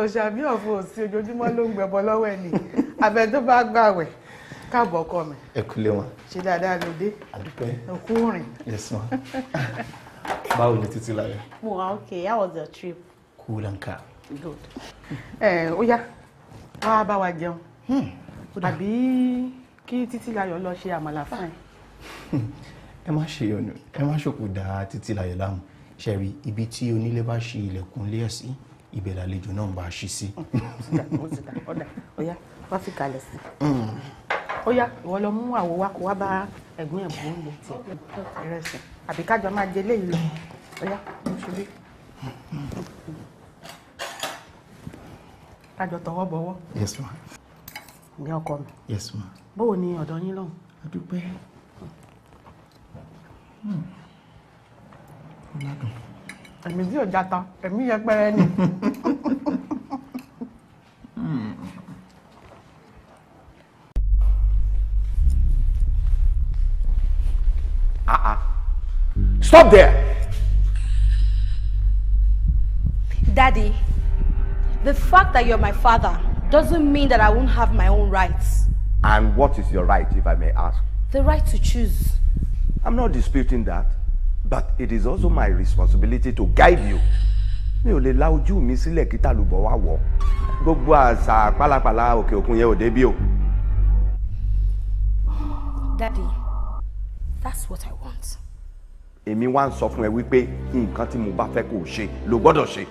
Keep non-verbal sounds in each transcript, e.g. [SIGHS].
òṣàbí ọ̀fun òsì ojoojúmọ́ ló ń gbẹ̀bọ lọ́wọ́ ẹ̀ ni abẹ tó bá gbàwẹ̀ káàbọ̀ ọkọ mi. ẹ kúlé wọn. ṣe dáadáa ló dé. àdúpẹ́ òkú rìn. yẹsùn [LAUGHS] báwo ni títí láyé. mo wà okay how was your trip. cool and calm. good. ẹ ó yá wàá bá wa jẹun hmm. àbí kí títí láyọ̀ lọ ṣe àmàlà fún ẹ. Hmm. [LAUGHS] ẹ má ṣe ọ̀nà ẹ má ṣòkò dá títí láyọ̀ láàmú ṣẹ̀rí ibi tí onílé bá ṣe ilẹ̀kùn lé ẹ̀ sí ibẹ̀ làlejò náà ń bá a ṣí sí. mo ti dà ó dà ó yá wá fi kalẹ̀ sí. ó ìwọ lọ mú àwo wa kó wá bá ẹ̀gbọ́n ẹ̀bùn ń lè tiẹ̀ rẹsẹ̀ àbí kájọ máa jẹ léyìí lọ ó yá mo ṣe bí. kájọ tọwọ́ bọ̀wọ́. yes ma. ní ọkọ mi. yes ma. báwo ni ọ̀dọ́ yín lọ́hùn. a dúpẹ́. Hmm. ẹ̀mí tí ah, ah. Stop there. Daddy, the fact that you're my father doesn't mean that I won't have my own rights. And what is your right, if I may ask? The right to choose. I'm not disputing that. but it is also my responsibility to guide you mi ò lè la ojú mi sílẹ̀ kí tàlùbọ̀ wá wọ̀ gbogbo àṣà pálapàla òkè òkun yẹn ò débí o. Daddy, that's what I want. èmi wá ń sọ fún ẹ wípé nǹkan tí mo bá fẹ́ kó o ṣe ló gbọ́dọ̀ ṣe.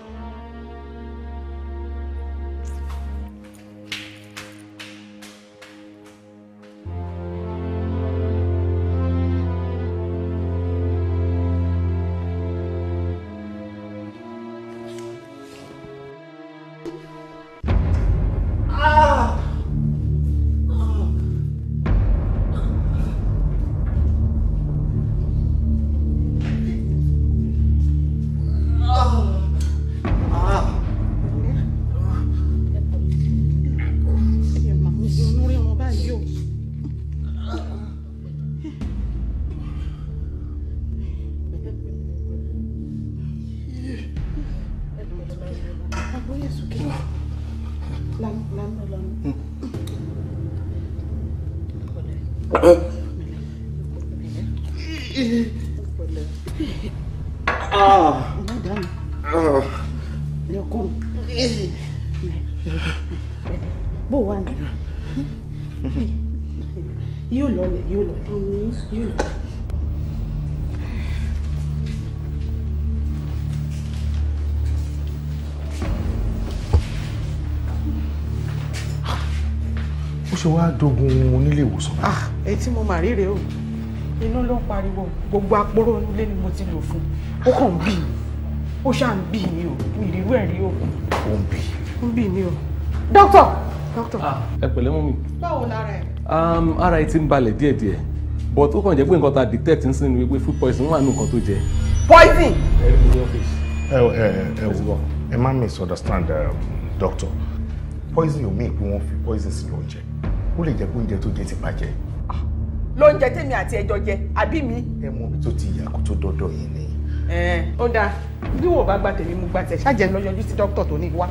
tí mo mà ríre o iná ló ń pariwo gbogbo apóró nílé ni mo ti lò fún ó kàn ń bì ó ṣáà ń bì mí o mi ìrírú ẹ̀ rí o. ó ń bì. ó ń bì mí o. dókítà dókítà. Ah, ẹ pẹ̀lẹ́ mú mi. báwo lára ẹ̀. Um, ara ẹ ti ń balẹ̀ díẹ̀díẹ̀ but ó kàn jẹ́ pé nǹkan ta detect ń sinmi wípé food poison wà ní nǹkan tó jẹ. poison. ẹ ẹ ẹ wọ ẹ má misunderstand um, doctor poison ò mí pé wọ́n fi poison sí lóúnjẹ ó lè jẹ́ pé oúnjẹ tó jẹ ti bàjẹ́ lóúnjẹ tèmi àti ẹjọ jẹ àbí mi. ẹ mọ ibi tó ti yà kó tó dọdọ yìí ni. ẹ ó dáa bí wọn ò bá gba tèmi mú gba tẹ ṣáà jẹ lọ yọjú sí dókítà tó ní wá.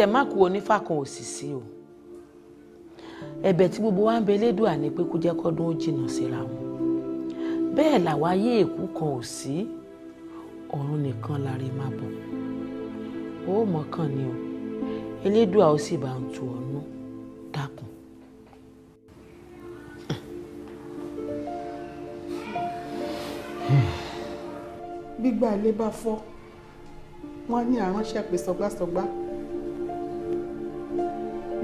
tẹ má kú onífà kan ò sì sí o ẹ̀bẹ̀ tí gbogbo wa ń bẹ Elédùà ni pé kó jẹ́ kọ́dún ó jìnnà síra wọn bẹ́ẹ̀ làwọn ayé èkú kan ò sí ọ̀run nìkan láre má bọ̀ ó mọ̀ọ́kàn ni o Elédùà ó sì bá ń tu ọ̀nà dákun. gbígbà ilé bá fọ́ wọ́n ní àránṣẹ́ pé sọgbàsọgbà. So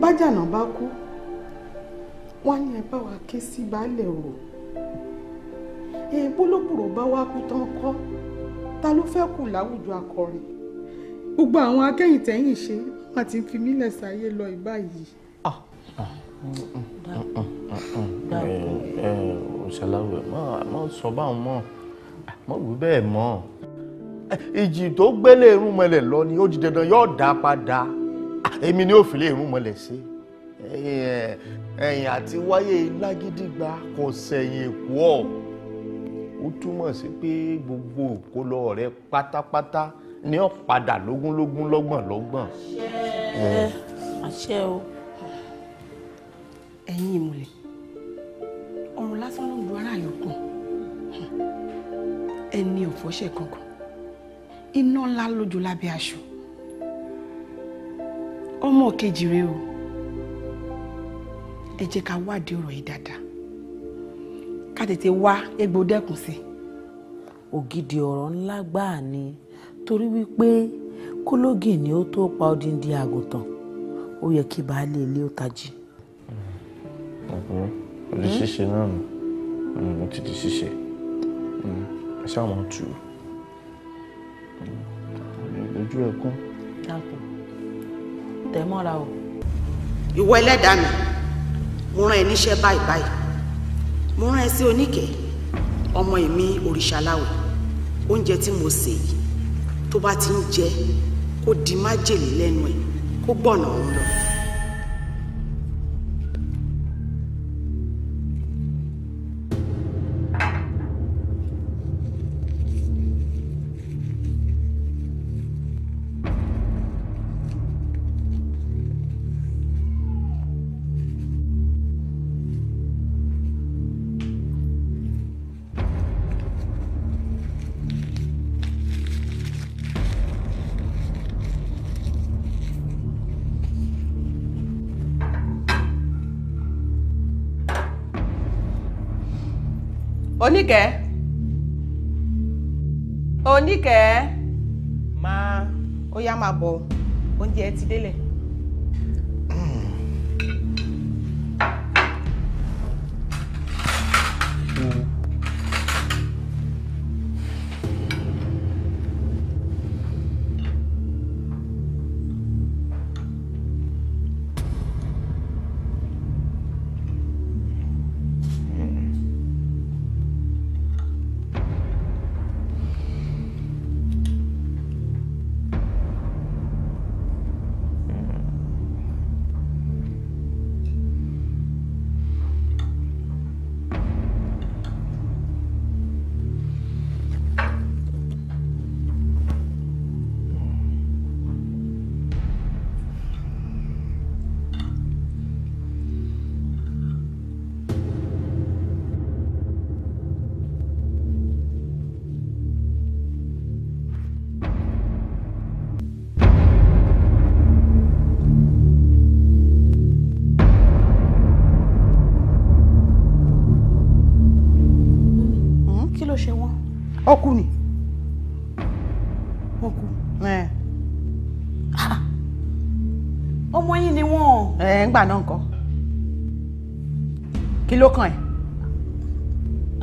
bájànà bá kú wọ́n ní ẹ bá wa ké sí baálẹ̀ rò èèbó lóbùrò bá wá kú tán kọ́ ta ló fẹ́ kù láwùjọ akọrin gbogbo àwọn akẹ́yìn tẹ́yìn ṣe wọ́n ti fi mílẹ̀ sáyé lọ ìbáyìí. ọ̀sẹ̀láwẹ̀ ah, ah, ah, eh, eh, eh, má sọ báwọn mọ̀ má wí bẹ́ẹ̀ mọ́ ìjì tó gbélé irun mọ́lẹ̀ lọ ni ó di dandan yóò dá padà èmi ni ó fi lè rún mọ́lẹ̀ sí ẹ̀yìn àti wáyé lágídígba kò sẹ̀yìn èkó ọ̀ ó túmọ̀ sí pé gbogbo òkólọ rẹ pátápátá ni ó padà lógúnlógún lọ́gbọ̀n lọ́gbọ̀n. àṣẹ o ẹ̀yin ìmùlẹ̀ ọ̀run lásán ló ń bu ara yòókùn ẹni ò fọṣẹ kankan iná ńlá lójú lábẹ́ aṣọ ọmọ kejì rèé o ẹ jẹ́ ká wádìí ọ̀rọ̀ yìí dáadáa ká tètè wá egbò dẹ́kun sí. ògidì ọ̀rọ̀ ńlá gbáà ni torí wípé kólógì ni ó tó pa odindi àgùntàn ó yẹ kí baálé ilé ó tají. ọ̀pọ̀ orí ṣíṣe náà nù ó ti di ṣíṣe ẹ ṣáà máa tù ú ojú ẹ kún tẹ̀ mọ́ra o. ìwọ ẹlẹ́dàá mi mo rán ẹ níṣẹ́ báyìí báyìí mo rán ẹ sí oníkẹ́ ọmọ èmi òrìṣàláwẹ̀ oúnjẹ tí mo sè yìí tó bá ti ń jẹ kó di májèlé lẹ́nu ẹ̀ kó gbọ̀nà òun lọ. oníkẹ́ oníkẹ́ ma, ó yá máa bọ̀ oúnjẹ ti délẹ̀. ńgbà náà nǹkan kí ló kàn ẹ́.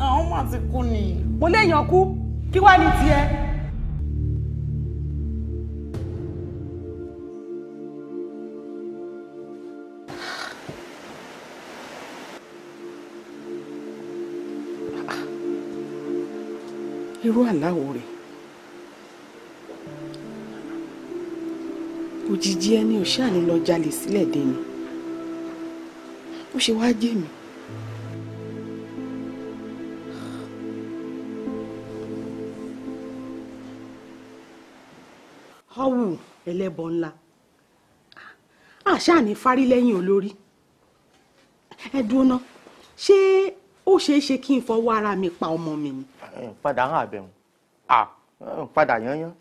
àwọn máa ti kú ni. mo léèyàn kú kí wàá ní tiẹ̀. irú àláwò rẹ̀ òjijì ẹni ò ṣáà lọ jalè sílẹ̀ dé ni ó ṣe wá jẹ́ mi. ọ̀wù ẹlẹ́bọ ńlá àṣà ní fárí lẹ́yìn olórí ẹ dúró ná ṣé ó ṣeé ṣe kí n fọwọ́ ara mi pa ọmọ mi ni. padà hàn àbẹ̀wò à padà yányán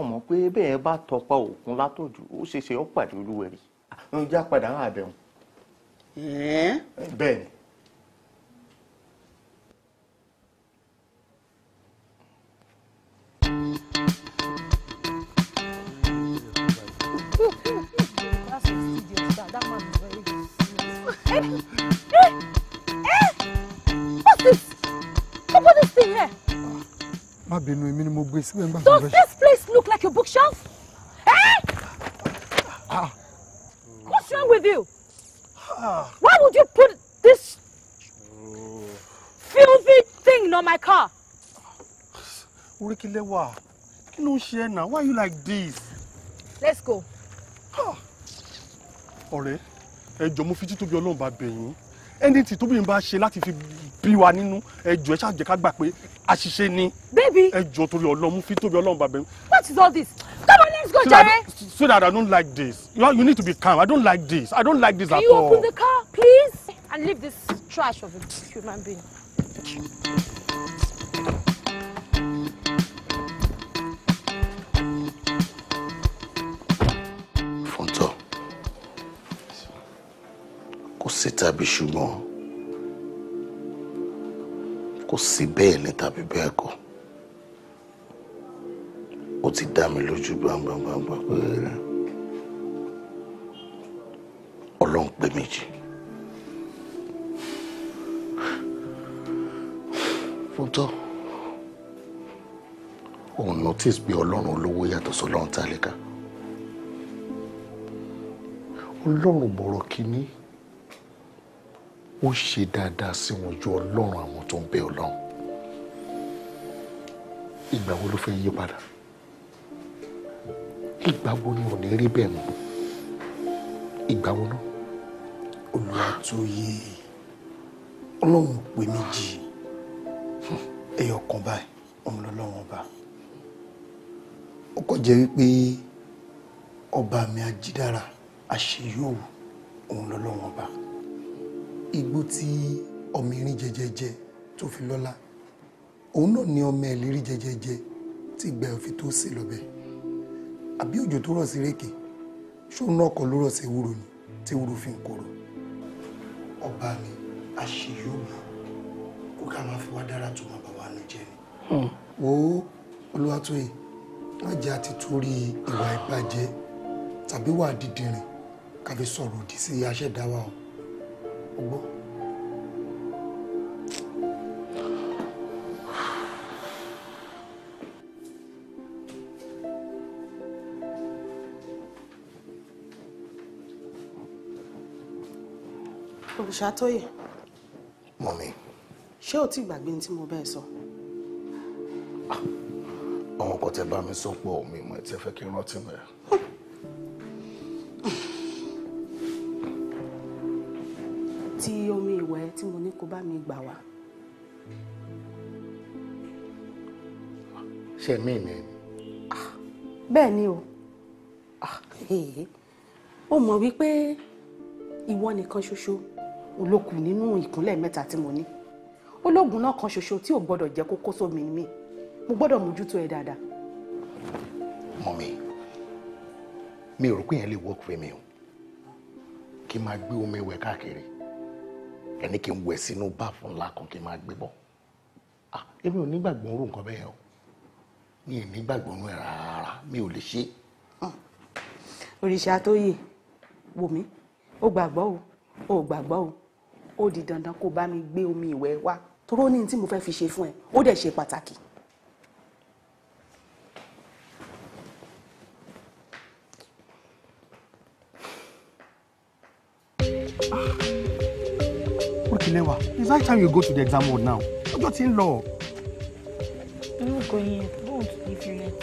ọmọ pé bẹ́ẹ̀ bá tọpa òkun látọ̀jú ó ṣeé ṣe ó pàdé olúwẹ̀rí ń padà hàn àbẹ̀wò bẹ́ẹ̀ ni. Má bínú èmi ni mo gbé síbẹ̀ nígbà tó bẹ̀. Does this place look like a bookshelf? Eh? Ah. What's wrong with you? [SIGHS] Why would you put this filthy thing on my car? Orikilewa, kí ló ń Why are you like this? Let's go. [SIGHS] Ọ̀rẹ́, ẹ jọ̀ọ́ mo fiti títóbi Ọlọ́run bá bẹ̀ yín. Anything tóbi ń bá ṣe láti fi bí wa nínú, ẹ jọ̀ọ́ ẹ ṣáà jẹ́ ká gbà pé ni. Baby. Ẹ jọ̀ọ́ torí Ọlọ́run, mo fiti títóbi Ọlọ́run bá bẹ̀ yín. What is all this? Let's go, so Jerry. so that I don't like this. You, you need to be calm. I don't like this. I don't like this Can at all. you open the car, please? And leave this trash of a human being. Fọ́ntọ̀, kò sí tàbí ṣùgbọ́n, kò sí bẹ́ẹ̀ ni tàbí bẹ́ẹ̀ kọ́ ti dá mi lójú gbangbangbangba pé ọlọ́run pé méjì. fótó òun notice pé ọlọ́run olówó yàtọ̀ sọlọ́run tálíkà ọlọ́run bọ̀rọ̀ kínní ó ṣe dáadáa sí wọn ju ọlọ́run àwọn tó ń bẹ ọlọ́run ìgbà wo ló fẹ́ yí padà ìgbà wo ni ò ní rí bẹ́ẹ̀ mọ́ ìgbà wo náà. olùwàtòyè ọlọ́run pè méjì ẹyọ kan báyìí òun lọ́lọ́run ọba ó kọ́ jẹ́ wípé ọba mi ajídára àṣeyọ̀wò òun lọ́lọ́run ọba igbó tí ọmọ jẹjẹjẹ tó fi lọ́lá òun náà ni ọmọ ẹ̀lérí jẹjẹjẹ tí gbẹ̀ọ́ fi tó sí lọ́bẹ̀ẹ́ àbí òjò tó rọ̀ sí rékè ṣóun náà kọ́ ló rọ̀ sí ewúro ni tí ewúro fi ń korò. ọba mi àṣeyọ̀bù kó ká máa fi wá dára tó máa bá wa nu jẹ ni. Hmm. wo olúwatóyè má jẹ́ àti torí ìwà ìbàjẹ́ tàbí wà dídìrín ká fi sọ̀rọ̀ òdì sí aṣẹ̀dáwà o ọgbọ́n. Olùṣàtóyè. Mọ̀mí. Ṣé o ti gbàgbé ní tí mo bẹ́ẹ̀ sọ? Àwọn ah, ọkọ̀ tẹ bá mi sọ pọ̀ mi mọ̀ tí fẹ́ kí n rántí mẹ́. Ti omi ìwẹ̀ tí mo ní kó bá mi gbà wá. Ṣé mi ni? Ah, bẹ́ẹ̀ ni o. Ó ah. mọ̀ wípé ìwọ nìkan ṣoṣo olókù nínú ìkúnlẹ̀ mẹ́ta tí mo ní ológun náà kan ṣoṣo tí ò gbọ́dọ̀ jẹ́ kó kó sómi mi mo gbọ́dọ̀ mójútó ẹ dáadáa. mọ̀mí mi ò rò pé yẹn lè work for mi o kí n máa gbé omi wẹ̀ káàkiri ẹni kí n wẹ̀ sínú báàfù ńlá kan kí n máa gbé bọ̀ ah, èmi ò nígbàgbọ́ orú nǹkan bẹ́ẹ̀ o mi ò nígbàgbọ́ orú ẹ̀ rárá mi ò lè ṣe. òrìṣà tó yè wò mí ó gbàgbọ́ o ò gbàgbọ́ o ó di dandan kó bá mi gbé omi ìwẹ̀ wá toró ní tí mo fẹ́ fi ṣe fún ẹ ó dẹ̀ ṣe pàtàkì. Ah, Okilewa, it's high time you go to the exam hall now. Ọjọ́ ti ń lọ. I'm not going yet. Don't leave you yet.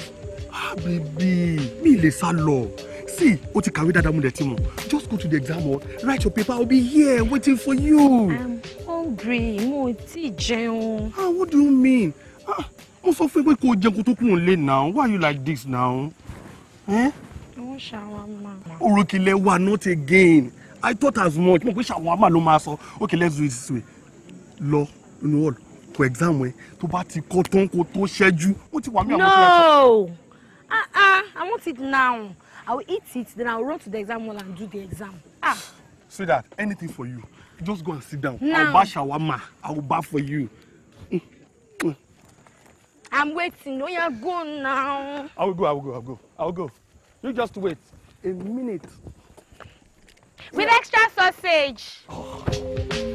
Ah, baby, mi lè sá lọ see o ti kàwé dáadáa mo dẹ̀ ti mọ̀ just go to the exam hall write your paper i will be here waiting for you. i'm hungry mo ti jẹun. ah what do you mean ah mo sọ fún ẹ pé kò jẹun kó tó kúrò lé now why you like this now. Eh? wọ́n ṣàwámà. orokìlẹ̀ wa not again i thought as much mo pe ṣàwámà ló máa sọ okay let's do it this way lọ inú hall kọ exam ẹ tó bá ti kọ tán kó tó ṣẹ́jú ó ti wà mí àwọn tó yẹ kọ. no ah ah i want it now I will eat it, then I will run to the exam hall and do the exam. Ah. that? anything for you. Just go and sit down. Now. I'll bash our ma. I will buy for you. I'm waiting. No, oh, you're gone now. I will go, I will go, I will go. I will go. You just wait a minute. With yeah. extra sausage. Oh.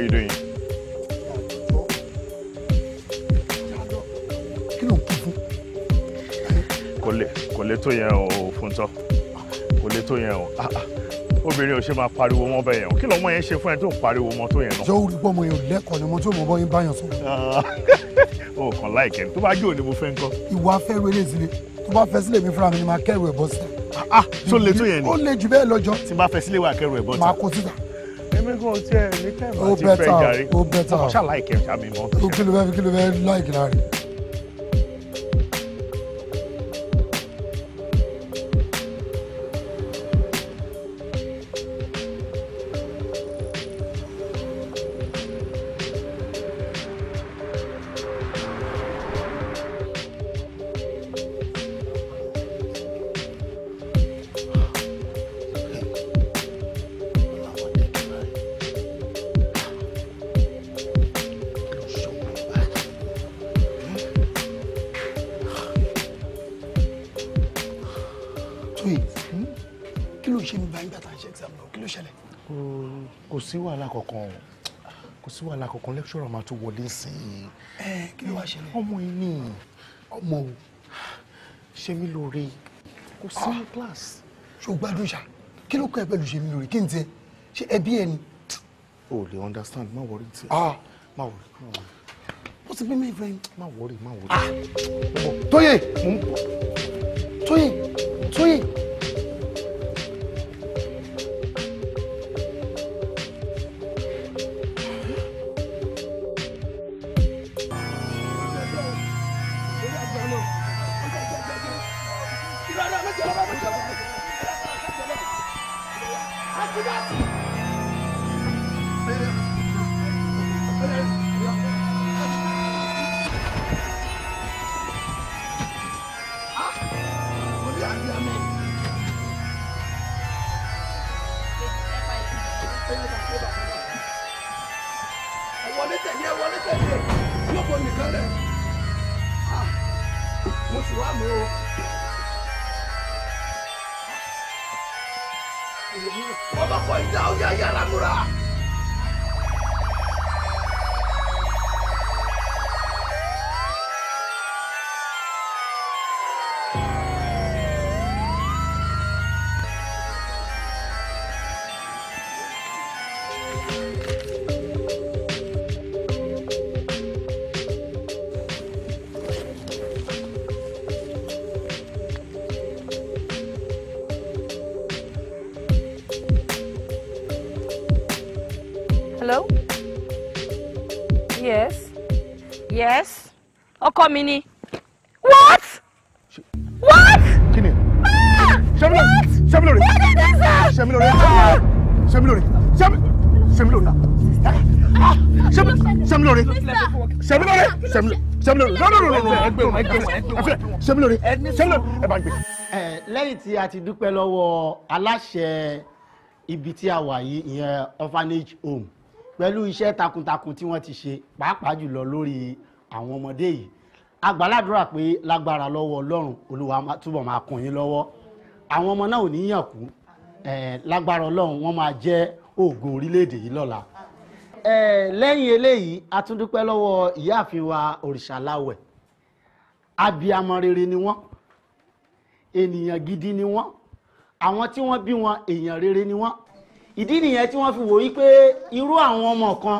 are you doing? kí ló ń kú fún. kò lè kò lè yẹn o Fúntọ́ kò yẹn o ah, ah. obìnrin ò ṣe máa pariwo mọ́ bẹ́ẹ̀ yẹn o kí lọ́mọ yẹn ṣe fún ẹ tó ń pariwo mọ́ tó yẹn náà. jọ̀wọ́ olùkọ́ ọmọ yẹn ò lẹ́kọ̀ọ́ ni mo tí òun bọ́ yín báyọ̀ sọ. [LAUGHS] o kàn láìkẹ́ tó bá jó ni mo fẹ́ ń kọ́. ìwà fẹ́rù eléyìí tó bá fẹ́ sílẹ̀ mi fúnra mi ni máa kẹ́rù ẹ̀ bọ́ sí. tó ah, le tó yẹn ni. ó le jù bẹ́ẹ̀ lọ́jọ́. tí n bá fẹ́ sílẹ̀ wà kẹ́rù ẹ̀ bọ́ sí. máa kó síta èmi gan ti ẹ ní tẹ́ẹ̀mù àti fẹ́ jàre ó bẹ́tà ó bẹ́tà ó ṣàlàyé kẹ̀mí àmì mọ́. kí ló fẹ́ kí ló fẹ́ láìkì láàrin. sí wàhálà kankan lecturer máa tó wọlé sí i. ẹ kí ló wá ṣẹlẹ̀. ọmọ yìí ni ọmọ o ṣe mí lóore kò sí ní ah. class. ṣó gbádùn ṣá kí ló kọ ẹ pẹ̀lú ṣe mí lóore kí n tiẹ̀ ṣe ẹbí ẹni. o lè understand má wọrí tiẹ̀. Ah. má wọrí má wọrí. ó ti bí mi fẹ́. má wọrí má wọrí. Tóyè Tóyè Tóyè. mi ni. what. what. kí ni. sẹ́mílò sẹ́mílò rẹ̀ sẹ́mílò rẹ̀ sẹ́mílò rẹ̀ sẹ́mílò rẹ̀ sẹ́mílò rẹ̀ sẹ́mílò rẹ̀ sẹ́mílò sẹ́mílò rẹ̀ no no no no ẹgbẹ́ wọn ẹgbẹ́ wọn ẹgbẹ́ wọn sẹ́mílò rẹ̀ sẹ́mílò ẹ bá gbé. lẹ́yìn tí a ti dúpẹ́ lọ́wọ́ aláṣẹ ibi tí a wà yìí ìyẹn orphanage home pẹ̀lú iṣẹ́ takuntakun tí wọ́n ti ṣe pàápàá jùlọ lórí àwọn ọmọdé yìí agbàládùra pé lágbára lọ́wọ́ ọlọ́run olúwa túbọ̀ máa kún yín lọ́wọ́ àwọn ọmọ náà ò ní yàn kú lágbára ọlọ́run wọ́n máa jẹ́ òògùn orílẹ̀-èdè yìí lọ́la lẹ́yìn eléyìí a lọ́wọ́ ìyáàfin wa òrìṣàláwẹ̀ abiyamọ rere ni wọ́n ènìyàn gidi ni wọ́n àwọn tí wọ́n bí wọn èèyàn rere ni wọ́n ìdí nìyẹn tí wọ́n fi wòye pé irú àwọn ọmọ kan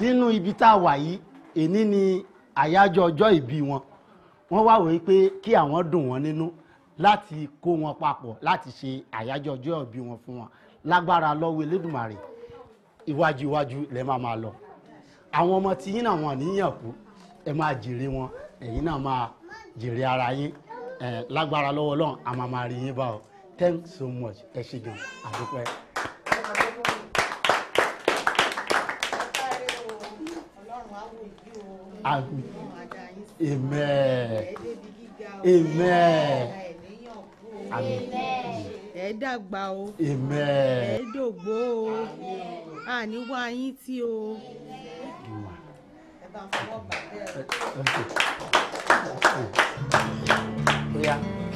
nínú ibi tá a wà yìí èní ni àyájọ́ ọjọ́ ìbí wọn wọ́n wá wòye pé kí àwọn dùn wọ́n nínú láti kó wọn papọ̀ láti ṣe àyájọ́ ọjọ́ ìbí wọn fún wọn lágbára lọ́wọ́ Elédùmarè iwájú iwájú lẹ máa máa lọ àwọn ọmọ tí yín náà wọn níyàn kú ẹ máa jèrè wọn ẹ̀yin náà máa jèrè ara yín lágbára lọ́wọ́ Ọlọ́run a máa máa rí yín báwo thanks so much ẹ ṣé gan àdúpẹ́. Oh amen. amen amen Amen. ẹ dàgbà o amen ẹ dògbó o àníwá yín tí o. Thank you. Yeah.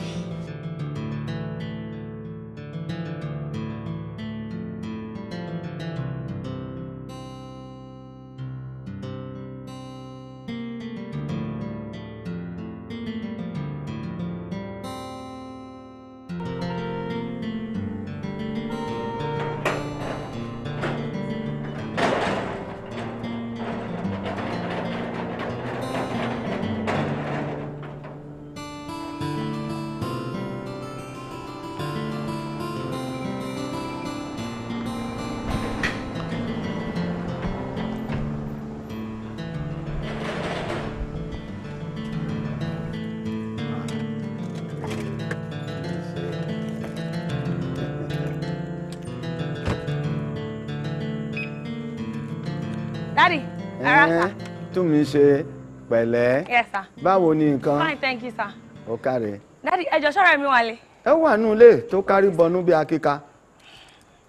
tún mi ṣe pẹ̀lẹ́. yes sir. báwo ni nǹkan. fine thank you sir. ó kàre. dadi ẹjọ sọ̀rọ̀ mi wà lé. ẹ wà nù lé tó kárí bọnú bí akíka.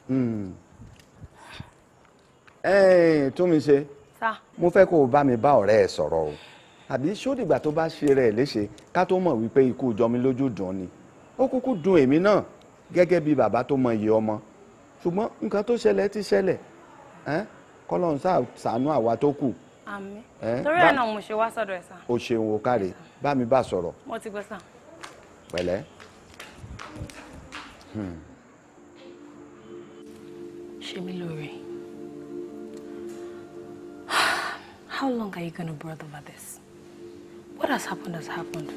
Hmm. tún mi ṣe. sir. mo fẹ́ kó o bá mi bá ọ̀rẹ́ ẹ sọ̀rọ̀ o àbí ṣódìgbà tó bá ṣe rẹ̀ léṣe ká tó mọ̀ wípé ikú jọmi lójú dùn ni ó kúkú dùn èmi náà gẹ́gẹ́ bí bàbá tó mọ iye ọmọ ṣùgbọ́n nǹkan tó ṣẹlẹ̀ ti ṣẹlẹ̀ kọ́lọ́n ṣàánú àwa tó kù àmín eh, torí ẹ̀ mo ṣe wá sọ́dọ̀ ẹ̀ sá. o ṣeun o káre bá mi bá sọ̀rọ̀. mo ti gbọ́ sá. pẹ̀lẹ́. Hmm. ṣe mí lóore. [SIGHS] How long are you gonna to brood over this? What has happened has happened,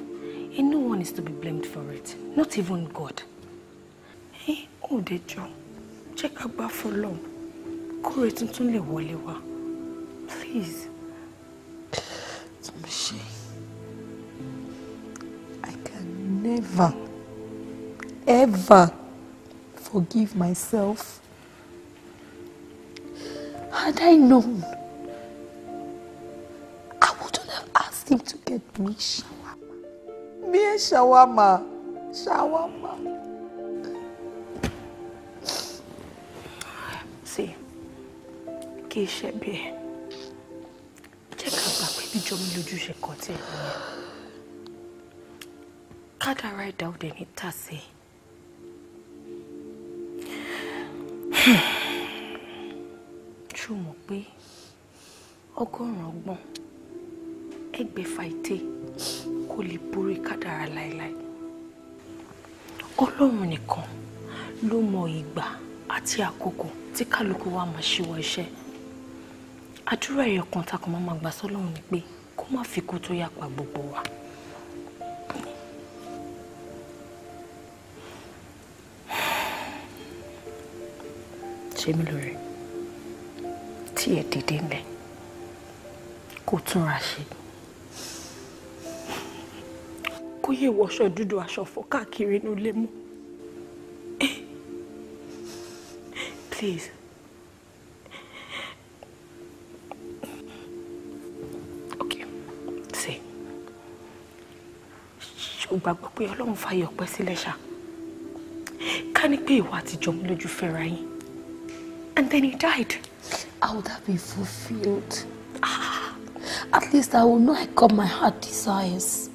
and no one is to be blamed for it, not even God. Ẹ ò dẹjọ́, jẹ́ ká gbá fọlọ́ọ̀ kórè tuntun lè wọlé wá. Please. never, ever forgive myself. Had I known, I wouldn't have asked him to get me shawarma. Me and shawarma. Shawarma. See, kì í ṣe bẹ́ẹ̀. Jẹ́ ká gbà pé bíjọ́ mi lójú ṣe kọ́ tẹ̀ ẹ́ kádàrá ẹ̀dá òde ní tàsé. ṣó mọ̀ pé ọgọ́rùn-ún ọgbọ́n ẹgbẹ̀fà ète kò lè borí kádàrá láéláé. ọlọ́run nìkan ló mọ ìgbà àti àkókò tí kálukú wa máa ṣíwọ́ iṣẹ́. àdúrà ẹ̀yọ̀kan tá máa gbà sọ́lọ́run ni pé kó má fi kú tó yàpá gbogbo wa. ṣe mí lóore tí ẹ dìde ńlẹ̀ kó túnra ṣe kó yẹ wọṣọ dúdú aṣọ fọ káàkiri inú ilé mú please okay ṣe ṣó gbàgbọ́ pé ọlọ́run fàyọ̀ pẹ́ sílẹ̀ ṣá ká ní pé ìwà àtijọ́ mi lójú fẹ́ra yín And then he died. How would that be fulfilled? Ah, at least I will know I got my heart desires.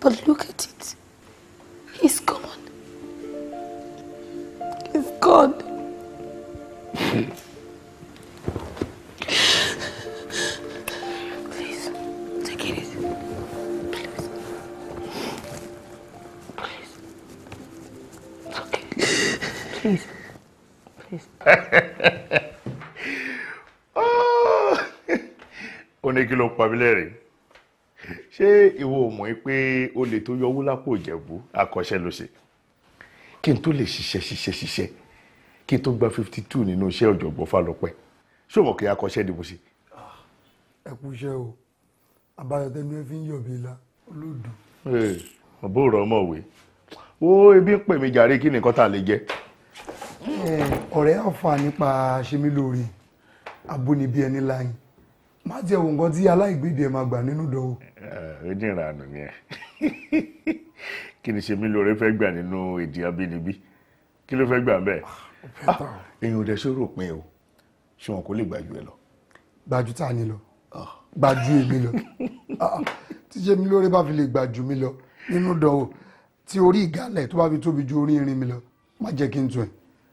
But look at it mi lẹ́rìn ṣé ìwọ ò mọ̀ pé o lè tó yọ owó lápò ìjẹ̀bú akọ́ṣẹ́ ló ṣe kí n tó lè ṣiṣẹ́ ṣiṣẹ́ ṣiṣẹ́ kí n tó gba fifty two nínú iṣẹ́ ọ̀jọ̀gbọ́n Fálọpẹ́ ṣé o mọ̀ kí akọ́ṣẹ́ ni mo ṣe. ẹ kú iṣẹ́ o àbáyọ̀tẹ́nu ẹ fi ń yọ̀ mí la olódù. ọ̀bọ̀ òrò ọmọ òwe ó ebi ń pè mí jàre kí nìkan tá a lè jẹ. ọ̀rẹ́ àǹfààní pa ṣe mí lóore abónibí ẹni láyìn má jẹ́ òun nǹkan tí aláìgbèdè ẹ̀ máa gbà nínú ìdánwò. ó jìn ìrànù ni ẹ kí ni ṣe mí lóore fẹ́ gbà nínú èdè abínibí kí ló fẹ́ gbà bẹ́ẹ̀ ah, èèyàn ò dẹ̀ ṣòro pin o ṣé wọn kò lè gbàjú ẹ lọ. gbàjú tá a ní lọ ah. gbàjú èmi lọ ah, tí ṣe mí lóore bá fi lè gbàjú mi lọ nínú ìdánwò tí orí ìgàlẹ̀ tó bá fi tóbi ju orí irin mi lọ má jẹ́ kí n tún ẹ̀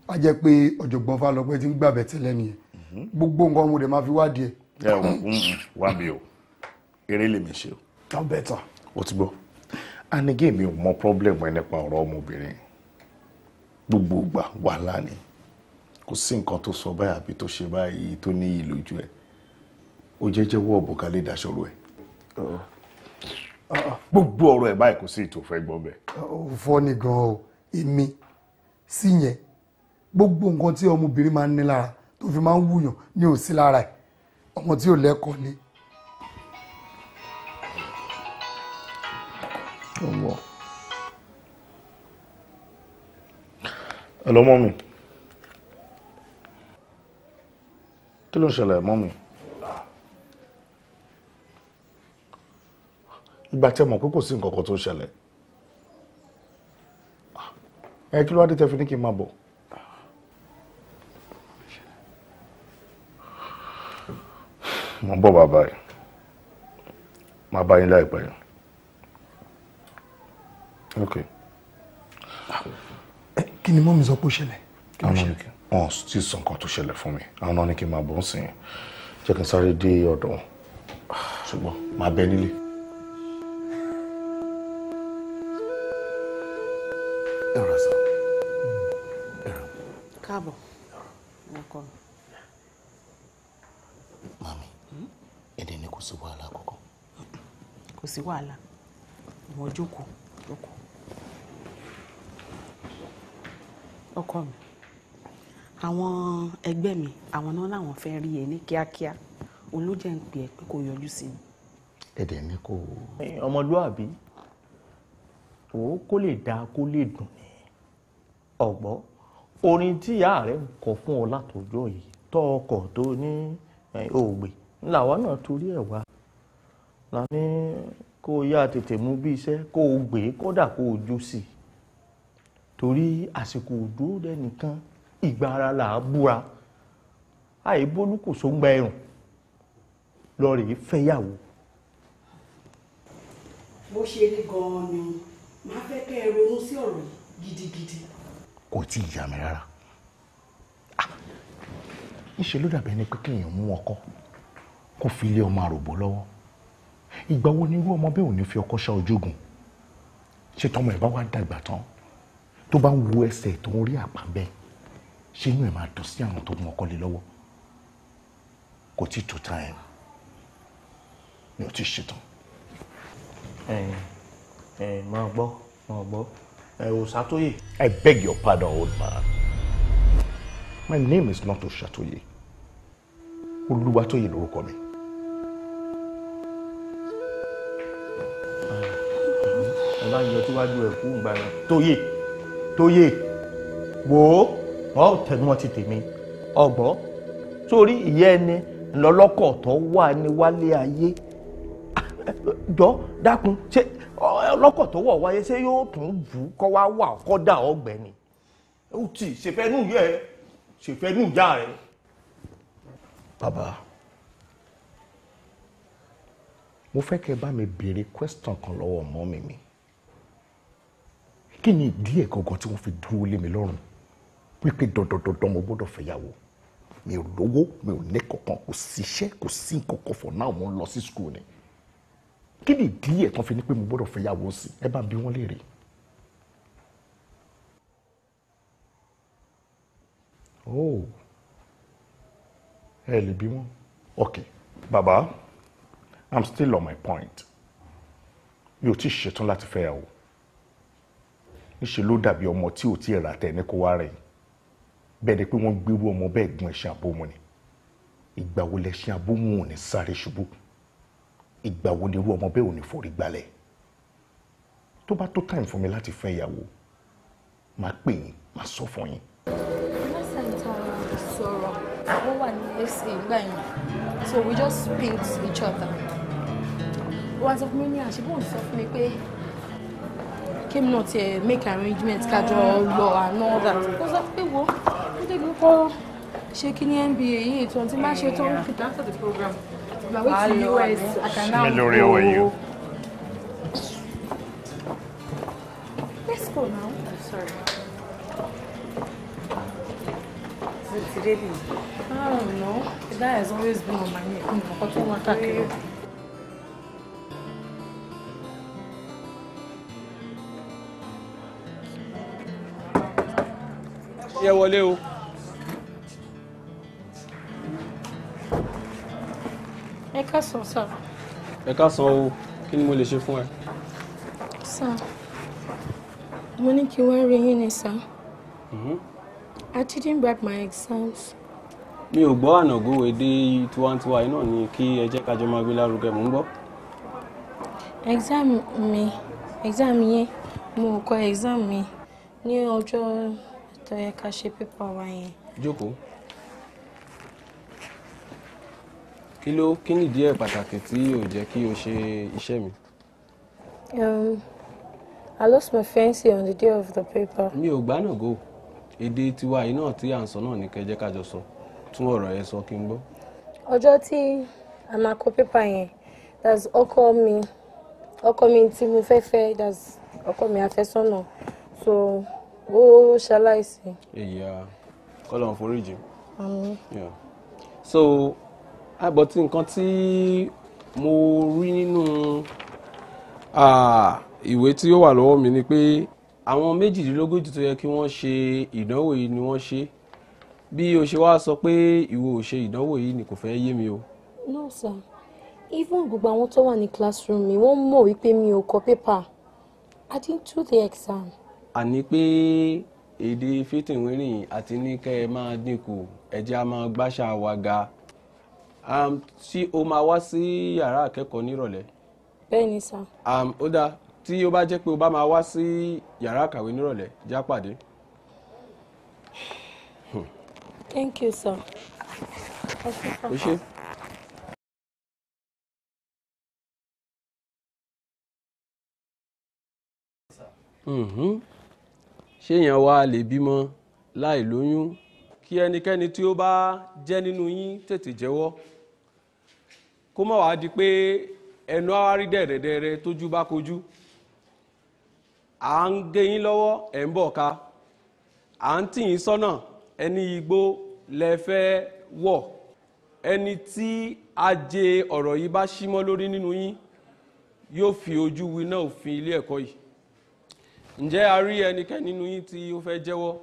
má jẹ́ pé ọ̀jọ̀gbọ́n Fálọpẹ́ ti ń gbàbẹ̀ tẹ́lẹ̀ nìyẹn mhm. gbogbo nǹkan mo dẹ̀ máa fi wádìí ẹ̀ ẹ ò um, wá mi o eré lèmi ṣe o. ọ bẹta. o ti gbọ́ anigé mi ò mọ problem ẹ nípa ọ̀rọ̀ ọmọbìnrin gbogbo ìgbà wàhálà ni kò sí nǹkan tó sọ báyìí àbí tó ṣe báyìí tó níyì lójú ẹ ó jẹ́ jẹ́wọ́ ọ̀bùnkà lè daṣọ́rò ẹ̀ ah, ah. gbogbo ọ̀rọ̀ ẹ̀ báyìí kò sí ìtò fẹ́ gbọ́ bẹ́ẹ̀. òfò ni gan o èmi sí yẹn gbogbo nǹkan tí ọmọbìnrin máa ń ní lára tó fi máa ń wúyàn ni ò sí lára ẹ̀ ọmọ tí ò lẹ́kọ̀ọ́ ni. hello mọ́mì kí ló ń ṣẹlẹ̀ mọ́mì ìgbà tí ẹ mọ̀ pé kò sí nǹkan kan tó ń ṣẹlẹ̀ ẹ kí ló wá dé tẹ́ ní kí n máa bọ̀. mo ń bọ̀ bàbá yìí máa bá yín láìpẹ́ yìí. ok. kí ni mọ́mí sọ pé ó ṣẹlẹ̀. àwọn ní kí wọn ti sọ nǹkan tó ṣẹlẹ̀ fún mi àwọn náà ní kí n máa bọ̀ ń sìn jẹ́ kí n sáré dé ọ̀dọ̀ wọn ṣùgbọ́n máa bẹ nílé. ẹ rà sọ. káàbọ̀ ẹ kọ́ mi. sí wàhálà kankan. kò sí wàhálà ìwọ jókòó jókòó. ọkọ mi àwọn ẹgbẹ́ mi àwọn náà làwọn fẹ́ rí ẹ ní kíákíá olójẹ́ ń pè é pé kò yọjú sí mi. ẹ̀dẹ̀ mi kò. ọmọlúàbí wò ó lè dáa kó lè dùn ní ọ̀gbọ́ orin tíyà rẹ̀ ń kọ fún ọ látọjọ́ yìí tọ́ ọkọ̀ tó ní ògbè làwa náà torí ẹ̀ wá la ní kó o yá tètè mú bí iṣẹ́ kó o gbé kódà kó o jó sí i torí àsìkò òdó dẹnìkan ìgbà ara là á búra àyè bólú kò sóńgbà ẹrùn lọ rèé fẹ́yàwó. bó ṣe rí gan-an ni màá fẹ́ kẹ́ ẹ ronú sí ọ̀rọ̀ gidigidi. kò tí ì yà mí rárá ìṣèlú ah! dàbí ẹni pé kéèyàn mú ọkọ kó fi lé ọmọ àròbó lọ́wọ́ ìgbà wo ni irú ọmọ bẹ́ẹ̀ ò ní fi ọkọ ṣá ojúgun ṣé tọmọ ẹ̀ bá wá dàgbà tán tó bá ń wo ẹsẹ̀ tó ń rí àpá bẹ́ẹ̀ ṣé inú ẹ̀ máa dùn sí àwọn tó mú ọkọ lé lọ́wọ́ kò tí tó ta ẹ̀ mi ò tí ṣetán. ẹ ẹ máa gbọ́ máa gbọ́ ẹ ò ṣàtòyè. I beg your pardon old man my name is not Oṣàtòyè Olúwatóyè lórúkọ mi. bá ń yọ síwájú ẹ̀ kú ìgbà náà tóyè tóyè wò ó wọ́n tẹnu wọn tèmi ọgbọ́n sórí ìyá ẹni lọ́lọ́kọ̀ tó wà ní wálé ayé jọ dákun ṣé ọlọ́kọ̀ tó wọ̀ wáyé ṣé yóò tún bù ú wá wà kọ́ dà ni ó tì ṣèfẹ́nú yẹ ṣèfẹ́nú ìyá rẹ. bàbá mo fẹ́ kẹ́ ẹ bá mi béèrè question kan lọ́wọ́ ọmọ mi mi kí ni ìdí ẹ̀ gangan tí wọ́n fi dúró lé mi lọ́rùn wípé dandandandan mo gbọ́dọ̀ fẹ́yàwó mi ò lówó mi ò ní kankan kò síṣẹ́ kò sí nkankan for now mo ń lọ sí school ni kí ni ìdí ẹ̀ tán fi ní pé mo gbọ́dọ̀ fẹ́yàwó sí ẹ bá bí wọ́n lè rí. oh ẹ lè bí wọn. ok baba i'm still on my point mi ò tí ì ṣetán láti fẹ́yàwó ńṣe ló dàbí ọmọ tí ò tí rà tẹ ní kó wá rẹ̀ yìí bẹ́ẹ̀ ni pé wọ́n gbérú ọmọ bẹ́ẹ̀ gun ẹṣin abómu ni ìgbà wo lẹṣin abómu ò ní sáré ṣubú ìgbà wo lè rú ọmọ bẹ́ẹ̀ ò ní forí gbalẹ̀ tó bá tó time fún mi láti fẹ́ ìyàwó máa pè yín máa sọ fún yín. sọ̀rọ̀ wọ́n wà ní ẹ̀sìn ìgbà yẹn so we just came not tiẹ̀ make arrangements, schedule, law, and all that Because sọ pé what? ó dé gbọ́ ṣe kí NBA yìí ètò àti má ṣe tó ń the program ìgbà wí ti US akanna you? òwò. Let's go now. I'm oh, sorry. Is it really? I don't know. That has always been on my neck. yẹ wọlé o. ẹ ká sàn sà. ẹ ká sàn o kí ni mo lè ṣe mm-hmm. I didn't write my exams. mi ò gbọ́ ànàgó èdè tiwantiwa na ni ki ẹ jẹ́ ká jọ máa gbé lárugẹ mò ń exam mi exam yẹn mo kọ exam mi Ni ojo. tó yẹ ká ṣe pépà wa yẹn. jókòó kí ló kí nìdí ẹ̀ pàtàkì tí yóò jẹ́ kí o ṣe iṣẹ́ mi. Um, I lost my fancy on the day of the paper. mi ò gbá go èdè tiwa tí à ń sọ kájọ sọ tún ọ̀rọ̀ yẹn sọ kí n gbọ́. ọjọ́ tí a pépà yẹn that's ọkọ mi ọkọ mi tí mo fẹ́ fẹ́ that's ọkọ mi àfẹ́sọ́nà so. ó ṣaláìsí. ìyá kọ́lọ́n foríjì. so àbọ̀tí nǹkan tí mo rí nínú ìwé tí ó wà lọ́wọ́ mi ni pé àwọn méjìdínlógójì tó yẹ kí wọ́n ṣe ìdánwò yìí ni wọ́n ṣe bí o ṣe wá sọ pé ìwọ ò ṣe ìdánwò yìí ni kò fẹ́ yé mi o. no sir even gbogbo àwọn tó wà ní classroom mi wọ́n mọ̀ wípé mi ò kọ pépà i didn't do the exam àní pé èdè fìtìwérìn àti ní kẹ́ ẹ máa dínkù ẹ̀jẹ̀ a máa gbáṣà wa ga tí o máa wá sí yàrá akẹ́kọ̀ọ́ nírọ̀lẹ́. bẹ́ẹ̀ ni ó dáa tí ó bá jẹ́ pé o bá máa wá sí yàrá àkàwé nírọ̀lẹ́ já thank you sir. o ṣe. Mm-hmm ṣéèyàn wá lè bímọ láì lóyún kí ẹnikẹ́ni tí ó bá jẹ́ nínú yín tètè jẹ́wọ́ kó má wàá di pé ẹnu àwárí dẹ̀rẹ̀dẹ̀rẹ̀ tójú bá kojú à ń gé yín lọ́wọ́ ẹ̀ ń bọ̀ ká à ń tì yín sọ́nà ẹni igbó lẹ fẹ́ wọ̀ ẹni tí ajé ọ̀rọ̀ yìí bá símọ́ lórí nínú yín yóò fi ojú winá òfin ilé ẹ̀kọ́ yìí ǹjẹ́ a rí ẹnikẹ́ni nínú yín tí ó fẹ́ jẹ́wọ́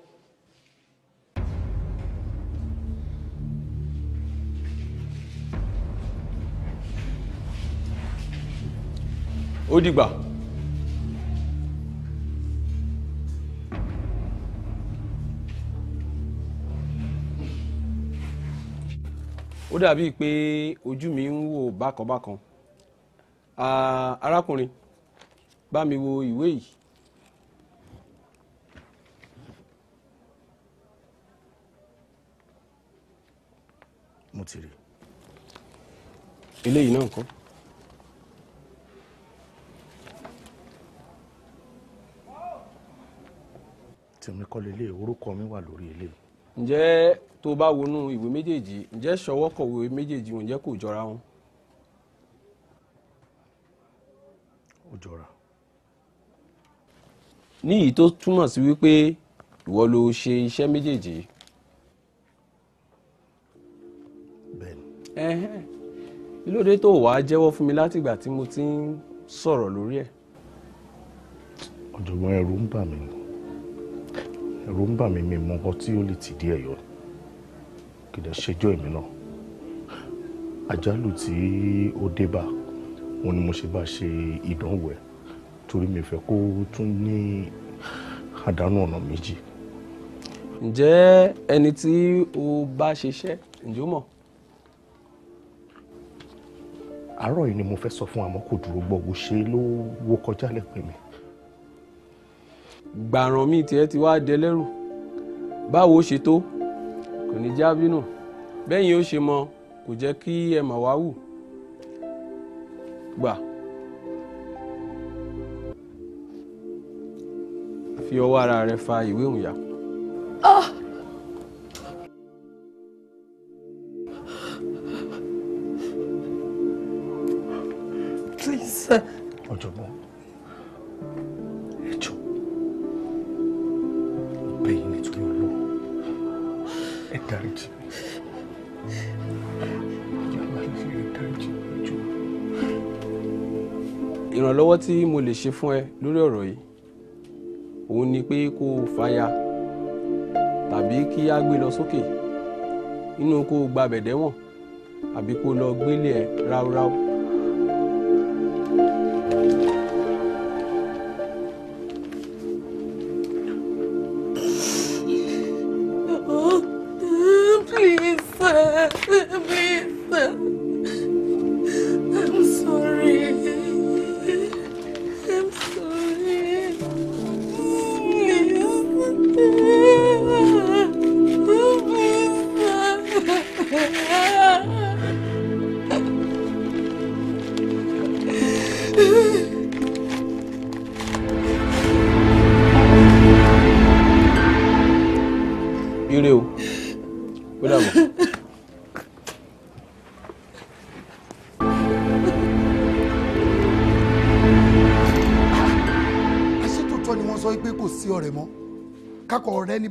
ó dìgbà. ó dàbí pé ojú mi ń wò bákanbákan ah, arákùnrin bá mi wo ìwé yìí mo ti rí. eléyìí náà kọ́. tèmi kọ́ lélẹ̀ orúkọ mi wà lórí eléyìí. ǹjẹ́ tó bá wọnú ìwé méjèèjì ǹjẹ́ ṣọwọ́ kọ̀wé méjèèjì ǹjẹ́ kò jọra wọn. ó jọra. ní èyí tó túmọ̀ sí wípé ìwọ ló ṣe iṣẹ́ méjèèjì yìí. lóde tó wàá jẹ́wọ́ fún mi látìgbà tí mo ti ń sọ̀rọ̀ lórí ẹ̀. ọ̀jọ̀gbọ́n ẹ̀rù ń bà mí ẹ̀rù ń bà mí mi mọ ọkọ tí ó lè tì díẹ̀ yọ kì í dẹ̀ ṣẹjọ́ èmi náà àjálù tí ó dé bá òun ni mo ṣe bá ṣe ìdánwò ẹ̀ torí mi fẹ́ kó tún ní àdánù ọ̀nà méjì. ǹjẹ́ ẹni tí o bá ṣiṣẹ́ ǹjọ́ mọ̀? àárọ̀ yìí ni mo fẹ́ sọ fún àmọ́ kò dúró gbọ́ bó ṣe ló wó kọjá lẹ́pẹ́ mi. gbàràn mi tiẹ̀ ti wá dẹ lẹ́rù báwo ṣe tó kò ní já bínú bẹ́yìn ó ṣe mọ kò jẹ́ kí ẹ mà wá wù gbà fi ọwọ́ ara rẹ fa ìwé òun Oh. Ah! fẹ́. ọ̀jọ̀gbọ́n ẹjọ́ ọbẹ̀ yìí nítorí olówó ẹ dáríjì ìrànlọ́wọ́ tí mo lè ṣe fún ẹ lórí ọ̀rọ̀ yìí òun ni pé kó o fàya tàbí kí á gbé lọ sókè inú kó o gba bẹ̀dẹ́wọ̀n àbí kó o lọ gbélé ẹ ráúráú.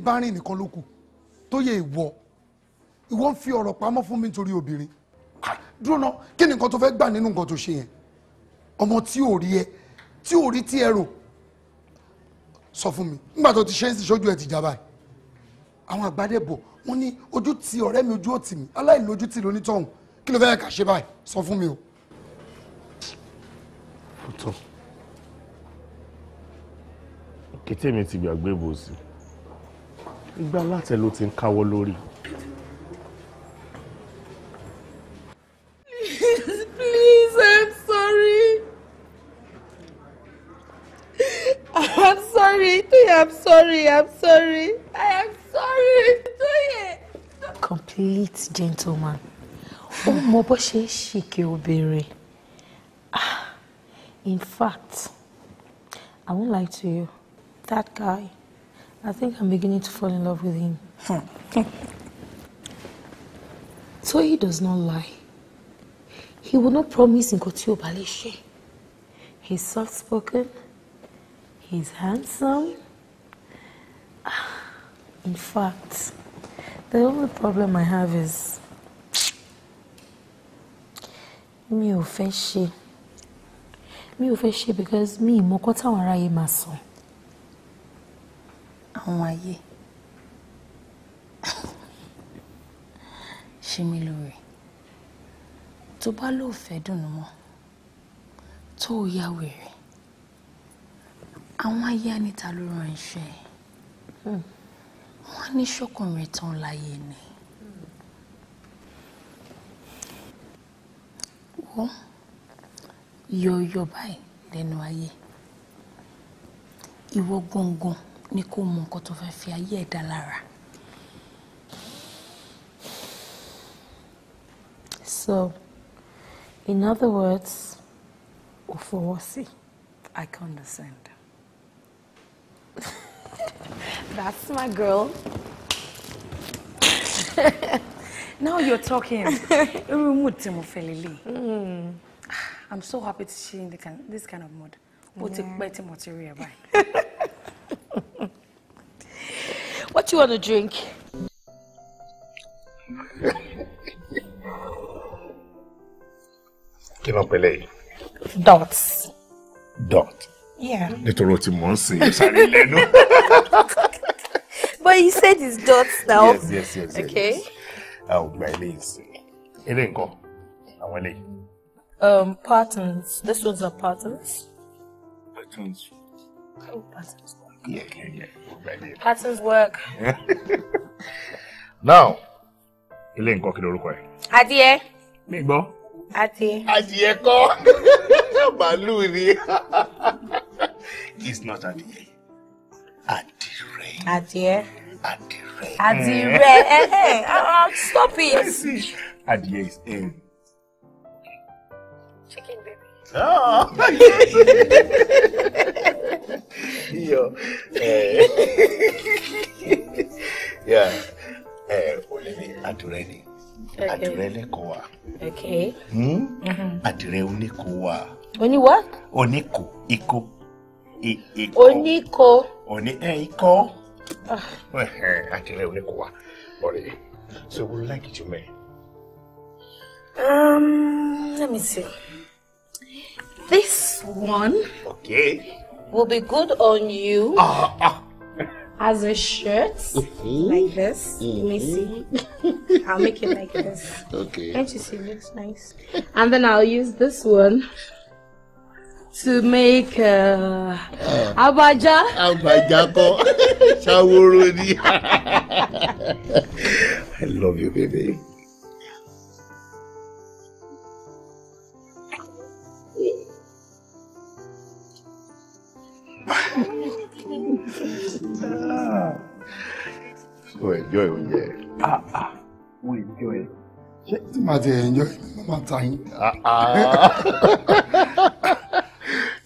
obìnrin bá rìn nìkan ló kù tó yẹ ìwọ ìwọ ń fi ọ̀rọ̀ pamọ́ fún mi nítorí obìnrin ah, dúró náà kí ni nǹkan tó fẹ́ gbà nínú nǹkan tó ṣe yẹn ọmọ tí ò rí ẹ tí ò rí tí ẹ rò sọ fún mi nígbà tó ti ṣe é sí sójú ẹ ti jábàá àwọn àgbàdẹ bọ̀ wọ́n ní ojú ti ọ̀rẹ́ mi ojú òtì mi aláìlójú ti lónítọ̀hún kí ló fẹ́ kà ṣe báyìí sọ fún mi o. òótọ́ kété mi ti gbàgbé bòsí. Ìgbà látẹ̀ ló ti ń káwọ́ lórí. Please, I'm sorry. I'm sorry, Toye, I'm sorry, I'm sorry, I am sorry, Toye. Complete gentleman. Ó mọ bó ṣe ń ṣìkẹ́ obìnrin. Ah, in fact, I won't lie to you, that guy. I think I'm beginning to fall in love with him. so hmm. he does not lie. He will not promise in tí ò He's soft spoken. He's handsome. Ah, in fact, the only problem I have is me ò Me ṣe because me mokota táwọn Maso. àwọn ayé [LAUGHS] ṣe mí lóore tó bá lò fẹ́ dùnú mọ́ tó o yá wèrè àwọn ayé àníta ló ràn iṣẹ́ hmm. wọn ní ṣọkùnrin tán láyé ni wọ́n yọ̀ọ̀yọ̀ báyìí lẹ́nu ayé ìwọ gbọ̀ngàn ni kó mọ nǹkan tó fẹ́ fi ayé ẹ̀ dá lára. So, in other words, ò fọwọ́ sí. I condescend. [LAUGHS] That's my girl. [LAUGHS] Now you're talking. [LAUGHS] Irú mood tí mo fẹ́ lélẹ̀. Hmm. Ah, I'm so happy to see you in this kind of mood. Ó ti pẹ́ tí mo ti rí ẹ báyìí. what you want to drink? kí ló ń pẹlẹ yìí. dot. yeah. nítorí o ti mọ̀ ń but you said it's dots now. yes yes yes. okay. a ò gba ilé ìsìn eré nǹkan àwọn eléyìí. um patterns this one's a patterns. patterns. oh patterns. Yeah, yeah, yeah. Right there. Patterns work. [LAUGHS] Now, ilé nǹkan kí lorúkọ ẹ. Adìẹ. Mi gbọ́. Adìẹ. Adìẹ kọ́. [LAUGHS] Màálù ni. [LAUGHS] It's not adìẹ. Adire. Adìẹ. Adire. Adire. Hey, stop it. Adìẹ is in. Chicken baby. Oh, Iyo. [LAUGHS] Yeah. Eh, [LAUGHS] eh Olele adìrẹ ni. Adìrẹ lẹ́kọ̀ọ́ wa. Adure oníko wa. Oni wa? Oniko. iko. I. Oniko. Oni eh Iko. ikọ́. Ah. Eh, eh, adure oníko wa. Ọ̀rẹ́, so we like it you may. Um, let me see. This one. Okay. will be good on you ah, ah. as a shirt, mm -hmm. like this. Mm -hmm. You may see. I'll make it like this. [LAUGHS] Okay. Can't you see? It looks nice. And then I'll use this one to make uh, uh, abaja. Abaja [LAUGHS] [LAUGHS] I love you, baby. so enjoy oúnjẹ. Ah, ah, mo enjoy ẹ. ṣé tí màá ti enjoy mo máa ta yín. Ah,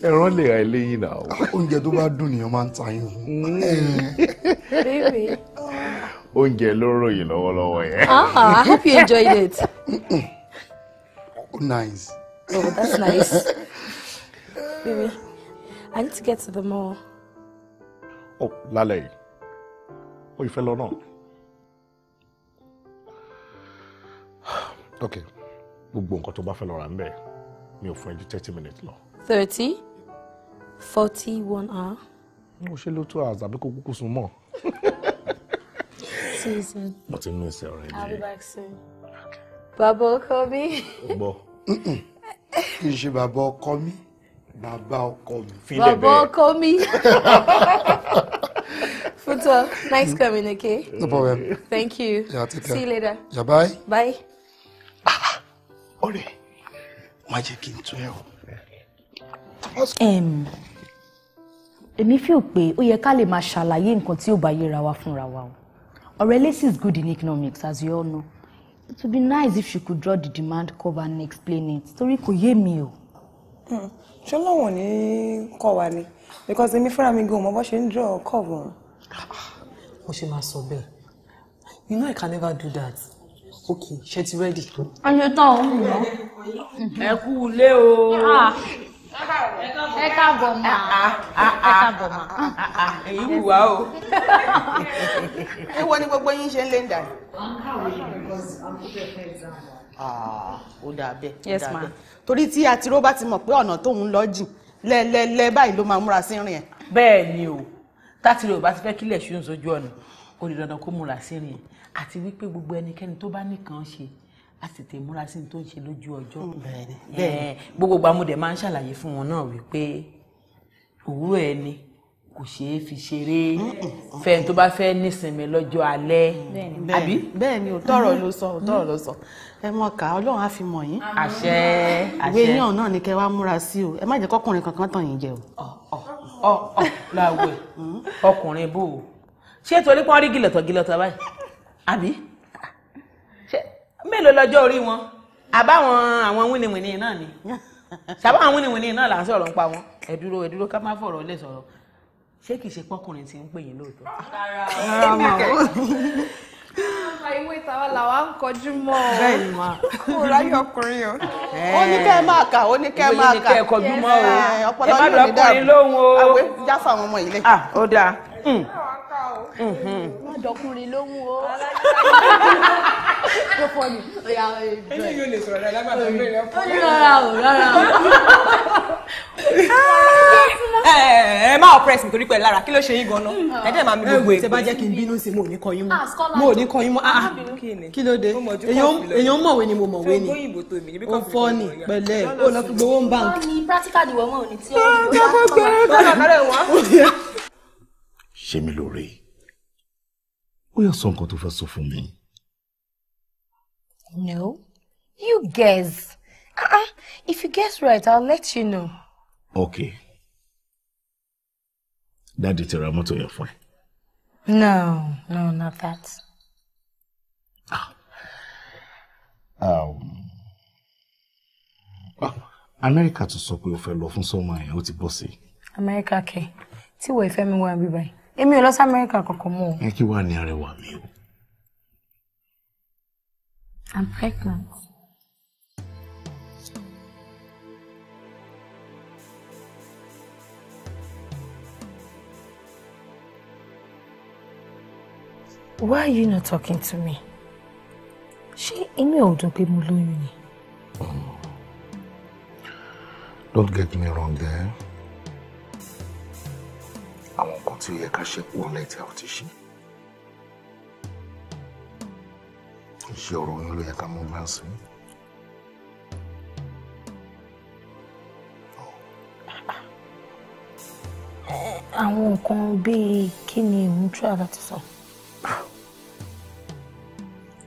[LAUGHS] ẹran lè ra eléyìí náà. oúnjẹ tó bá dùn nìyẹn máa ń ta yín. bébè. oúnjẹ ló ròyìn lọ́wọ́lọ́wọ́ yẹn. I hope you enjoyed it. [LAUGHS] Oh, nice. Oh, that's nice. [LAUGHS] bébè. I need to get to the mall. Oh, lálẹ́ yìí. you ìfẹ́ lọ náà. [SIGHS] Okay. we'll nǹkan tó bá fẹ́ lọ rà ńbẹ̀ mi ò fún ẹ thirty minutes lọ. thirty forty one hour. mo ṣe ló two hours àbí kò kúkú sùn See you soon. ti nú ẹsẹ̀ ọ̀rẹ́ yìí. I'll be back soon. bàbá ọkọ mi. gbọ́ [LAUGHS] kí n ṣe bàbá ọkọ mi bàbá ọkọ mi. filẹ bẹẹ bàbá ọkọ mi. Futo, nice coming, okay? No problem. Thank you. Yeah, take See you later. Yeah, bye. Bye. Ah, ọ̀rẹ́, má jẹ́ kí n tún ẹ o. Èmi feel pé ó yẹ ká lè máa ṣàlàyé nǹkan tí ó bá yẹra wa fúnra wa o. Ọ̀rẹ́ is good in economics as you all know. It would be nice if she could draw the demand curve and explain it. Torí kò yé mi o. Hmm ṣé lọ́wọ́n ní kọ́ wa ni because èmi fúnra mi gan mọ bó ṣe ń draw curve wọn. mo ṣe máa sọ bẹ́ẹ̀ you know i can never do that okay ṣe ti ready. ayọ̀ tán ò ń lọ. ẹ kú ilé o. Ah, ẹ káàbọ̀ mà ah, ah, ẹ káàbọ̀ mà. èyí wùwá o. èwo ni gbogbo yín ṣe ń lé ń dà. à ń kàwé because i'm prepared for exam. Ah, dà bẹ́ẹ̀ ó dà bẹ́ẹ̀ torí tí atiró bá ti mọ̀ pé ọ̀nà tóun lọ jìn lẹ́lẹ́lẹ́ báyìí ló máa múra sí rìn ẹ̀. bẹ́ẹ̀ ni o tátìrì ò bá ti fẹ́ kílẹ̀ ṣùn sójú ọ̀nà ó di dandan kó múra sí rìn ẹ̀ àti wípé gbogbo ẹnikẹ́ni tó bá nìkan ṣe a sì tè múra sí tó ń ṣe lójú ọjọ́ mm, gbogbo gbàmúdẹ̀ máa ń ṣàlàyé fún wọn náà wípé òwúrọ̀ ẹni kò ṣeé fi ṣeré fẹ́ tó bá fẹ́ nísinmi lọ́jọ́ alẹ́ àbí. bẹ́ẹ̀ ni òtọrọ ló sọ òtọrọ ló sọ ẹ mọ ká Ọlọ́run á fi mọ̀ yín. àṣẹ àṣẹ ìwé yíyan náà ni kẹ wá múra sí o ẹ má jẹ́ kọkùnrin kankan tàn yín jẹ o. ọ ọ ọ ọ làwẹ ọkùnrin bò ó ṣé torí pọ́n rí gìlọ̀tọ̀ gìlọ̀tọ̀ báyìí àbí mélòó lọ́jọ́ orí wọn àbáwọn àwọn wíniwíni náà ni ṣàbáwọn wíniwíni náà là ń sọ̀rọ̀ ń pa wọn ẹ dúró ẹ dúró ká má fọ̀rọ̀ lè sọ̀rọ̀ ṣé kìí ṣe pọ́kùnrin tí ń pè yín lóòótọ́. rárá o àìwé tàwa làwa ń kọjú mọ́ ọ bẹ́ẹ̀ ni ma kó ráyè ọkùnrin o ó ní kẹ́ ẹ máa kà ó ní kẹ́ ẹ máa kà ó ní kẹ́ ẹ o ẹ má lọ ọkùnrin lóhùn o àwẹ jáfa àwọn ọmọ yìí lẹ. Ah, ó dáa hmm wọ́n mm-hmm. dọkùnrin lóhùn o. tó fọ́ ni ọ̀yà ẹ̀jọ̀ ẹ̀. ẹni yóò lè sọ̀rọ̀ rẹ̀ lágbàdo ìbéèrè rẹ̀ fún mi. rárá o rárá o. [LAUGHS] Eh, eh, eh, ẹ má ọ̀pẹ́rẹ́sì nítorí pẹ̀lú lára kí ló ṣe yín gan-an ah. ẹ̀dẹ̀ máa mi gbogbo èpè. ṣe bá jẹ́ kí n bínú sí mo ò ní kọyún mọ́ ah, mo ò ní kọyún mọ́ ah, kí ló dé èèyàn mọ̀wé ni mo mọ̀wé ni ó fọ́ ni pẹ̀lẹ́ ó lọ fi gbowó ń báńkì. wọ́n ní practical ìwọ̀n mọ̀ ní tí ó ń bá ṣe mí lóore ó yà sọ nǹkan tó fẹ́ sọ fún mi. no you guess uh -uh. if you guess right i'll let you know. okay dáàdi ti ra mọ́tò yẹn fún ẹ. no no not that. Ah. Um, ah, amẹ́ríkà tún sọ pé o fẹ́ lọ fún sọ́mọ yẹn ó ti bọ́ sí i. amẹ́ríkà kẹ̀ tí wọ́n ìfẹ́ mi wá bíbáyìí èmi ò lọ sí amẹ́ríkà kankan mọ́ ẹ kí wàá ní arẹwà mi o. I'm pregnant. Why are you not talking to me? Ṣé inú ẹ̀ ò dùn pé mo lóyún ni? Oh. Don't get me wrong there. Eh? àwọn nǹkan tí ó yẹ ká ṣe pọ̀ lẹ́tí àwọn ti ṣe. Iṣẹ́ ọ̀rọ̀ yín ló yẹ ká mú bá sí. Àwọn nǹkan bíi kí ni òun tíra láti sọ?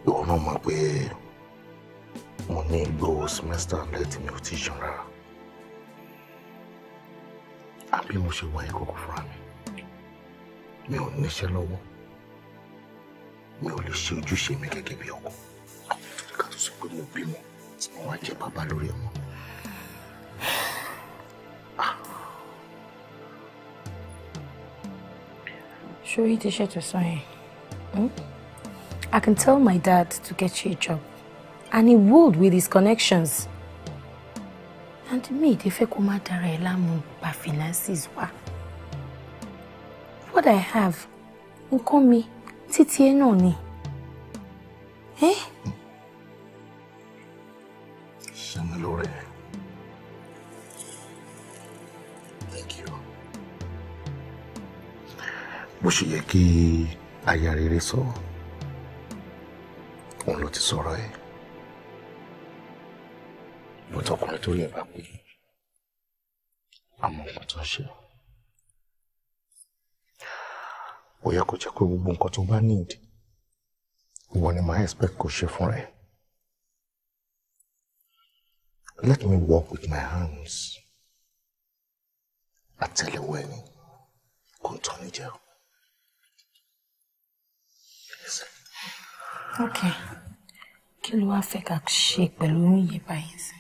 Ìwọ náà mọ̀ pé mo ní gbogbo semester lẹ́tí mi ò ti ṣan rárá. Àbí mo ṣe wọ ẹ̀kọ́ fúnra mi mi ò shirt or something. I can tell my dad to get you a job. And he would with his connections. And me, they fẹ́ kó má dára ẹ̀ láàmú gba finances wa what I have you call me. ẹ náà ni. ṣe mi Thank you. bó ṣe yẹ kí aya rere sọ òun ló ti sọ̀rọ̀ ẹ̀ mo tọkùnrin tó yẹ bá pé àmọ́ nǹkan tó ń ṣe. ó yẹ kó jẹ́ pé gbogbo nǹkan tó bá need ìwọ ni màá expect kó ṣe fún rẹ. Let me work with my hands. Àtẹ́lẹwọ́ ẹni kò ń tán ní jẹ́ o. Okay. Kí ló wá fẹ́ ká ṣe pẹ̀lú oyin báyìí sí?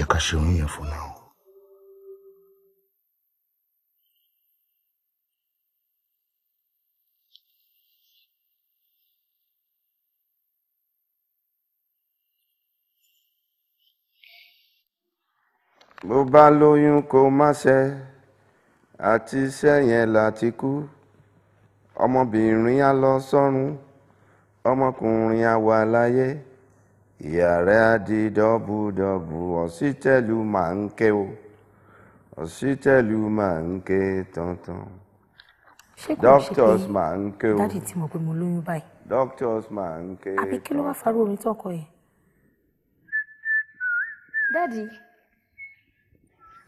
jẹ́ ká ṣe oyún yẹn for now. bó bá lóyún kó má ṣe àti iṣẹ́ yẹn láti kú ọmọbìnrin á lọ sọ́run ọmọkùnrin á wà láyé yàrá di dọ́bùdọ́bù ọ̀sítẹ́lù máa ń ké o ọ̀sítẹ́lù máa ń ké tọ̀ntọ̀n doctors máa ń ké o dáàdì tí mo pé mo lóyún báyìí doctors máa ń ké àbí kí ló wá farú omi tọkọ yẹn. dáàdì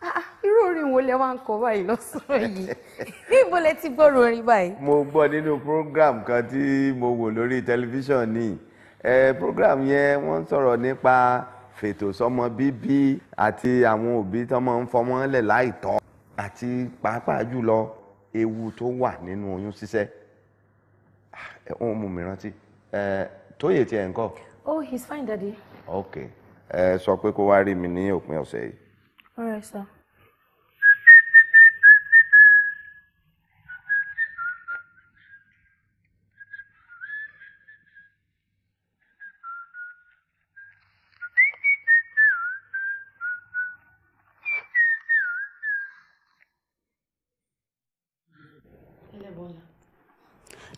ah, irú orin wo lẹ wá ń kọ báyìí lọ́sọ̀rọ̀ yìí [LAUGHS] níbo lẹ ti gbọ́ orin báyìí. mo gbọ́ nínú program kan tí mo wò lórí tẹlifíṣàn nìyí program yẹn wọ́n ń sọ̀rọ̀ nípa fètò sọ́mọ bíbí àti àwọn òbí tọ́mọ ń fọmọ lẹ̀ láìtọ́ àti pàápàá jùlọ ewu tó wà nínú oyún ṣíṣẹ́ ah, ẹ ohun mú mi rántí tóyè tiẹ̀ ńkọ́. oh he's fine daddy. ok ẹ sọ pé kó wá rí mi ní òpin ọ̀sẹ̀ yìí. all right sir.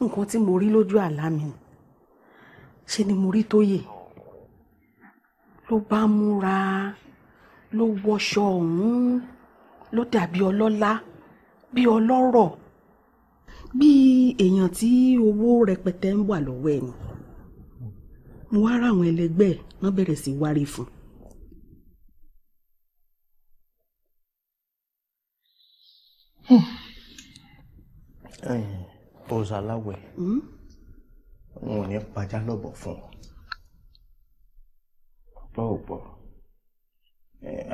nǹkan tí mo rí lójú àlá mi ṣe ni mo rí Tóyè ló bá múra ló wọṣọ ọ̀hún ló dàbí ọlọ́lá bí ọlọ́rọ̀ bí èèyàn tí owó rẹpẹtẹ ń wà lọ́wọ́ ẹ̀ mo wá ra ẹlẹgbẹ́ ẹ̀ bẹ̀rẹ̀ sí wárí fún un. Hmm òòsà aláwẹ̀ wọn hmm? ò ní pajá lọ́bọ̀ fún ọ ọ̀pọ̀ ọ̀pọ̀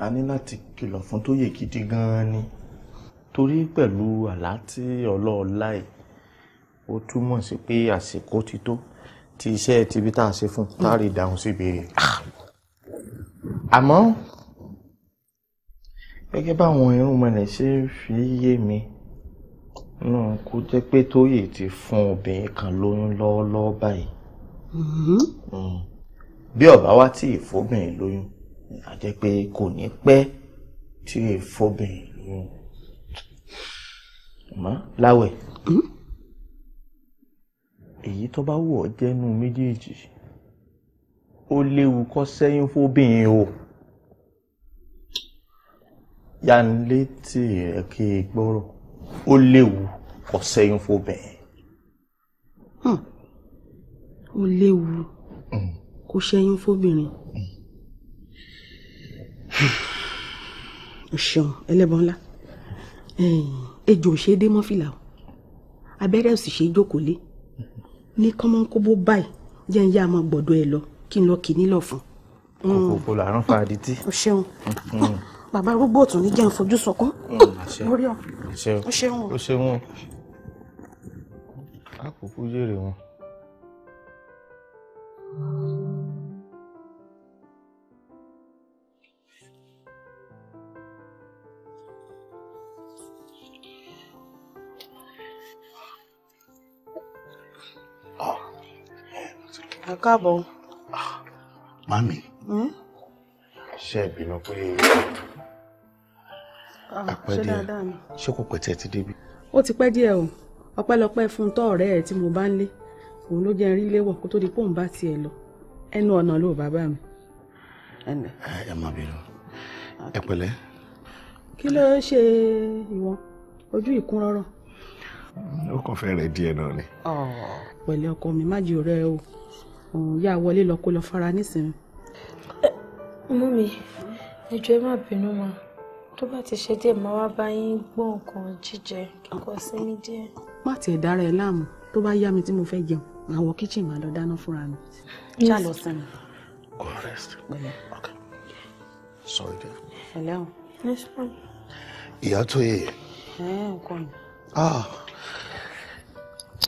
a ní láti kìlọ̀ fún tó yẹ gidi gan-an ni torí pẹ̀lú àlá tí ọlọ́ọ̀la ẹ̀ ó túmọ̀ sí pé àsìkò ti tó ti iṣẹ́ tibi tá a ṣe fún táàrí ìdáhùn sí ìbéèrè àmọ́ gẹ́gẹ́ báwọn irun mọ̀lẹ́ ṣe fi yé mi náà kó jẹ́ pé tóyè ti fún obìnrin kan lóyún lọ́wọ́lọ́wọ́ báyìí mm-hmm. hmm. bí ọ̀bá wá tí ìfóbìnrin lóyún a jẹ́ pé kò ní pẹ́ tí ìfóbìnrin lóyún mọ́ láwẹ̀ mm-hmm. èyí tó bá wù ọ́ jẹ́nu méjèèjì ó léwu kó sẹ́yìn fóbìnrin o yanilétí rẹ̀ kí gbọ́rọ̀ ó léwu kò sẹ́yìn fóbìnrin. ó léwu hmm. kò sẹ́yìn fóbìnrin. o hmm. [SIGHS] ṣeun ẹlẹ́bọn ńlá ejò ò ṣe é dé mọ́ fìlà o abẹ́rẹ́ ò sì ṣe é jókòó lé ní kọ́mọ́nkóbó báyìí jẹ́ ń yá a máa gbọ́dọ̀ ẹ lọ kí n lọ kì í nílọ̀ fún. kòkòkò làrán fa adití. o ṣeun. Hmm bàbá arúgbó ọ̀tún ní jẹun fojú sọkún lórí mm, ọ ó ṣeun ó ṣeun o àkókò jèrè wọn. ẹ káàbọ̀. mami hmm? ṣe ìbínú pé àpẹ́ ah, díẹ̀ ṣé kò pẹ́ tí ẹ ti débi. ó ti pẹ́ díẹ̀ o ọpẹ́lọpẹ́ fún tọ́ ọ̀rẹ́ ẹ̀ tí mo bá ń lé òun ló jẹ́ rí léwọ̀ kó tó di pòun bá tiẹ̀ lọ ẹnu ọ̀nà ló bàbá mi. ẹ má bínú ah, ẹ pẹ̀lẹ́. kí ló ṣe ìwọ ojú ìkúnrọ́rọ́. ó kàn fẹ́ rẹ̀ díẹ̀ náà ni. Oh, pẹ̀lẹ́ ọkọ mi má jí ọ̀rẹ́ o òun yà wọlé lọ kó lọ fara nísìnyí. mú mi ẹjọ́ ẹ má bínú mọ́ tó bá ti ṣe díẹ̀ máa wá bá yín gbọ́ nǹkan jíjẹ kíkọ sí mi díẹ̀. má tiẹ̀ dára ẹ láàmú tó bá yá mi tí mo fẹ́ jẹun àwọn kíchìn máa lọ dáná fúnra mi. ṣá lọ sinmi. go rest. pẹ̀lẹ́. ok. sorry dear. pẹ̀lẹ́ o. ìyá tó yẹ. ẹ ẹ ọkọ ah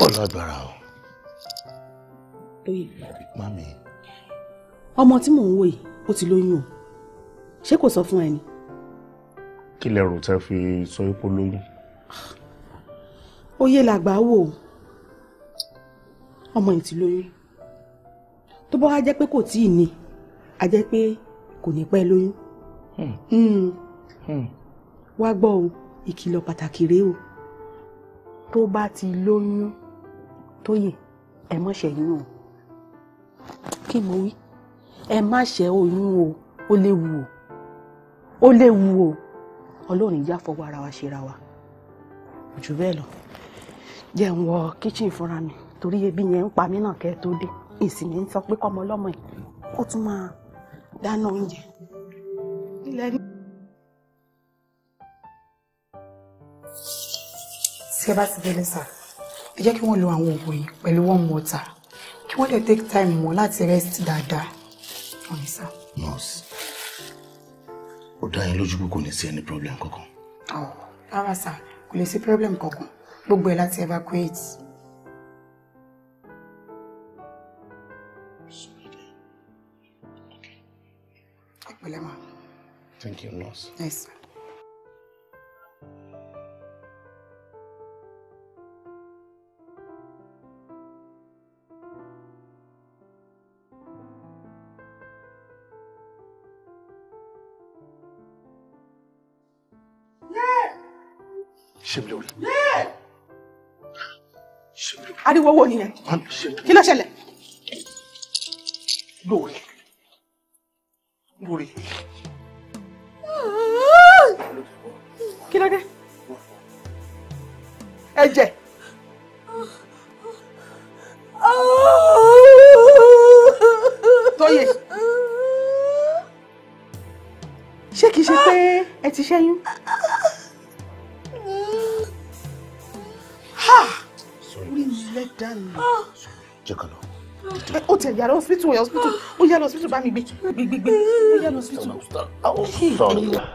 ọlọgbàrà o. lóye. mami. ọmọ tí mò ń wò yìí ó ti lóyún o ṣé kò sọ fún ẹ kí lẹ rò tẹ́ fi sọ pé lóyún. oyè làgbà wò ọmọ yìí ti lóyún tó bá wá jẹ́ pé kò tíì ní a jẹ́ pé kò ní pẹ́ lóyún hmm. Hmm. Hmm. wá gbọ́ o ìkìlọ̀ pàtàkì rèé o tó bá ti lóyún tó yè ẹ má ṣẹ́yún o kí mo wí ẹ má ṣẹ́ oyún o ó léwu o ó léwu o ọlọ́run ìjà fọwọ́ ara wa ṣera wa jù bẹ́ẹ̀ lọ jẹ́ ń wọ kíchìn fúnra mi torí ebi yẹn ń pa mí náà kẹ́ ẹ tó dé ìsinmi ń sọ pé kọ́mọ ọlọ́mọ yìí ó tún máa dáná oúnjẹ. tí ẹ bá ti délé sá ẹ jẹ́ kí wọ́n lo àwọn oògùn yìí pẹ̀lú warm water kí wọ́n lè take time wọn láti rest dáadáa. nọ́ọ̀sì ó dá yín lójú pé kò ní sí ẹni problem kankan. ọ̀ oh, rárá sá kò lè sí problem kankan gbogbo ẹ̀ láti evacuate. Thank you, nurse. Yes, sir. wò nìyẹn kí ló ṣẹlẹ̀. ìyá lọ hospital ìyá hospital ó yá lọ hospital bá mi gbé gbé gbé gbé ó yá lọ hospital. sorry.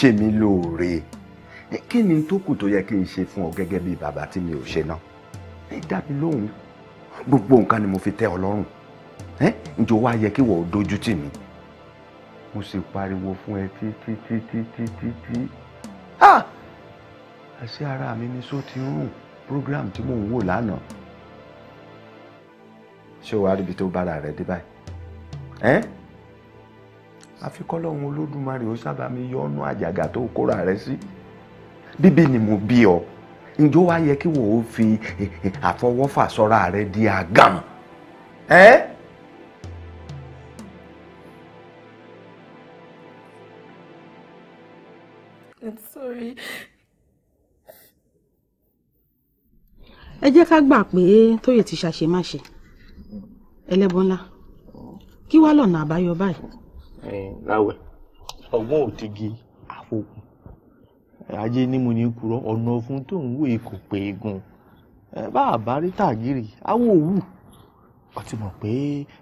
ṣe mí lóore kí ni tó kù tó yẹ kí n ṣe fún ọ gẹ́gẹ́ bí bàbá tí mi ò ṣe náà ẹ dá mi lóhùn gbogbo nǹkan ni mo fi tẹ́ ọ lọ́rùn ẹ ǹjọ́ wá yẹ kí wọ́n dojú tì mí mo sì pariwo fún ẹ títí títí títí tí àṣé ara mi ni só ti ń program tí mò ń wò lánàá ṣé o wá ríbi tó bára rẹ dé báyìí àfikọ́lọ́hún olódùmarè ó sábà mi yọ ọ́nú àjàgà tó kóra rẹ sí bíbí ni mo bí ọ ǹjọ́ wá yẹ kí wò ó fi àfọwọ́fà sọ́ra rẹ di àgàm ẹ́. Eh? I'm sorry. ẹ jẹ́ ká gbà pé tóyè ti ṣàṣemáṣe ẹlẹ́bọn ńlá kí wá lọ́nà àbáyọ báyìí láwẹ̀ eh, ọgbọ́n òtigi àfokùn ajé nímú ní kúrọ́ ọ̀nà ọ̀fun tó ń wé kò pé egun eh, bá a bá rí tàgìrì awo òwú ó ti mọ̀ pé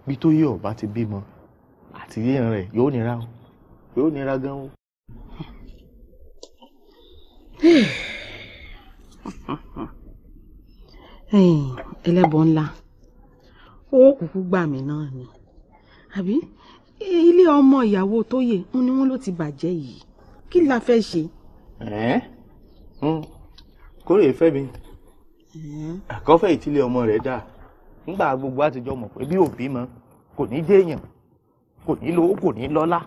bí tó yé ọba ti bímọ àti yéèyàn rẹ̀ yóò nira o yóò nira gan o. ẹlẹ́bọn ńlá ó kúkú gbà mí náà ni àbí ilé ọmọ ìyàwó tóyè ń ni wọ́n ló ti bàjẹ́ yìí kí la fẹ́ ṣe. kórè fẹ́mi àkọ́fẹ́ ìtílé ọmọ rẹ̀ dáa nígbà gbogbo àtijọ́ mọ̀ pé bí òbí mọ kò ní déèyàn kò ní lówó kò ní lọ́lá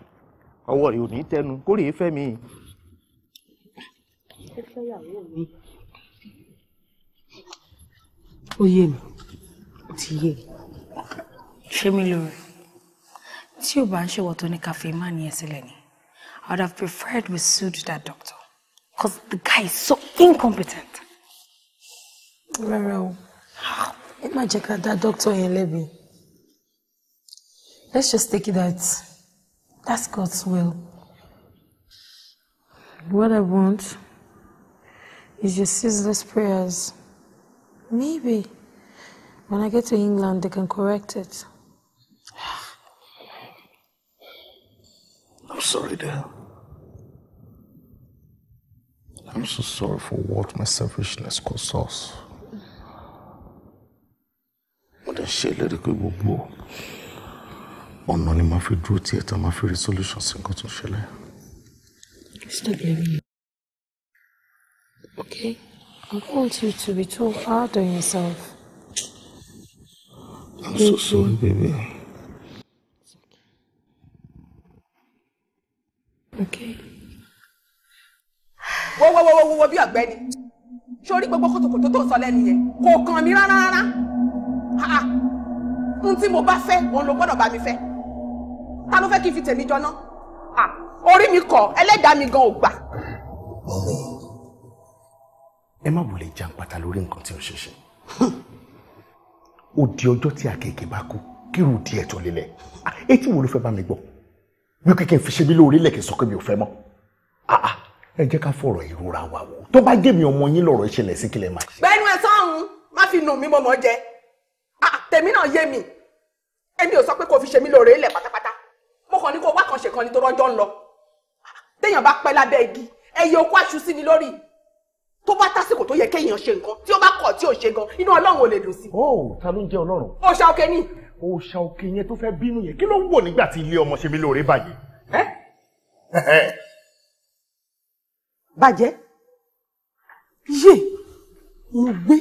ọwọ́ rẹ̀ ò ní tẹnu kórè fẹ́mi. ó fẹ́ yàwó mi. ó yé mi ó ti yé mi. ṣé mi lò rẹ̀. tí ò bá ń tó ní cafe man, ní ẹ ni I would have preferred we sued that doctor because the guy is so incompetent. well, let me check out that doctor in lebi lẹ́bi let's just take it that that's God's will. What I want is your ceaseless prayers. Maybe when I get to England, they can correct it. sorry, dear. I'm so sorry for what my selfishness caused us. Mo dẹ̀ ṣe ìlérí pé gbogbo ọ̀nà On màá my free tí ẹ̀ta my free rí solution sí nǹkan tó ṣẹlẹ̀. Stop blaming me. Okay? I want you to be too hard on yourself. I'm so sorry, baby. wọ́wọ́wọ́wọ́ bí ọ̀gbẹ́ni sórí gbogbo kòtòkòtò tó sọ lẹ́nu yẹn kò kàn mí rárá rárá n tí mo bá fẹ́ òun ló gbọ́dọ̀ bá mi fẹ́ ta ló fẹ́ kí n fi tèmi jọná ori mi kọ̀ ẹlẹ́dàá mi gan ò gbà. mọ́mí ẹ má wulẹ̀ jàǹpátá lórí nǹkan tí ò ṣe ṣe ó di ọjọ́ tí àkekèé bá kú kírù díẹ̀ tó lélẹ̀ etí wo ló fẹ́ bá mi gbọ́ wí pé kí n fi ṣe bí lórí lẹ́kìn sọ pé mi ò fẹ́ mọ́ ah, ah, ẹ jẹ́ ká fọ̀rọ̀ ìrora wa wò tó bá jẹ́ mi ọmọ yín lọ́rọ̀ ìṣẹ̀lẹ̀ sí kílẹ̀ máa ṣe. bẹ́ẹ̀ni ẹ sọ́hun má fi nù mí mo mọ̀ jẹ ah, tèmi náà yé mi èmi ò sọ pé kò fi ṣe mí lóore ilẹ̀ pátápátá mo kàn ní kó wá kan ṣe kan ní tó rọ́jọ́ ń lọ téèyàn bá pẹ́ lábẹ́ igi ẹyẹ okó aṣù sí ni lórí tó bá tásìkò tó yẹ kéèyàn ṣe nǹkan tí ó bá kọ̀ tí ò ṣe gan inú ọlọ́run ò lè dùn sí. ó oh, ta ló ń jẹ ọlọ́run. ó ṣá òkè ní òòṣà òkè yẹn tó fẹ́ bínú yẹn kí ló ń wò nígbà tí ilé ọmọ ṣe mí lóore báyìí. [LAUGHS] bàjẹ́ yé mo gbé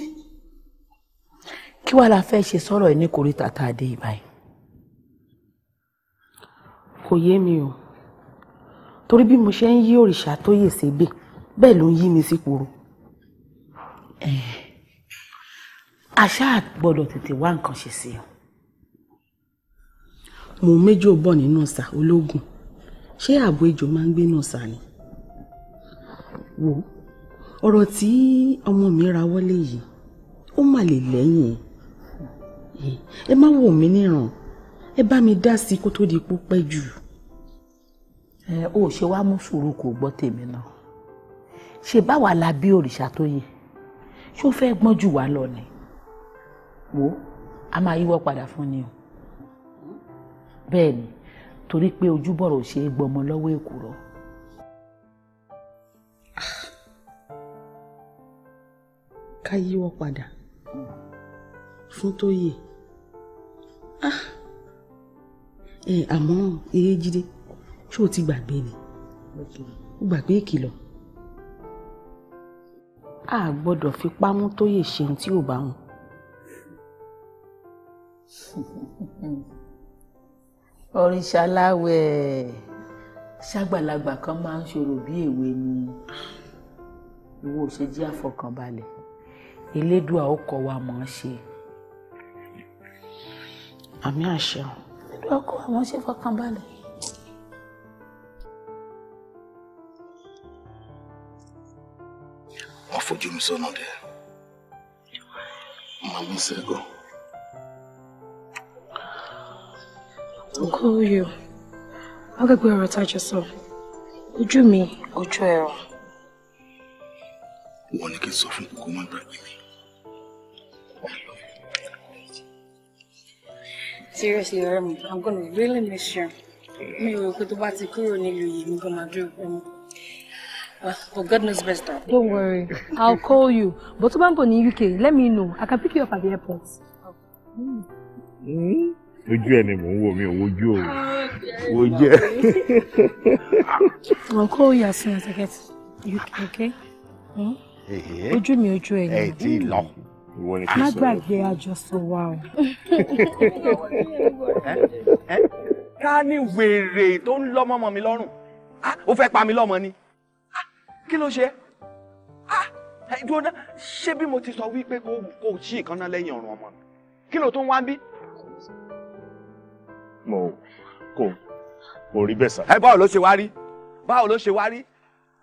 kí wàá la fẹ́ ṣe sọ̀rọ̀ ẹ̀ ní kòríta tá a dé ìbáyìí kò yé mi o torí bí mo ṣe ń yí òrìṣà tó yè ségbè bẹ́ẹ̀ ló ń yí mi sí kúrò àṣà gbọ́dọ̀ tètè wá nǹkan ṣe sí o mo méjì ò bọ̀ nínú ọ̀sà ológun ṣé ààbò ejò máa ń gbé nínú ọ̀sà ni. wo ọ̀rọ̀ tí ọmọ mi ra wọlé yìí ó mà lè lẹ́yìn ẹ má wò mí níran ẹ bá mi dá sí kó tó di púpẹ́ jù. ẹ ò ṣe wá mú sùúrù kò gbọ́ tèmi náà ṣe báwa la bí òrìṣà tó yẹ ṣó fẹ́ gbọ́n jù wá lọ ni wò á máa yíwọ́ padà fún ni o bẹ́ẹ̀ ni torí pé ojúbọ̀rọ̀ ò ṣeé gbọmọ lọ́wọ́ èkùrọ́. ká yíwọ́ padà fún tó yè ah! ẹ àmọ́ eré jíde ṣé o ti gbàgbé ni o gbàgbé ìkìlọ̀. a gbọ́dọ̀ fi pámú tó yè ṣe tí ò bá wọn òrìṣà láwẹ̀ ṣàgbàlagbà kan máa ń ṣòro bí èwe ni ìwọ ṣe jí àfọkànbalẹ̀ elédùà ó kọ́ wa mọ̀ ọ́n ṣe. àmì àṣẹ. elédùà ó kọ́ wa mọ̀ ọ́n ṣe fọkànbalẹ̀. wọ́n fojú mi sọ́nà dẹ́ màá mú sẹ́gọ̀ọ́. I'll call you. I'll get where I touch yourself. Ojú mi, ojú ẹ̀rọ. Wọ́n ní kí n sọ fún kókó má gbàgbé mi. Seriously, Remy, I'm gonna really miss you. Mi ò rò pé tó bá ti kúrò nílùú yìí, mi kò máa dúró pé mo. for ah, goodness' best. Though. Don't worry, I'll call you. But tó bá ń bọ̀ UK, let me know. I can pick you up at the airport. Okay. Mm. Mm ojú ẹ ni mò ń wò mí wojú o ah, wojú ẹ. ọkọ òye àsìnà tẹkẹtì òkè ojú mi ojú ẹ ni. ẹ ti lọ. Hmm. má gbàgbé àjọsọ wa o. [LAUGHS] ká ní wèrè tó ń lọ́mọ mọ́ mi lọ́rùn ah, ó fẹ́ pa mi lọ́mọ ni ah, kí ló ṣe ẹ dúró náà ṣé bí mo ti sọ wípé kò tí ì kan náà lẹ́yìn ọ̀ràn ọmọ kí ló tó ń wá bí mo kò kò rí bẹ́ẹ̀ sà. ẹ báwo ló ṣe wá rí báwo ló ṣe wá rí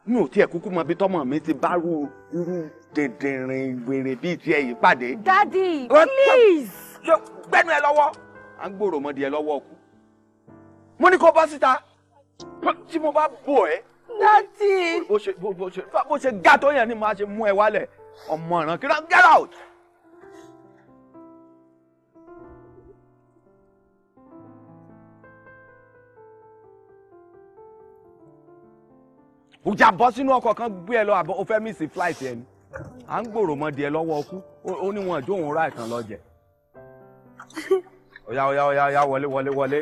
mi ò tiẹ̀ kúkú mọ ibi tọ́mọ mi ti bá rú irú dèdèrìn wèrè bíi tiẹ̀ yìí pàdé. dadi please. gbẹ́nu ẹ lọ́wọ́ à ń gbòòrò ọmọdé ẹ lọ́wọ́ ọkú mo ní kó bọ́ síta tí mo bá bò ẹ́. dadi. bó ṣe bó ṣe bó tó yẹn ni màá ṣe mú ẹ wálẹ̀ ọmọ ìrànkìrán get out. o bọ́ sínú ọkọ̀ kan gbé ẹ lọ àbọ̀ o fẹ́ flight ẹni à ń gbòòrò mọ́dí ẹ lọ́wọ́ ọkú ó ní wọn ra ìtàn lọ jẹ. ọ̀yá ọ̀yá wọlé wọlé wọlé.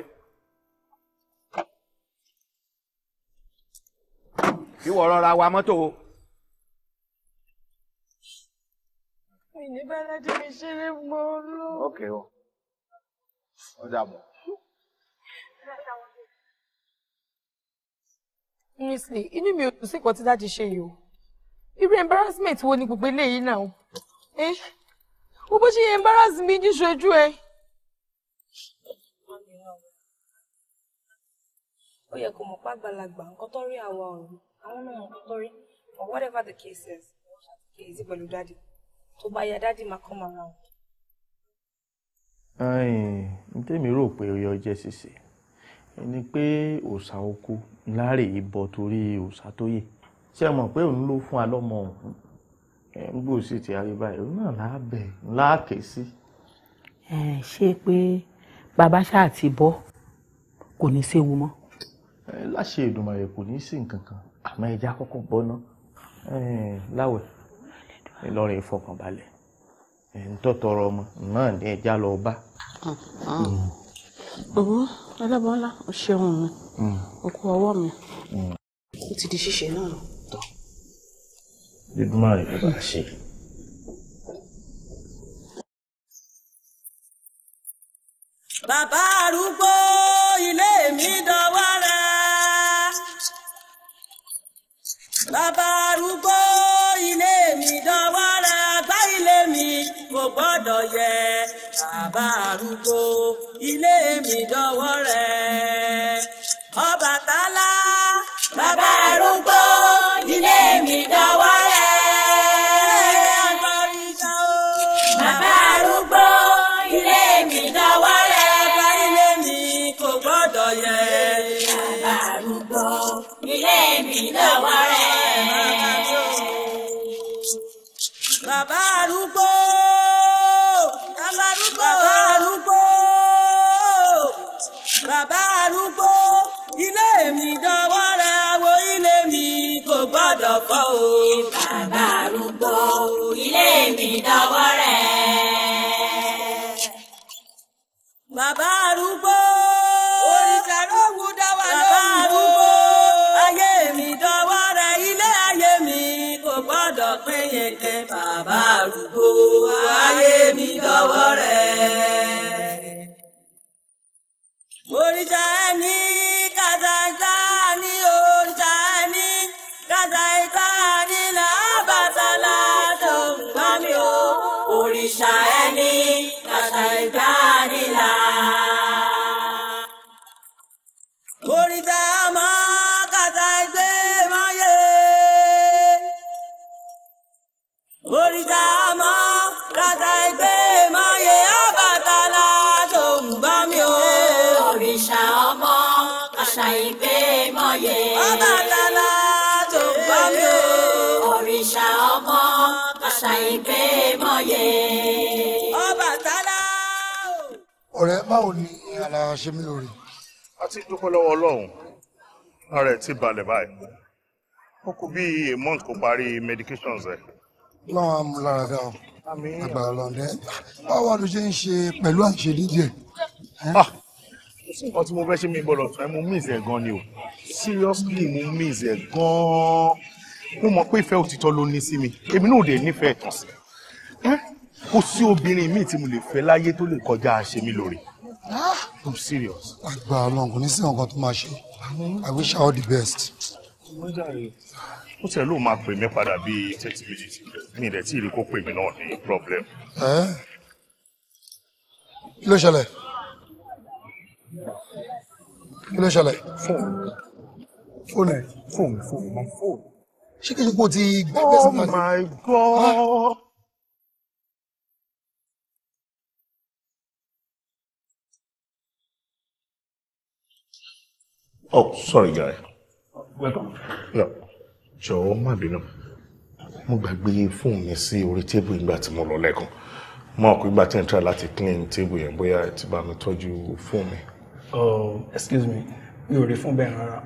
kí wọ́n rọra wa mọ́tò o. ọ honestly inú mi ò dùn tí dáàdi ṣe yìí irú embarrassment wo ni gbogbo eléyìí náà ẹ eh? wo bó ṣe yẹ embarrass ní ṣojú ẹ. ó yẹ kó mọ̀ pé àgbàlagbà nǹkan àwa ọ̀run àwọn náà nǹkan or whatever the case is èyí pẹ̀lú dáàdi tó bá ya dáàdi máa come around. ǹ tẹ́mi rò pé ó ni pé òòṣà oko láre ìbọ torí òòṣà tó yè ṣé mọ̀ pé òun ló fún alọ́mọ òun gbò sí ti arí báyìí òun náà láàbẹ̀ láàkè sí. ṣé pé bàbá ṣáà ti bọ́ kò ní séwu mọ́. láṣẹ Èdùmàrè kò ní sí nǹkan kan àmọ́ ẹja kọ́kọ́ bọ́ná láwẹ̀ ìlọrin ìfọkànbalẹ̀ ẹ̀ ń tọ́tọrọ ọmọ náà ní ẹja lọ bá. Mm. Mm. owó ọlọ́bọ̀ ńlá o ṣeun mi mm. o kú ọwọ́ mi ó mm. ti di ṣíṣe náà. dídúmọ̀ rẹ̀ ló bá ṣe. ti balẹ̀ báyìí ó kú bí a month kó parí medications ẹ̀. lọ́wọ́ amú lára fẹ́ ọ agbára lọ́ndẹ́ báwo wàá ló ṣe ń ṣe pẹ̀lú àṣedídì ẹ̀. nǹkan tí mo fẹ́ ṣe mi gbọ́dọ̀ fẹ́ mo miss ẹ̀ gan ni o seriously mo miss ẹ̀ gan mo mọ̀ pé ìfẹ́ òtítọ́ ló ní sí mi èmi náà ò dé nífẹ̀ẹ́ ẹ̀tàn sí kò sí obìnrin míì tí mo lè fẹ́ láyé tó lè kọjá àṣemí lórí. Ah! I'm serious. àgbà ọlọ́run kò ní sí nǹkan tó máa ṣe I wish all the best. ó tẹ̀ ló máa pè mí padà bíi thirty minutes mi ìrètí ìrè kó pè mí náà ní problem. kí ló ṣẹlẹ̀ kí ló ṣẹlẹ̀. fóònù fóònù fóònù fóònù. ṣé kí n kò ti gbẹgbẹ sí. oh my god. Ah. Oh, sorry, guy. Welcome. No. Jọ̀wọ́ má bínú. Mo gbàgbé fóònù mi sí orí tébù ìgbà tí mo lọ lẹ́kọ̀ọ́. Mo mọ̀ pé ìgbà tí n try láti clean tébù yẹn bóyá ẹ ti bá mi tọ́jú fóònù mi. Oh, excuse me. Mi ò rí fóònù bẹ́ẹ̀ rárá.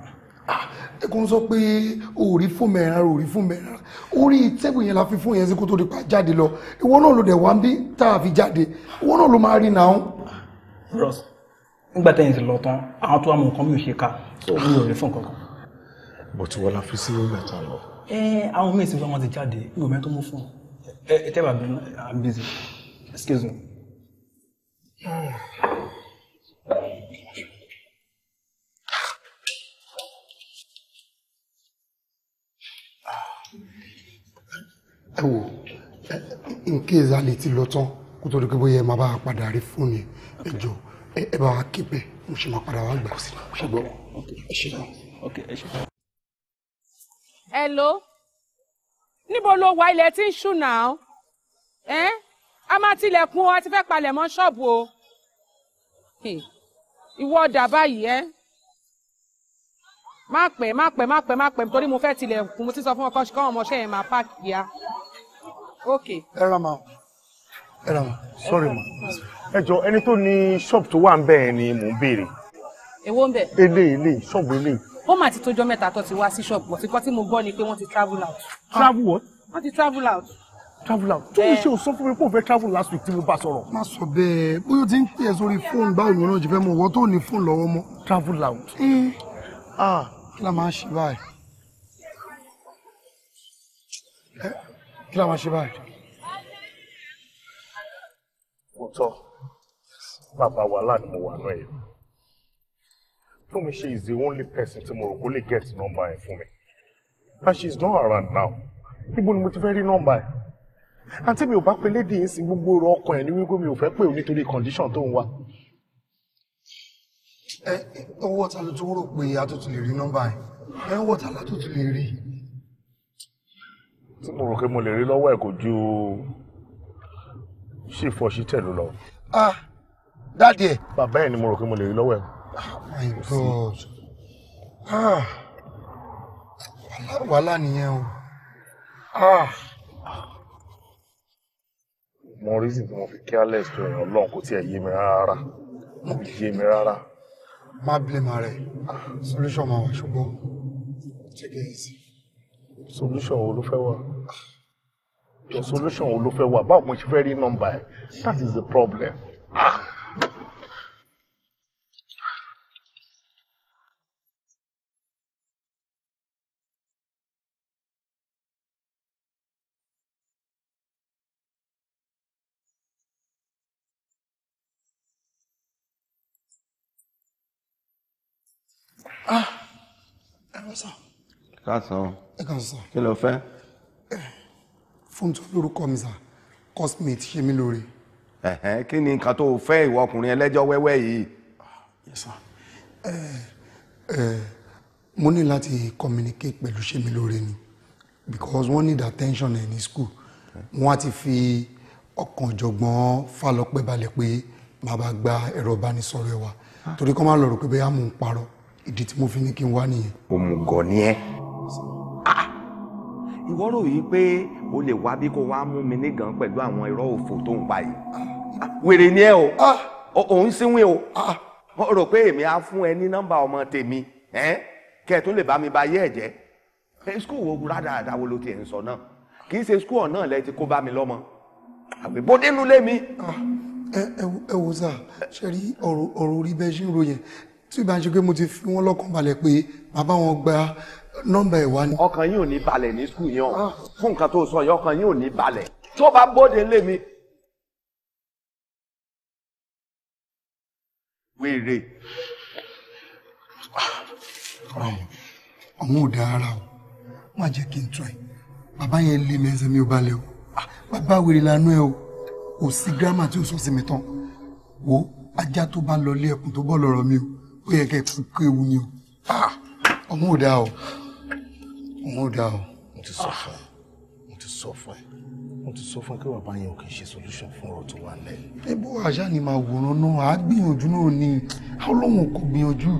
Ah, ẹ kàn sọ pé o ò rí fóònù mi rárá, o ò rí fóònù mi rárá. Orí tébù yẹn la fi fóònù yẹn sí kó tó di pa jáde lọ. Ìwọ náà ló dẹ̀ wá ń bí tá a fi jáde. Ìwọ náà ló máa rí nàá. Ross, nígbà tẹ́yìn sí lọ tán àwọn tó wà mọ nǹkan mi ò ṣe ká oh. mi ò rí fún nǹkan kan. but wọn la fi sí nígbà tá a lọ. ẹ àwọn míì sì fẹ́ wọn ti jáde mi ò mẹ́ tó mú fún ẹ ẹ tẹ́ bá bí i'm busy excuse me. ẹ wò in case a lè ti lọ tán kó tó di pé bóyá ẹ máa bá a padà rí fóònù ẹ jọ. Okay ẹ bá wa kí bẹ́ẹ̀ mo ṣe máa padà wá gbà ṣùgbọ́n ẹ ṣe náà. hello níbo ló wà ilẹ̀ tí ń ṣú náà ẹ́ a máa tilẹ̀kùn o a ti fẹ́ palẹ̀ mọ́ ṣọ́ọ̀bù o ìwọ ọ̀dà báyìí ẹ́ má pẹ́ má pẹ́ má pẹ́ má pẹ́ torí mo fẹ́ tilẹ̀kùn mo ti sọ fún ọkọ ṣùkọ́ ọmọ ṣẹ́ yẹn máa páàkì ya ok. ẹ ra ma ẹ ra ma sorry ma ẹ jọ ẹni tó ní ṣọ́ọ̀bù tó wà ń bẹ̀ ni mò ń béèrè. èwo ń bẹ̀. ele ele ṣọ́ọ̀bù ele. ó mà ti tójọ́ mẹ́ta tó ti wá sí ṣọ́ọ̀bù ọ̀tí kan tí mo gbọ́ ni pé wọ́n ti travel out. travel what. wọ́n ti travel out. travel out tó ní eh. ṣe òsán fún mi pé òun fẹ́ travel last week tí mo bá sọ̀rọ̀. má sọ bẹ́ẹ̀ bóyá o ti ń pè é sórí fóònù báwo ni wọn jù fẹ́ mọ ọwọ́ tó ní fóònù lọ́wọ́ mọ́. travel out. Eh. ah kí la máa ṣe báyìí eh, kí la máa ṣe báyìí. òótọ́ bàbá wàhálà ni mo wà náà yẹn Túnmiṣe is the only person tí mo rò number yẹn fún and she not around now ibo ni mo number yẹn àǹtí mi ò bá pe lédi yìí sí gbogbo ọ̀rọ̀ ọkàn ẹ̀ ní wípé condition tó ń wá. ẹ owó ta ló tún rò pé a tó ti lè rí nọ́mbà yẹn ẹ owó ta la tó ti lè rí. tí mo rò pé mo ah dáàdì ẹ̀. bàbá ẹ̀ ni mo rò pé mo lè rí lọ́wọ́ ẹ̀. Oh my god ah. wàhálà nìyẹn o. Ah. mo rí sí tí mo fi careless tó èèyàn ọlọ́run kò tiẹ̀ yé mi rárá kò yé mi rárá. má blame ma rẹ̀ solution máa wà ṣùgbọ́n check it easy. solution wo ló fẹ́ wà your solution wo ló fẹ́ wà báwo mo ṣe fẹ́ rí nọ́mbà ẹ̀ that is the problem. Ah. káàsán káàsán kí ló fẹ́. fóònù tó lórúkọ mi sà cosmate ṣe mí lóore. kí ni nǹkan tó fẹ́ ìwọ ọkùnrin ẹlẹ́jọ́ wẹ́wẹ́ yìí. mo ní láti communicate pẹ̀lú ṣe mí lóore ni because wọ́n need attention ẹ̀ ní school wọ́n á ti fi ọkàn ọ̀jọ̀gbọ́n Fálọpẹ́ balẹ̀ pé màá bá gba ẹ̀rọ ìbánisọ̀rọ̀ ẹ̀ wá ah. torí kọ́ máa lọ rò pé bẹ́ẹ̀ á mú un parọ́ ìdí tí mo fi ní kí n wá nìyẹn. òmùgọ̀ ni ẹ ah! ìwọ rò yìí pé o lè wá bí kò wá mú mi nígàn pẹ̀lú àwọn irọ́ òfò tó ń pa yìí ah! wèrè ni ẹ o òun ah! síwìn o rò pé èmi á fún ẹ ní nọ́mbà ọmọ tèmi kẹ ẹ tó lè bá mi ba yé ẹ jẹ skul wo rádaràda wo ló tiẹ̀ ń sọ náà kì í ṣe skul náà lẹ ti kó bá mi lọ́mọ àgbébódé nulẹ̀ mi. ẹ wo sá ṣe rí ọ̀rọ̀ orí bẹ́ẹ̀ ṣe ń ro yẹn tí ìbá ń ṣe pé mo ti fi wọ́n lọ́kàn balẹ̀ pé bàbá wọn gba nọ́mbà ìwà ni. ọkàn yín ò ní balẹ̀ ní skul yẹn o ah. fún nǹkan tó sọ yẹn ọkàn yín ò ní balẹ̀ tó bá bóde lé mi. wèrè. ọ̀hún ò dá ara o má jẹ́ kí n tọ́ ẹ̀ bàbá yẹn lé mi ẹsẹ̀ mi ò balẹ̀ o ah, bàbá wèrè lanú ẹ o kò sí gírámà tí o sọ sí mi tán wo ajá tó bá lọ lé ẹkùn tó bọ́ lọ́rọ̀ mi o ó yẹ kẹ́ tún kó ewu ni o ah, ọmọ ò dáa o ọmọ ò dáa o. mo ti sọ ah. fún ẹ mo ti sọ fún ẹ mo ti sọ fún ẹ pé bàbá yẹn ò kì í ṣe solution fún ọ̀rọ̀ tó wà lẹ. ẹ bó àṣà ni màá wòran náà àá gbìyànjú náà ni ọlọ́run kò gbìyànjú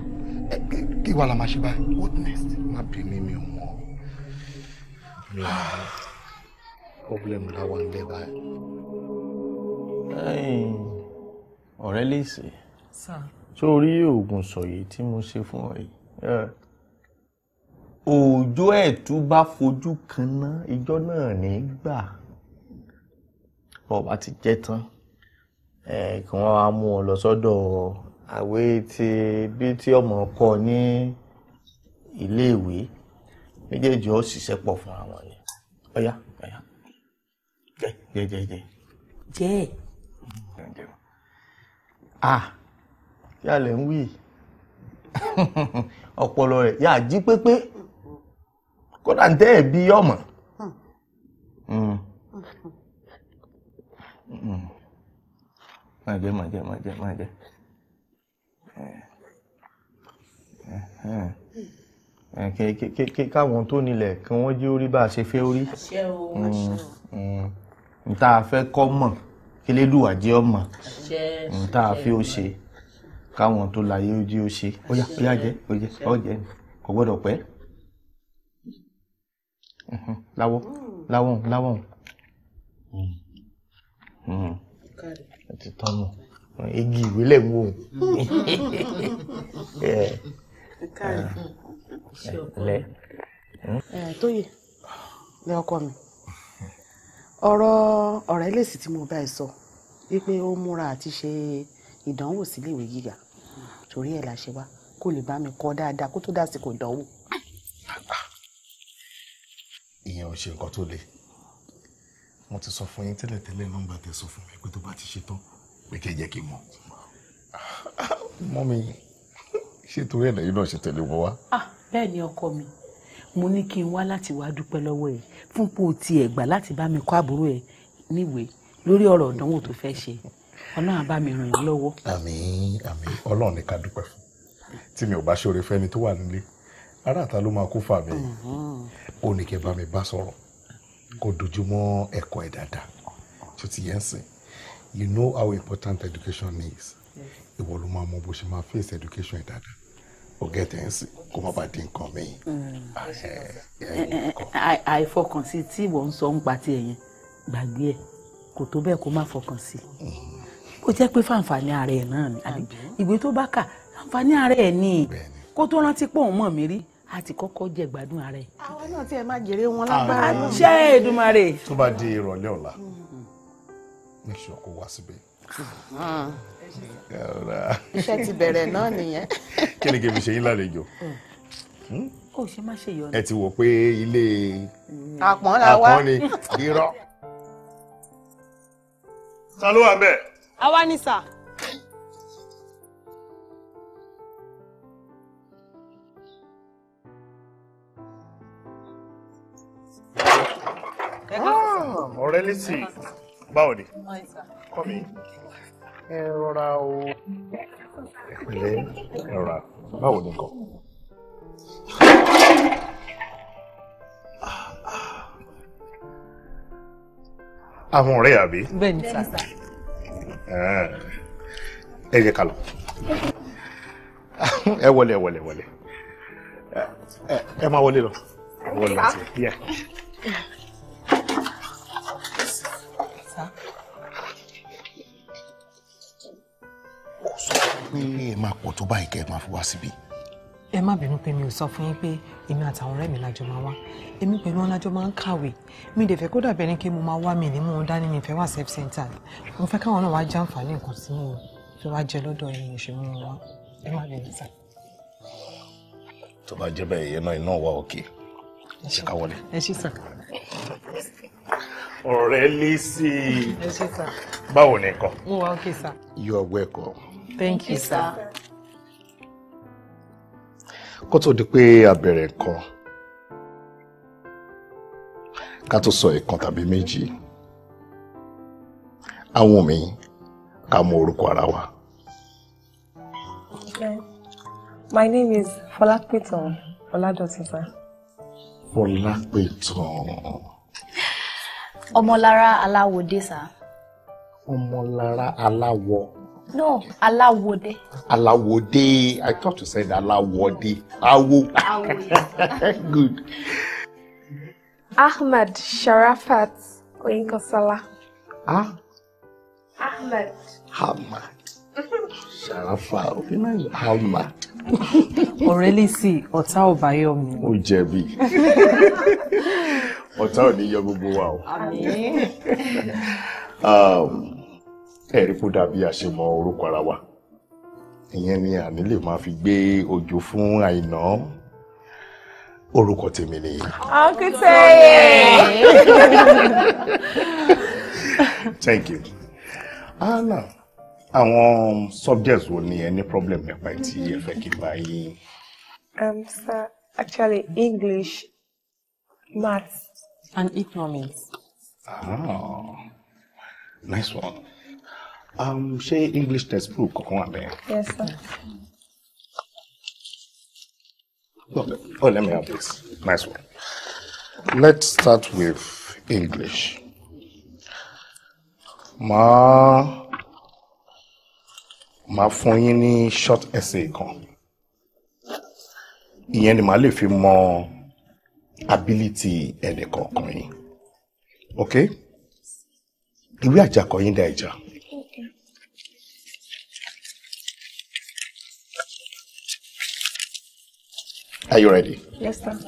kí wàá la máa ṣe báyìí what next. má bínú mi ò mọ mi ò mọ problem láwọn ilé báyìí. ọ̀rẹ́ lè ṣe. sáà sórí oògùn sọ̀yè tí mo ṣe fún ọ yìí òòjọ́ ẹ̀tú bá fojú kan ná ijọ́ náà ní gbà ọba ti jẹ́ tán kí wọ́n wá mú ọ lọ sọ́dọ̀ àwé tí bí tí ọmọ kọ ní iléèwé méjèèjì ó ṣiṣẹ́ pọ̀ fún àwọn ni ọ̀yá ọ̀yá jẹ́ jẹ́ jẹ́ jẹ́ jẹ́ ah kí àlẹ́ ń wí ọpọlọ rẹ̀ yà jí pépé kódà ń tẹ́ ẹ̀ bí ọmọ. máa jẹ máa jẹ máa jẹ máa jẹ káwọn tó nílẹ̀ kí wọ́n jí orí bá a ṣe fẹ́ orí hmm. hmm. n tá a fẹ́ kọ́ mọ̀ kí lédùwà jẹ́ ọmọ n tá a fi ó ṣe káwọn tó láyé ojú ó ṣe ó yá ó yá jẹ ó jẹ ó jẹ kò gbọ́dọ̀ pẹ́ láwọ láwọ láwọ ẹ ti tán nù igi ìwé lẹ̀ ń wò lẹ. tóyè lẹ ọkọ mi ọ̀rọ̀ ọ̀rẹ́ lèsì tí mo bá ẹ sọ wípé ó múra àti ṣe ìdánwò síléèwé gíga torí ẹ̀ la ṣe wá kó lè bá mi kọ́ dáadáa kó tó dásìkò ìdánwò. ìyẹn ò ṣe nǹkan tó le mo ti sọ fún yín tẹ́lẹ̀tẹ́lẹ̀ nọ́mbà tẹ́ sọ fún mi pé tó bá ti ṣe tán pé kẹ́ jẹ́ kí n mọ̀. mọ́ mi ṣé torí ẹ̀ lẹ́yìn náà ṣe tẹ̀lé wọn wá. Ah, bẹ́ẹ̀ ni ọkọ mi mo ní kí n wá láti wá dúpẹ́ lọ́wọ́ ẹ̀ fún pò tiẹ̀ gbà láti bá mi kọ́ àbúrò ẹ̀ níwèé lórí ọ̀rọ̀ ìdánwò tó fẹ́ ṣe ọlọ́run bá mi ràn yín lọ́wọ́. àmín àmín ọlọ́run ni ká dúpẹ́ fún tí mi ò bá ṣoore fẹ́ni tó wà nílé ará àta ló máa kó fà mí ó ní kí ẹ bá mi bá sọ̀rọ̀ kó dojúmọ́ ẹ̀kọ́ ẹ̀ dáadáa tó ti yẹn sìn you know how important education is ìwọ ló máa mọ bó ṣe máa face education ẹ̀ dáadáa o get ẹ̀ ń sìn kó má bàa di nǹkan mi. Mm. àìfọkànsí eh, eh, eh, tí ìwọ ń sọ ń pa tiẹ̀ yẹn gbàgbé ẹ̀ kò tó bẹ́ẹ̀ kó má fọkàn sí i. Mm bó jẹ́ pé fàǹfààní ara ẹ̀ náà ni àbí ìwé tó bá kà fàǹfààní ara ẹ̀ ni kó tó rántí pọ̀ òun mọ̀ mí rí a ti kọ́kọ́ jẹ gbádùn ara ẹ̀. àwọn náà tiẹ̀ máa jèrè wọn lágbára náà. àṣẹ Èdùmàrè. tó bá di ìrọ̀lẹ́ ọ̀la make sure kó wá síbẹ̀. iṣẹ́ ti bẹ̀rẹ̀ náà nìyẹn. kí ni kí n fi ṣe yín lálejò hmm? ó ṣe má ṣe yọnu. ẹ ti wò pé ilé àpọ́n ni irọ́. ta ló àwa ni sà. Ah, ọ̀rẹ́ létí báwo ni kọ́ mi ẹ rọra o ẹ pẹ̀lẹ́ ẹ rọra báwo ni nǹkan. Ah, ah. àwọn ọ̀rẹ́ àbí. bẹ́ẹ̀ ni sà. Eh. ẹ jẹ́ ká lọ ẹ wọlé ẹ wọlé wọlé ẹ máa wọlé lọ wọlé àti yẹ. kò sọ pé ẹ máa pọ̀ tó báyìí kẹ́ ẹ máa fi wá síbí ẹ má bínú pé mi ò sọ fún yín pé èmi àtàwọn ọ̀rẹ́ mi lájọ máa wá èmi pẹ̀lú wọn lájọ máa ń kàwé mi dẹ̀ fẹ́ kó dàbẹ̀ ni kí mo máa wá mi ní mò ń dání mi fẹ́ wà self center mo fẹ́ káwọn náà wá jàǹfààní nǹkan tí mo fẹ́ wá jẹ lọ́dọ̀ ẹ̀yin òṣèlú mi wá ẹ má bínú sá. tó bá jẹ́ bẹ́ẹ̀ yẹn náà iná wa òkè ṣe ká wọlé. ẹ ṣí sà. ọ̀rẹ́ Lizzy. ẹ ṣí sà. báwo ni nǹkan. mo wà òkè sà. you are welcome. thank you sir kó tó di pé a bẹ̀rẹ̀ ká tó sọ ìkan tàbí méjì àwọn mi ká mọ orúkọ ara wa. My name is Fọlápẹ̀tàn Ọládọ̀tun sir. Fọlápẹ̀tàn. Ọmọlára Aláwọ̀dé sir. Ọmọlára Aláwọ̀. No, Alawode. Alawode. I thought you said Alawode. Awo. Awo. [LAUGHS] Good. Ahmed Sharafat Oyinkosala. Ah? Ahmed. Ahmad. Sharafat Ahmad. Orelisi Ọ̀tá Ọ̀báyọ̀mí. Ó jẹ̀bi. [LAUGHS] Ọ̀tá ò ní yọ gbogbo wa o ẹ̀rí kó dàbí àṣemọ orúkọ ara wa ìyẹn ni àní lè máa fi gbé òjò fún àìná orúkọ tèmi nìyí. ọkùnrin. thank you. anna àwọn subjects wo ni ẹ problem nípa tí ẹ fẹ́ kí n bá yín. um sir actually english maths and economics. ah nice one. Um, ṣé english textbook kankan wà bẹ́ẹ̀. yes sir. Okay. Oh, let me have this. Nice one. Let's start with English. Ma, ma fún yín ní short essay kan. Ìyẹn ni màá lè fi mọ ability ẹnì kọ̀ọ̀kan yín. Okay? Ìwé àjàkọ yín dá ìjà. Are you ready? Yes, sir.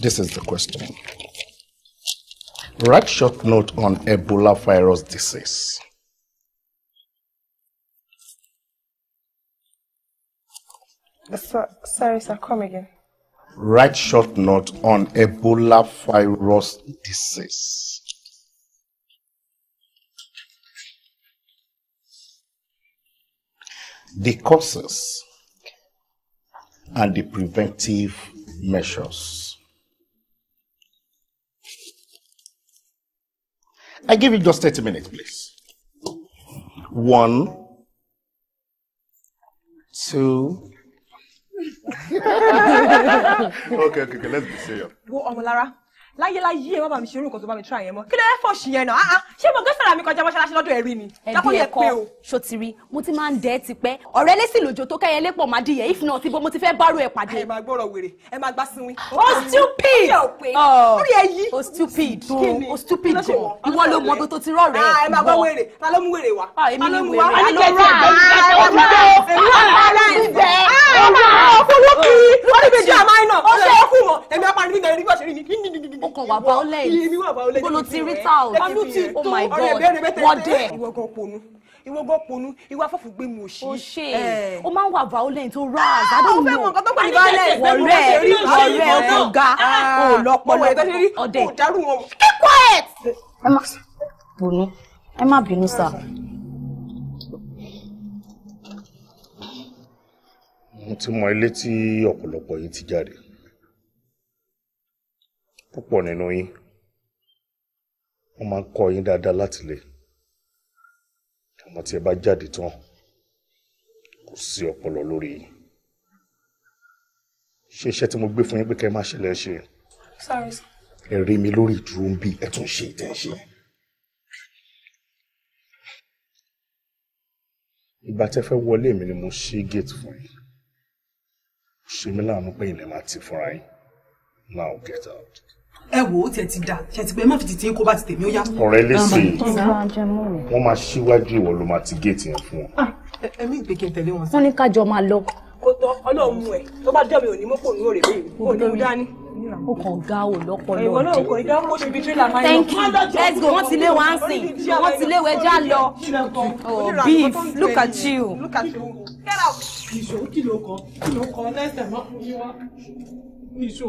This is the question. Write short note on Ebola virus disease. So, sorry, sir. Come again. Write short note on Ebola virus disease. The causes and the preventive measures. I give you just 30 minutes, please. One, two. [LAUGHS] okay, okay, okay, let's be serious. Go on, Lara láyé láyé ẹ má bàa mi ṣe irú nǹkan tó bá mi try yẹn mọ́ kí ló fẹ́ fọ̀ṣì yẹn náà ṣé mo gẹ́fẹ̀rẹ̀ mi kọjá mọ́ṣáláṣí lọ́dọ̀ ẹ̀rí mi dákọ́ yẹ pé o. sotiri mo ti máa ń dẹ́ ti pẹ́ ọ̀rẹ́ lẹ́sìn lòjò tó kẹ́yẹ lépọ̀ máa dìyẹ if not ibo mo ti fẹ́ bárò ẹ̀ pàdé. ẹ máa gbọ́rọ̀ wèrè ẹ máa gbá sinwin. o stupid orí ẹ yí. o stupid o stupid gan ìwọ ló mọ ibi tó ti rọrẹ ẹ. ẹ máa gbọ́ wèrè ta ló mú wèrè wá. èmi fowó kì í ó ní bèjì àmà iná ó ṣe é kù mọ́ ẹ̀mí apani nígbà yẹn nígbà ṣe rí mi. o kàn wà violent bolo ti rí ta o ti oh my god wọ́n dẹ̀. ìwọ gan ponu ìwọ gan ponu ìwọ afọ́fù gbé mu òṣì. o ṣe o máa ń wà violent o ras i don't know wọ̀rẹ́ wọ̀rẹ́ ọ̀gá o lọ́pọ̀lọ́ ọ̀dẹ̀. keep quiet. ẹ má bínú sá. mo ti mọ ilé tí ọ̀pọ̀lọpọ̀ yín ti jáde púpọ̀ nínú yín wọ́n máa ń kọ́ yín dáadáa láti lè àmọ́ tí ẹ bá jáde tán kò sí ọpọlọ lórí yín ṣe iṣẹ́ tí mo gbé fún yín pé kẹ́ má ṣẹlẹ̀ ṣe ẹ rí mi lórí ìdúró ń bí ẹ tún ṣe ìtẹ̀ ṣe. ìgbà tẹ́ fẹ́ wọlé mi ni mo ṣí géètì fún yín ṣe mí láàánú pé ilẹ̀ máa ti fúnra now get out. ẹ wo ó tiẹ̀ ti dà ṣe ti pé má fi títí kó bá ti tèmi ó yá. ọ̀rẹ́ lèsè wọ́n máa ṣíwájú ìwọ ló máa ti géètì yẹn fún wọn. Ah, ẹ̀mí ìpè kí n tẹ̀lé wọn. wọ́n ní ká jọ máa lọ. kò tọ́ ọlọ́run mú ẹ tó bá dọ̀ mi ò ní mú kò ní mi kò ní mú dání ó kàn ga ò lọ́pọ̀lọ́ ọ̀dẹ. thank you let's go wọ́n ti lé wá ń sìn wọ́n ti lé wẹ́jà lọ. oh beef look at you. nìṣó kí ló kọ kí ló kọ lẹ́sẹ̀ mọ́ fún yín wá nìṣó.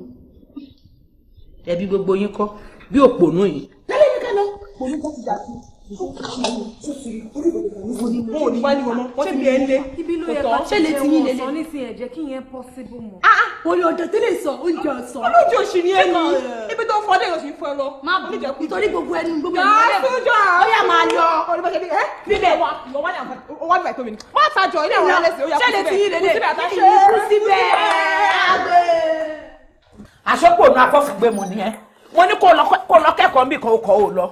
ẹbí gbogbo yín kọ́ bí òpònú yìí. lálẹ́ ní kẹ́lọ́ òní kan ti dàbí mo ní wá ní mọ́mọ́ wọ́n ti bí ẹ lé kòtò ṣẹlẹ̀ tí yín lélẹ̀. ní sin ẹ̀jẹ̀ kí yẹn possible mọ́. oye ọ̀dọ̀ tẹ́lẹ̀ sọ oúnjẹ ọ̀sán. olóòjì òsì ni ẹni eh, ibi tó fọ́ dẹ́yọ̀ sí fún ẹ lọ. má bù nítorí gbogbo ẹni gbogbo ẹni lọ́lẹ̀ bù. yàtúndọ̀ ó yà máa lọ. olùbọ̀sẹ̀ bí àṣepọ̀ ònà afọ́fùgbé mu nìyẹn mo ní kó lọ kẹ́kọ̀ọ́ bí kan ó kọ́ ó lọ.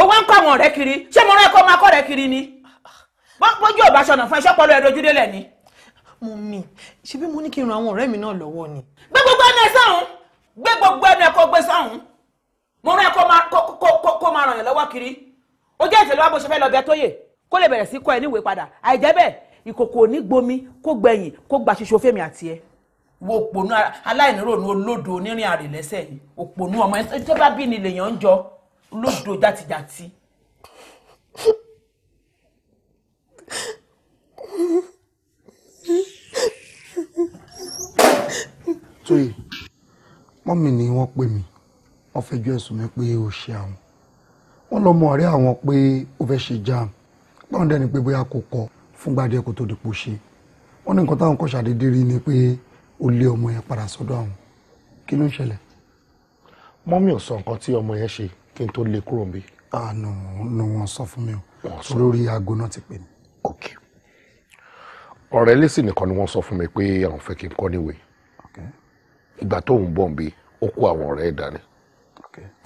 owó ń kọ́ àwọn ọ̀rẹ́ kiri ṣé mo rẹ́ kó máa kọ́ ọ̀rẹ́ kiri ni bójú ò bá ṣọ̀nà fún iṣẹ́ pọ̀lú ẹ̀ dojú délẹ̀ ni. mo mi ṣe bí mo ní kí n ran àwọn ọ̀rẹ́ mi náà lọ́wọ́ ni. gbé gbogbo ẹnu ẹ sọ́hún gbé gbogbo ẹnu ẹ kó gbé sọ́hún mo rẹ́ kó máa ràn yàn lọ́wọ́ kiri ó jẹ́ ìtẹ̀lẹ́wà bó ṣe fẹ́ lọ bẹ tóyè kó lè bẹ̀rẹ̀ sí kọ́ ẹ níwèé padà àìjẹ́ bẹ́ẹ̀ ìkòkò ò ní gbomi kó gbẹ̀yìn kó gba ṣoṣo fèmí àti wo òpònú aláìníròònú olódo onírin àrèlẹ́sẹ̀ yìí òpònú ọmọ ẹ̀ tó bá bí ni lèèyàn ń jọ olódo jàtijàti. tóyè mọ́mì ni wọ́n pè mí wọ́n fẹjọ́ ẹ̀sùn mi pé ó ṣe àwọn wọ́n lọ mọ ọ̀rẹ́ àwọn pé ó fẹ́ ṣe jam báwọn dẹ́ni pé bóyá kò kọ fúngbà díẹ̀ kó tó dìpò ṣe wọ́n ní nǹkan táwọn kọ́ ṣàdédé rí ni pé. Pe ó lé ọmọ yẹn padà sọ́dọ̀ àwọn kí ló ń ṣẹlẹ̀. mọ́mí ò sọ nǹkan tí ọmọ yẹn ṣe kí n tó lè kúrò níbí. àánú ah, ni wọ́n sọ fún mi o torí orí aago náà ti pè mí. ok ọ̀rẹ́ lẹ́sìn nìkan ni wọ́n sọ fún mi pé àwọn fẹ́ kí n kọ́ níwèé ìgbà tó ń bọ̀ nbí ó kó àwọn ọ̀rẹ́ ẹ̀ dání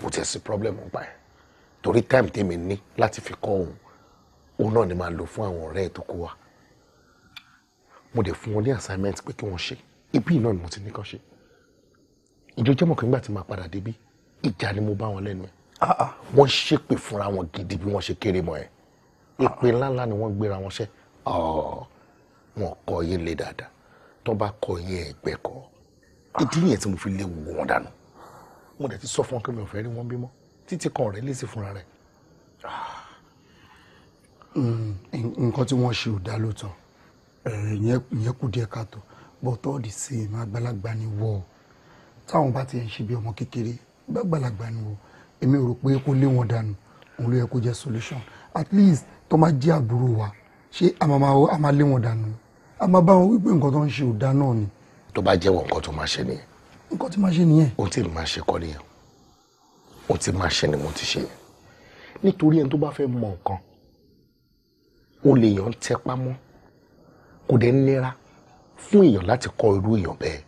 kò tiẹ̀ sí problem ọ̀gbà ẹ̀ torí time tèmi ní láti fi kọ́ òun òun náà ni màá lò fún àwọn ọ̀rẹ́ tó kó wa mo dẹ̀ fún wọn ní assignment pé kí wọ́n ṣe é ibi náà ni mo ti ní kán ṣe ìjọjọ́ mọ̀ pé nígbà tí mo padà débí ìjà ni mo bá wọn lẹ́nu ẹ̀ ah, ah. wọ́n ṣépè fúnra wọn gidi bí wọ́n ṣe kéré mọ́ ẹ̀ èpè ah. ńláńlá ni wọ́n gbéra wọn ṣẹ́ wọn kọ yín lé dáadáa tó bá kọ yín ẹgbẹ́ kọ ìdí yẹn tí mo fi lé wò wọn dànù mo dẹ̀ ti sọ fún wọn pé mi ò fẹ́ rí wọn bímọ títí kan rẹ̀ lèsì fúnra rẹ̀. nǹkan tí wọ́n ṣe ò dá lóòótọ́ ìyẹn kù díẹ̀ káàtó but all the same àgbàlagbà ni wọ táwọn bá ti ń ṣe bí ọmọ kékeré gbàgbàlagbà ni wọ èmi rò pé kó lé wọn dànù òun ló yẹ kó jẹ solution at least tó máa jẹ àbúrò wa ṣé a máa lé wọn dànù a máa bá wọn wípé nǹkan tó ń ṣe ò dá náà ni. tó bá jẹ́wọ́ nǹkan tó máa ṣe nìyẹn. nǹkan tí máa ṣe nìyẹn. o ti máa ṣe kọ́ nìyẹn o ti máa ṣe ni mo ti ṣe nítorí ẹni tó bá fẹ́ mọ nǹkan o lè yàn tẹpá mọ́ kò dé nira fún èèyàn láti kọ́ irú èèyàn bẹ́ẹ̀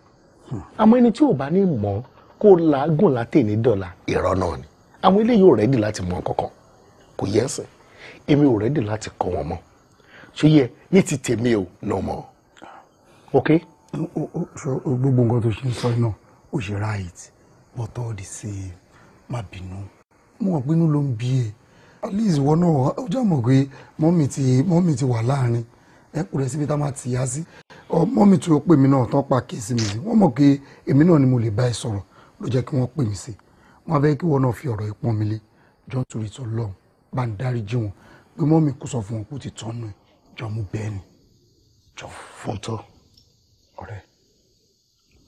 àmọ́ ẹni tí ò bá ní mọ̀ kó làágùn látẹ̀ ní dọ̀la irọ́ náà ni àwọn eléyìí ò rẹ́dì láti mọ̀ kankan kò yẹ ẹsẹ̀ èmi ò rẹ́dì láti kọ́ wọn mọ́ ṣó yẹ ní ti tèmi o nà mọ́ ok. gbogbo nǹkan tó ṣe ń sọ náà ó ṣe right but all the same má bínú mo wà pínú ló ń bí e at least ìwọ náà ó jà mọ̀ pé mọ́mì ti wà láàrin ẹ kúrẹ́ síbi tá a máa tìyá sí ọmọ mi tí ó pè mí náà tán pa kéésì mi sí wọ́n pé èmi náà ni mo lè bá ẹ sọ̀rọ̀ ló jẹ́ kí wọ́n pè mí sí wọ́n fẹ́ kí wọ́n náà fi ọ̀rọ̀ ìpọ́n mi lé jọ́ torí tó lọ́hùn bá ń dáríjì wọn pé mọ́ mi kò sọ fún wọn pé ti tọ́nu ẹ̀ jọ mú bẹ́ẹ̀ ni jọ fọ́tọ́ ọ̀rẹ́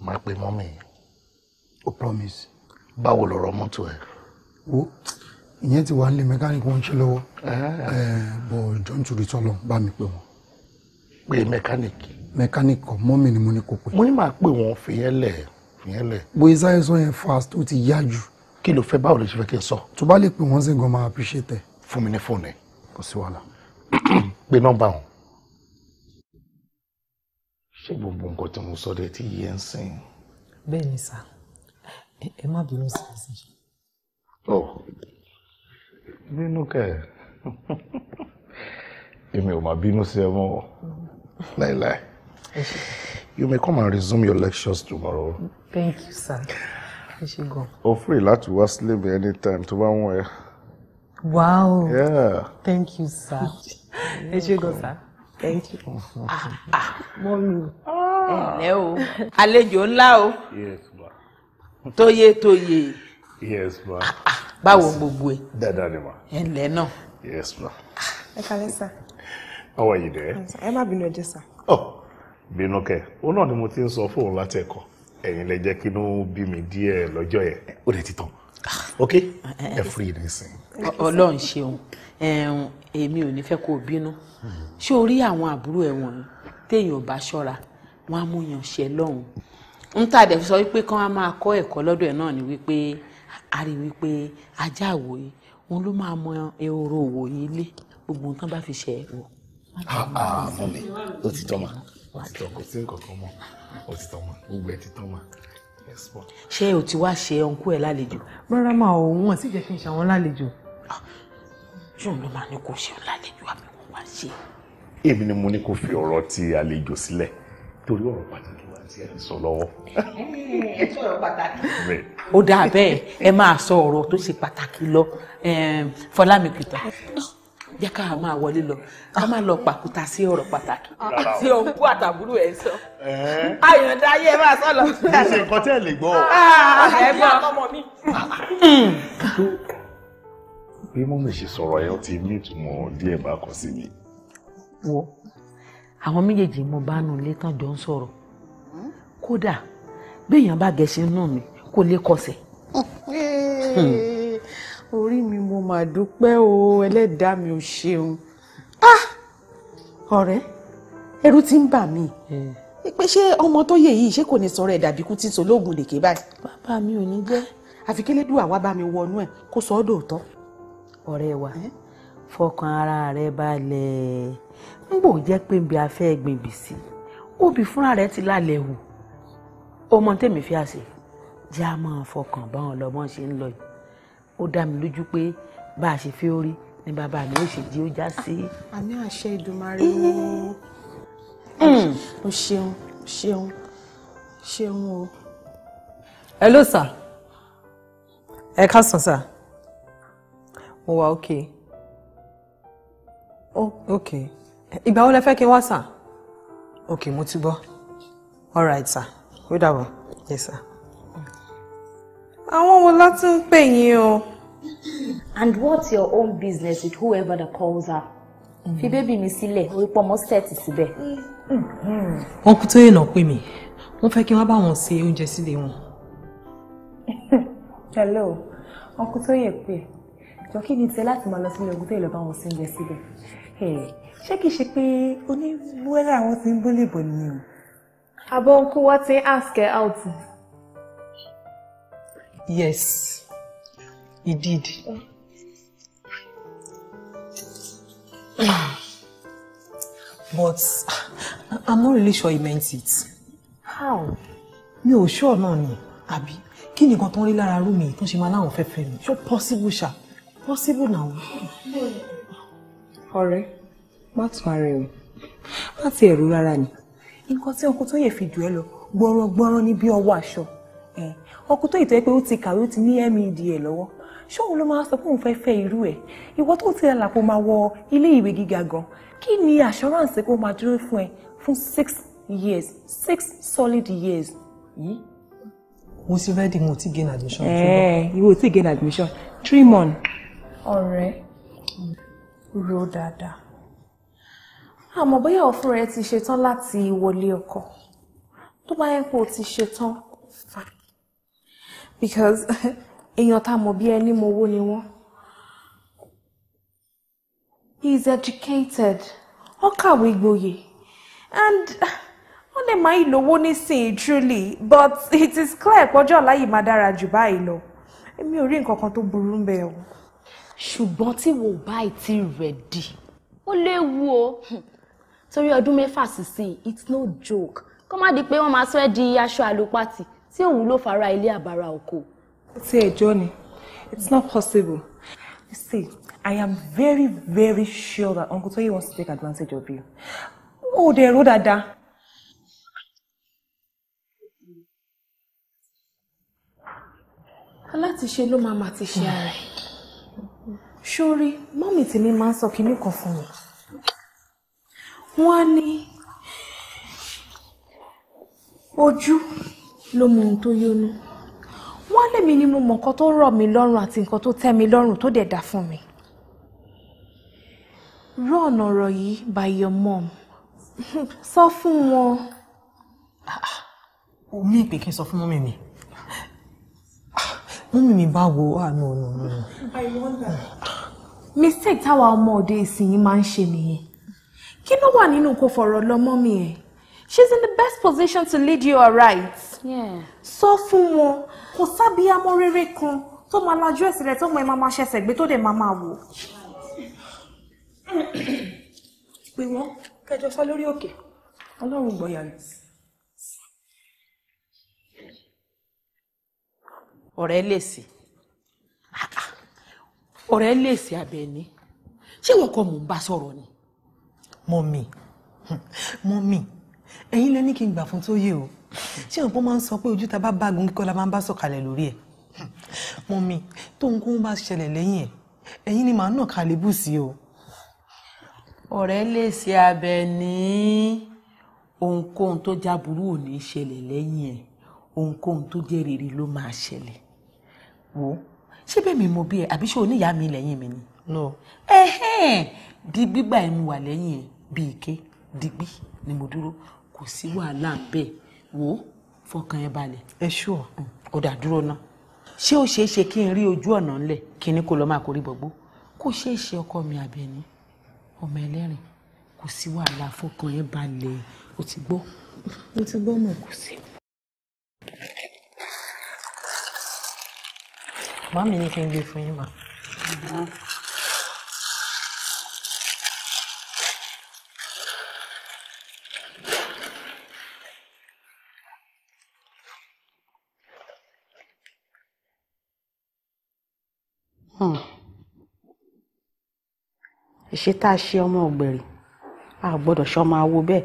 máa pe mọ́mì ó promise báwo lọ̀rọ̀ mọ́tò ẹ̀. wo ìyẹn ti wà nílé mẹkáníìkì wọn ń ṣe lọ́wọ́ bọ̀ jọ́ nítorí tọ́lọ́ bá mi pè wọ́n pé mẹkáníìkì. mẹkáníìkì kọ mọ́mì ni mo ní kó pé. mo ní máa pè wọ́n fìyẹn lẹ̀ fìyẹn lẹ̀. bóyá sáyẹ yẹn fast ó ti yá jù. kí ló fẹ́ báwo lè ṣe fẹ́ kí n sọ. tó bá lè pè wọ́n sí gan máa appreciate ẹ̀. fún mi ní fóònù ẹ kò sí wàhálà [CLEARS THROAT] pé nọ́mbà wọn. ṣé gbogbo nǹkan tí mo sọ dé ti yẹ ń sìn. bẹ́ẹ̀ ni sà ẹ má bínú sí i sí. ọ bínú kẹ [LAUGHS] èmi ò má bínú sí ẹ mọ́. Laila, you may come and resume your lectures tomorrow. Thank you, sir. I should go. Oh, free lot to sílé mi anytime tó bá wọ̀n Wow. Yeah. Thank you, sir. I should go, sir. Thank you. Ah, ah, mọ́mí. Ah, ǹlẹ́ o. Àlejò ńlá o. Yes, ma. Toye toye. Yes, ma. Ah, ah, báwo gbogbo ẹ? Dáadáa ni Enle no. Yes, ma. Ah, ẹ kálẹ́ sá. How are you there? Ẹ má bínú ẹjẹ sá. Oh, bínú kẹ̀, òun náà ni mo ti ń sọ fóun láti ẹ̀kọ́. Ẹ̀yin lẹ jẹ́ kí inú bí mi díẹ̀ lọ́jọ́ yẹn. Ó lè ti tán. Ok, ah. ẹ free nísìn. Ọlọ́run ṣeun, èmi ò ní fẹ́ kó o bínú. Ṣé o rí àwọn àbúrò ẹ̀ wọ̀nyí? Téèyàn bá ṣọ́ra, wọ́n á mú yàn ṣẹ lọ́hùn. Ń tà dẹ̀ fi sọ wípé kán á máa kọ́ ẹ̀kọ́ lọ́dọ̀ ẹ̀ náà ni wípé a rí wípé ajá àwòye òun ló máa mọ ehoro òwòye ilé gbogbo nǹkan bá fi ṣe wò mọ mi ó ti tọ́ ma. ó ti kò sí nǹkan kan mọ́ ó ti tọ́ ma gbogbo ẹ̀ ti tọ́ ma ṣé o ti wá ṣe ọ̀nkú ẹ̀ lálejò. rárá máa ò wọ́n sì jẹ́ kí n ṣe àwọn lálejò. Ah, ṣóun ló máa ní kó ṣe lálejò àbí wọ́n wá ṣe. èmi ni mo ní kó fi ọ̀rọ̀ ti àlejò sílẹ̀ torí ọ̀rọ̀ pàtàkì wà tí ẹ ń sọ lọ́wọ́. ẹ sọ̀rọ̀ pàtàkì. ó dáa bẹ́ẹ̀ ẹ máa sọ ọ̀rọ̀ tó ṣe pàtàkì lọ eh, Fọlámi ah, jẹ́ ká máa wọlé lọ ká má lọ pàkúta sí ọ̀rọ̀ pàtàkì tí òkú àtàbúrò ẹ̀ sọ. àyàndá ayé ẹ máa sọ̀lọ̀. kì í ṣe nǹkan tí ẹ lè gbọ́. Ah, ah, ah, ẹ gbọ́ ọmọ mi. bí mọ́mí ṣe sọ̀rọ̀ ẹ ti ní ìtumọ̀ díẹ̀ bá kọ sí mi. wo àwọn méjèèjì mo bá nu ilé tán jọ ń sọ̀rọ̀ kódà béèyàn bá gẹ̀ẹ́sì nù mí kó lè kọsẹ̀. [LAUGHS] Hmm orí mi mo mà dúpẹ́ o ẹlẹ́dàá mi ò ṣeun ah ọ̀rẹ́ ẹ̀rù ti ń bà mí pé ṣé ọmọ tó yẹ yìí ṣé kò ní sọ̀rọ̀ ẹ̀ dàbí kú tí ń sọ lóògùn báyìí. bàbá mi ò ní jẹ́. Ah, àfi kélédùà wá bá mi wọnú ẹ̀ kó sọ ọ́ dòótọ́. ọ̀rẹ́ wa fọkàn ara rẹ balẹ̀ ń gbò jẹ́ pé ń bi afẹ́ gbèbì sí òbí fúnra rẹ ti lálẹ́ wò ọmọ tèmi fi àṣẹ jẹ́ a máa fọkàn báwọn lọ́mọ ṣe ń lọ yìí ó dá mi lójú pé bá a ṣe fi ó rí ni bàbá mi ó ṣe jí ó já sí. àmì àṣẹ ìdùnmarè hmm. o ṣeun ṣeun ṣeun o. hello sir ẹ káàsán sir mo wà ok ok ìgbà wo lẹ fẹ́ kí n wá sir ok mo ti gbọ́ all right sir ó dàbọ̀ yes sir. àwọn wo la tún ń pè yín o and what's your own business with whoever that calls her. Mm. fi bébì mi sílẹ̀ orí pọ́nmọ́ sẹ́ẹ̀tì síbẹ̀. wọ́n kú tó yẹn náà pè mí wọ́n fẹ́ kí wọ́n bá wọn ṣe oúnjẹ sílé wọn. [LAUGHS] hello ọkùn tó yẹ pé jọ kí ni tiẹ̀ láti máa lọ sílé ogun tó yẹ lọ bá wọn ṣe oúnjẹ síbẹ̀ ṣé kìí ṣe pé oníwẹ́rẹ́ àwọn ti ń bólè bọ̀ ni o. àbọ̀ ń wá ti ń ask her out. yes. He did. But I'm not really sure he meant it. How? Me, oh sure no, ni, àbí? Kí nìkan tó ń rí lára rúmi tó ṣe máa láwọn fẹ́fẹ́ possible ṣá? Possible náà. Ọ̀rẹ́, má tún ara ẹ̀ o. Má ti ẹ̀rù rárá ni. Nǹkan tí ọkọ tó yẹ fi dùn ẹ́ lọ gbọ́rọ̀gbọ́rọ̀ ní bí ọwọ́ aṣọ. Ọkọ tó yẹ tó yẹ pé ó ti kàwé ó ṣé òun ló máa sọ pé òun fẹ́ fẹ́ irú ẹ̀ ìwọ tó ti ẹ̀là kó máa wọ ilé ìwé gíga gan kí ni assurance kó máa dúró fún ẹ fún six years six solid years yìí. mo ti ready mo ti gain admission. ẹ ìwọ ti gain admission three months. ọ̀rẹ́ ro dáadáa àmọ́ bóyá ọ̀fun rẹ ti ṣetán láti wọlé ọkọ tó bá yẹ kó o ti ṣetán fine because. [LAUGHS] èèyàn tá a mọ̀ bí ẹni mowó ni wọ́n. he is educated ó kàwé gboyè and wọ́n lè máa ń lówó nísìnyí truly but it is clear pọ́jọ́ ọ̀la yìí máa dára jù báyìí lọ èmi ò rí nǹkan kan tó burú ń bẹ o. ṣùgbọ́n tí wò báyìí ti ready ó léwu o torí ọdún mẹ́fà sísìn it's no joke kó má di pé wọ́n máa sọ ẹ́ di aṣọ àlòpàtì tí òun ló fara ilé àbára oko. It's a journey. It's not possible. You see, I am very, very sure that Uncle Toye wants to take advantage of you. Oh, they rode at that. aláti ṣe ló To máa ti ṣe ara ẹ̀ sórí mọ́mì tèmi máa ń sọ kinní kan fún mi wọ́n wọ́n á lèmi ni mo mọ̀ nǹkan tó rọ̀ mí lọ́rùn àti nǹkan tó tẹ́ mi lọ́rùn tó dẹ̀ dá fún mi. rọ ọ̀nà ọ̀rọ̀ yìí by your mom [LAUGHS] sọ fún wọn. omi ìpè kí n sọ fún mọ́mì mi mọ́mì mi bá wo àánú ọ̀nà ọ̀nà. mistake táwa ọmọ òde ìsìn máa ń ṣe nìyẹn kí ló wà nínú kò fọ̀rọ̀ lọ mọ́mì ẹ̀ she's in the best position to lead you aright. Yeah. sọ fún wọn kò sábíyamọ rere kan tó máa lajú ẹ̀sìn rẹ̀ tó mọ ẹ máa máa ṣẹ̀ṣẹ̀ gbé tó dẹ̀ máa máa wò. pé wọ́n kẹjọ sá lórí òkè ọlọ́run gbọ̀yà ni. ọ̀rẹ́ lèsì ọ̀rẹ́ lèsì abẹ́ni ṣé wọn kọ mò ń bá sọ̀rọ̀ ni. mọ́mì mọ́mì ẹ̀yin lẹ́ni kí n gbà fún tó yé o ṣé àwọn kan máa ń sọ pé ojú ta bá bágun kíkọ́ la máa ń bá sọ̀kalẹ̀ lórí ẹ̀ mọ́mí tó ń kún bá ṣẹlẹ̀ lẹ́yìn ẹ̀ ẹ̀yin ni màá nà kálíbù sí o. ọ̀rẹ́ lè ṣe abẹ ní ohunkóhun tó jáburú ò ní ṣẹlẹ̀ lẹ́yìn ẹ̀ ohunkóhun tó jẹ́ rere ló máa ṣẹlẹ̀ wò ṣé bẹ́ẹ̀ mi mo bí ẹ àbí ṣé o níyàá mi lẹ́yìn mi ni. no. di gbígbà ẹ̀ mu wà lẹ́yìn ẹ̀ bíi ike digbí ni mo dúró kò sí wàhálà bẹ́ẹ̀ wò ó fọkàn ẹ balẹ̀. ẹ ṣùọ. ó dà dúró ná ṣé ó ṣeé ṣe kí n rí ojú ọ̀nà ńlẹ̀ kí ni kò lọ́ọ́ máa kórè bọ̀gbó kó ṣeé ṣe ọkọ mi àbẹ̀ní ọmọ ẹlẹ́rìn kò sí wàhálà fọkàn ẹ balẹ̀ ó ti gbọ́ ó ti gbọ́ mọ̀ kò sí. màmí ni kí n gbé fún yín mà. ìṣe hmm. tá a ṣe ọmọ ọ̀gbẹ̀rì a gbọ́dọ̀ ṣọmọ awo bẹ́ẹ̀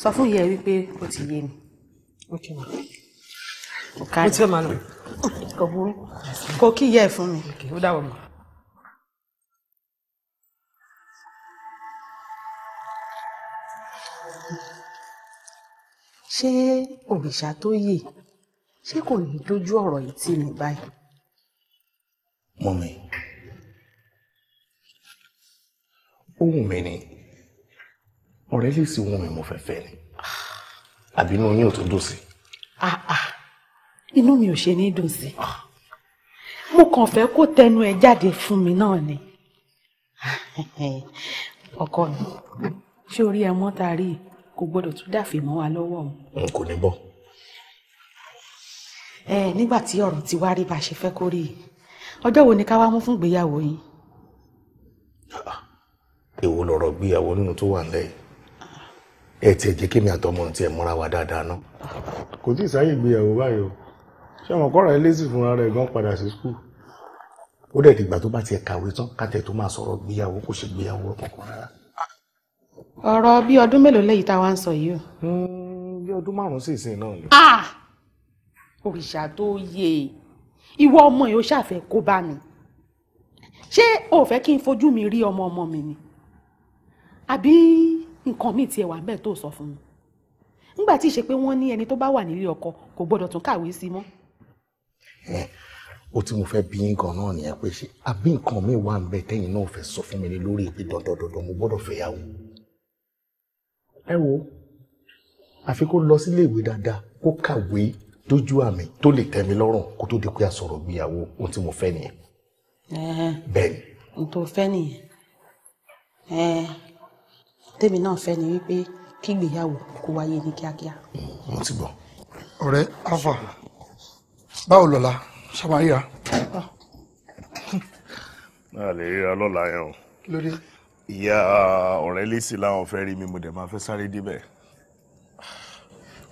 sọ fún ìyá ẹ wípé ó ti yé mi ó kárí ó ti fẹ́ máa lọ kò burú kò kí ìyá ẹ fún mi ó dáwọ́ mọ́. ṣé òrìṣà tó yè ṣé kò ní dójú ọ̀rọ̀ yìí tì mí báyìí mọ́mi ó wù mí ni ọ̀rẹ́ lè sí wù mí mo fẹ́ fẹ́ ni àbí inú yín ò tún dùn sí. Ah, ah. inú mi ò ṣe ní dùn sí ah. mo kàn fẹ́ kó tẹnu ẹ̀ jáde fún mi náà ni ọkọ mi ṣé orí ẹ mọ́ ta rí kò gbọ́dọ̀ tún dàfẹ́ mọ́ wa lọ́wọ́ o. n kò ní bọ̀. ẹ nígbà tí ọ̀rọ̀ ti wá rí bá ṣe fẹ́ kó rí i ọjọ́ wo ni ká wá mú fún ìgbéyàwó yín. èwo lọ̀rọ̀ gbéyàwó nínú tó wà lẹ́yìn ẹ tiẹ̀ jẹ́ kí mi àtọmọ tiẹ̀ múra wa dáadáa ná. kò tí ì sáyè ìgbéyàwó báyìí o ṣé ọmọ kọ́ra ẹlẹ́sìn fúnra rẹ̀ gan padà sí skul. ó dẹ̀ dìgbà tó bá tiẹ̀ kàwé tán kátẹ̀ tó máa sọ̀rọ̀ gbéyàwó kò ṣe gbéyàwó kankan rárá. ọ̀rọ̀ bí ọdún mélòó lẹ́yìn táwa ń sọ yìí hmm, bí ọdún márùn-ún sì sìn náà ni. Ah! òrìṣà tó yẹ ìwọ ọmọ yìí ó ṣàfẹ́ kó bá mi ṣé o ò fẹ́ kí n fojú mi rí ọmọ ọmọ mi ni àbí nǹkan míì tiẹ̀ wà ń bẹ̀ tó sọ fún mi nígbà tí ìṣe pé wọ́n ní ẹni tó bá wà nílé ọkọ kò gbọ́dọ̀ tún kàwé sí mọ́. o tí mo fẹ́ bí nǹkan náà nìyẹn pé ṣe àbí nǹkan míì wà ń bẹ tẹ́yìn náà fẹ́ sọ fún mi lórí ìpè dandan dandan mo gbọ́dọ̀ fẹ́ yàwó. ẹ wo àfi kó lọ sílé ìwé dáadáa kó kàwé dójú àmì tó lè tẹ́ mi lọ́rùn kó tó di pé a sọ̀rọ̀ gbéyàwó ohun tí mo fẹ́ nìyẹn. bẹ́ẹ̀ni. ohun tó fẹ́ nìyẹn tèmi náà fẹ́ ni wípé kí ìgbéyàwó kó wáyé ní kíákíá. Hmm, mo ti gbọ́. ọ̀rẹ́ alfa báwo lọ́la ṣàmáyà. náà lè ríra lọ́la yẹn o. lórí. ìyá ọ̀rẹ́ lẹ́sìn láwọn fẹ́ rí mi mo dẹ̀ máa fẹ́ sáré débẹ̀.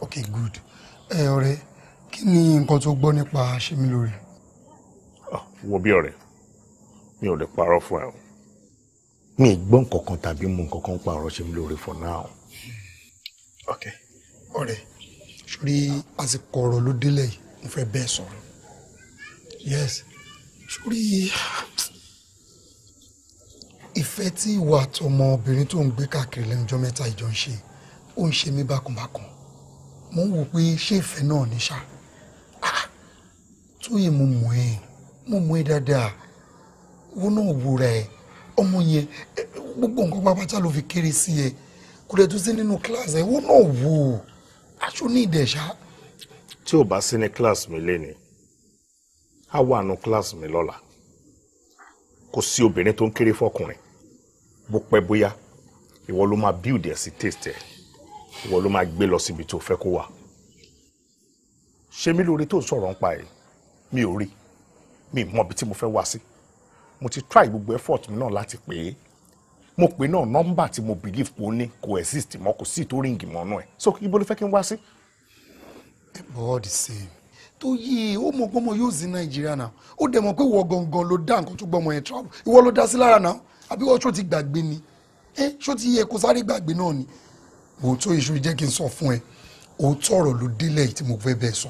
ok good ẹ ọ̀rẹ́ kí ni nǹkan tó gbọ́ nípa ṣẹ́mi lórí. Ah, wo bí ọ̀rẹ́ mi ò lè parọ́ fún ẹ o mi ì gbọ́ nǹkan kan tàbí mú nǹkan kan pa ọ̀rọ̀ ṣẹ́mi lórí for now. ok ọ̀rẹ́ sórí àsìkò ọ̀rọ̀ ló délẹ̀ yìí mo fẹ́ bẹ́ẹ̀ sọ̀rọ̀ yes sórí ìfẹ́ tí ìwà àtọmọ obìnrin tó ń gbé káàkiri lẹ́nu ọjọ́ mẹ́ta ìjọ ń ṣe ó ń ṣe mí bákùnbákùn mo ń wò pé ṣé ìfẹ́ náà ní ṣáà Tóyè mo mọ̀ ẹ́ mo mọ̀ ẹ́ dáadáa wo náà wúra ẹ ọmọ yẹn gbogbo nǹkan pápátá ló fi kéré sí ẹ kò dẹ̀ tún sí nínú kíláàsì ẹ wo náà wò ó aṣọ ní ìdẹ̀ṣá. tí ò bá sí ní kíláàsì mi lénìí á wà nù kíláàsì mi lọ́la kò sí obìnrin tó ń kéré fọkùnrin bó pẹ́ bóyá ìwọ ló máa build ẹ̀ sí taste ẹ̀ ìwọ ló máa gbé lọ síbi tó fẹ́ kó wà ṣé mi lóore tó sọ̀rọ̀ ń pa yìí mi ò rí mi mọ ibi tí mo fẹ́ wá sí mo ti try gbogbo effort mi náà láti pè é mo pè náà nọ́mbà tí mo believe pé ó ní kò exist mọ́ kò sí ìtòrí ìgì ọ̀nà ẹ̀ so ibo ló fẹ́ kí n wá sí. all the same tó yí ó mọ gbọmọ yóò sí nàìjíríà náà ó dẹ̀ mọ̀ pé wọ gangan ló dá nǹkan tó gbọmọ yẹn travel ìwọ ló dá sí lára náà àbí wọ́n ṣó ti gbàgbé ni ẹ ṣó ti yẹ kó sáré gbàgbé náà ni òótọ́ iṣu jẹ́ kí n sọ fún ẹ òótọ́ ọ̀rọ̀ ló délẹ̀ tí mo fẹ́ bẹ́ẹ̀ sọ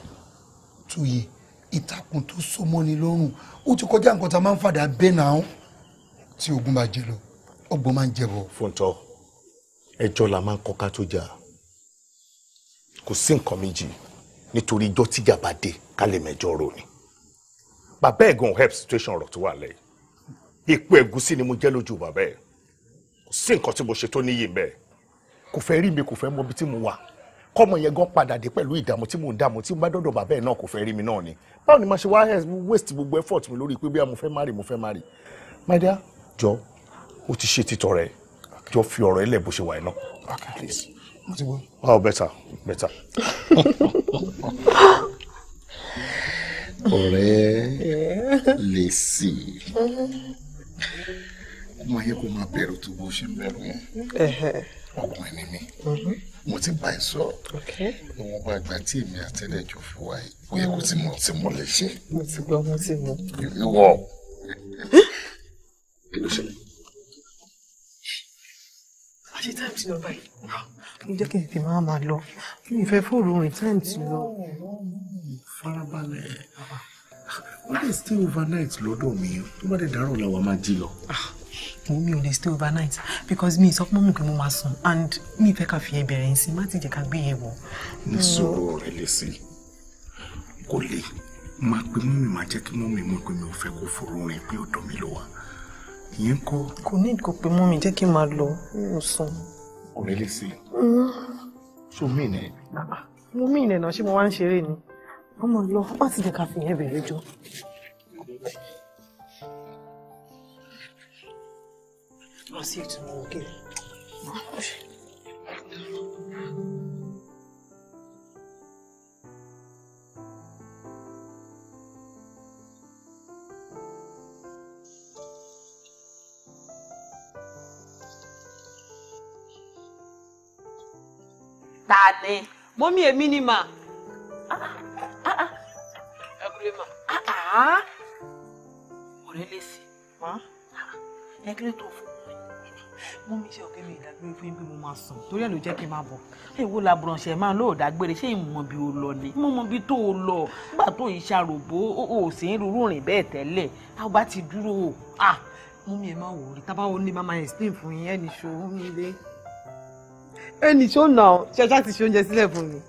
tó yẹ ìtàkùn tó so mọ́ni lọ́rùn ó ti kọjá nǹkan tá a máa ń fàdà bẹ́ẹ̀ náà tí ogun bá jẹ lọ ọgbọ́n máa ń jẹ bọ̀. fúntọ́ ẹjọ́ la máa ń kọ́ ká tó jà kò sí nǹkan méjì nítorí ijọ́ tíjà bá dé ká lè rò ni bàbá ẹ̀ gan help situation ọ̀rọ̀ tó wà lẹ́yìn ipò ẹ̀gúsí ni mo jẹ́ lójú bàbá ẹ̀ kò sí nǹkan tí mo ṣe tó níyì bẹ́ẹ̀ kò fẹ́ rí mi kò fẹ́ mọ ibi tí mo wà kọ́mọ yẹn gan padà dé pẹ̀lú ìdààmú tí mò ń dààmú tí mo bá dọ̀dọ̀ bàbá ẹ̀ náà kò fẹ́ rí mi náà ni báwo ni màá ṣe wá waste gbogbo effort mi lórí pé bí mo fẹ́ marry mo fẹ́ marry my dear jọ o ti ṣe títọ rẹ jọ fi ọ̀rọ̀ ẹlẹ bó ṣe wà ẹ náà. okay please mo ti oh, better better. [LAUGHS] ọ̀rẹ́ lè sí i kó máa yẹ kó máa bẹ̀rù tó bó ṣe ń bẹ̀rù yẹn ọkùnrin ni mí. Mm-hmm mo ti bá ẹ sọ ìwọn bá gbà tí èmi àtẹlẹjọ fún wa yìí ó yẹ kó ti mọ tí mo lè ṣe. mo ti gbọ́ mo ti mọ. ìwọ kí ló ṣẹlẹ̀. àṣé táìmù ti lọ báyìí. mo jẹ́ kí n fi máa máa lọ mi ò fẹ́ fóònù rìn táìmù ti lọ. farabalẹ̀ ó lè stay overnight lọ́dọ̀ mi tó bá dẹ̀ dárò làwọn máa jí lọ. Ah mo mi ò lè stay overnight because mi sọ pé mo mọ̀ pé mo máa sùn and mi fẹ́ ká fi ẹ bẹ̀rẹ̀ sí má ti jẹ́ ká gbé yẹn wọ̀. ní sọ̀rọ̀ rẹ lè sí kò lè máa pe mọ́mì máa jẹ́ kí mọ́mì mọ̀ pé mi ò fẹ́ kó forú rìn pé ọ̀dọ̀ mi ló wà ìyẹn kọ́. kò ní kò pé mọ́mì jẹ́ kí n máa lọ mo sùn. ọ̀rẹ́ lè sí. ṣó mí nẹ. mo mí ìnẹ̀nà ṣé mo wá ń ṣeré ni wọ́n máa lọ wọ́n ti jẹ́ ká fi yẹn bẹ̀rẹ̀ jọ. I'll see you tomorrow, okay? Tani, mọ́mí èmi ni ah, Ẹ kúlé mà. ah, ah, ah. ah lè sè. Ẹ kí ló tó mú mi ṣe ọ̀gẹ́ mi ìdágbére fún yín pé mo máa sùn torí ẹ̀ ló jẹ́ kí n máa bọ̀ ẹ wo la bùrọ̀ṣẹ̀ máa lóò dágbére ṣé ìmọ̀ bí o lọ ni mo mọ bí tó o lọ nígbà tó yìí ṣàròbó o ò sì ń rúrú rìn bẹ́ẹ̀ tẹ́lẹ̀ a bá ti dúró o ah mú mi ẹ má wò rí tábà ó ní mama explain fún yín ẹnì ṣó mi lé ẹnì ṣó nà ọ ṣẹṣá ti ṣe oúnjẹ sílẹ̀ fún mi.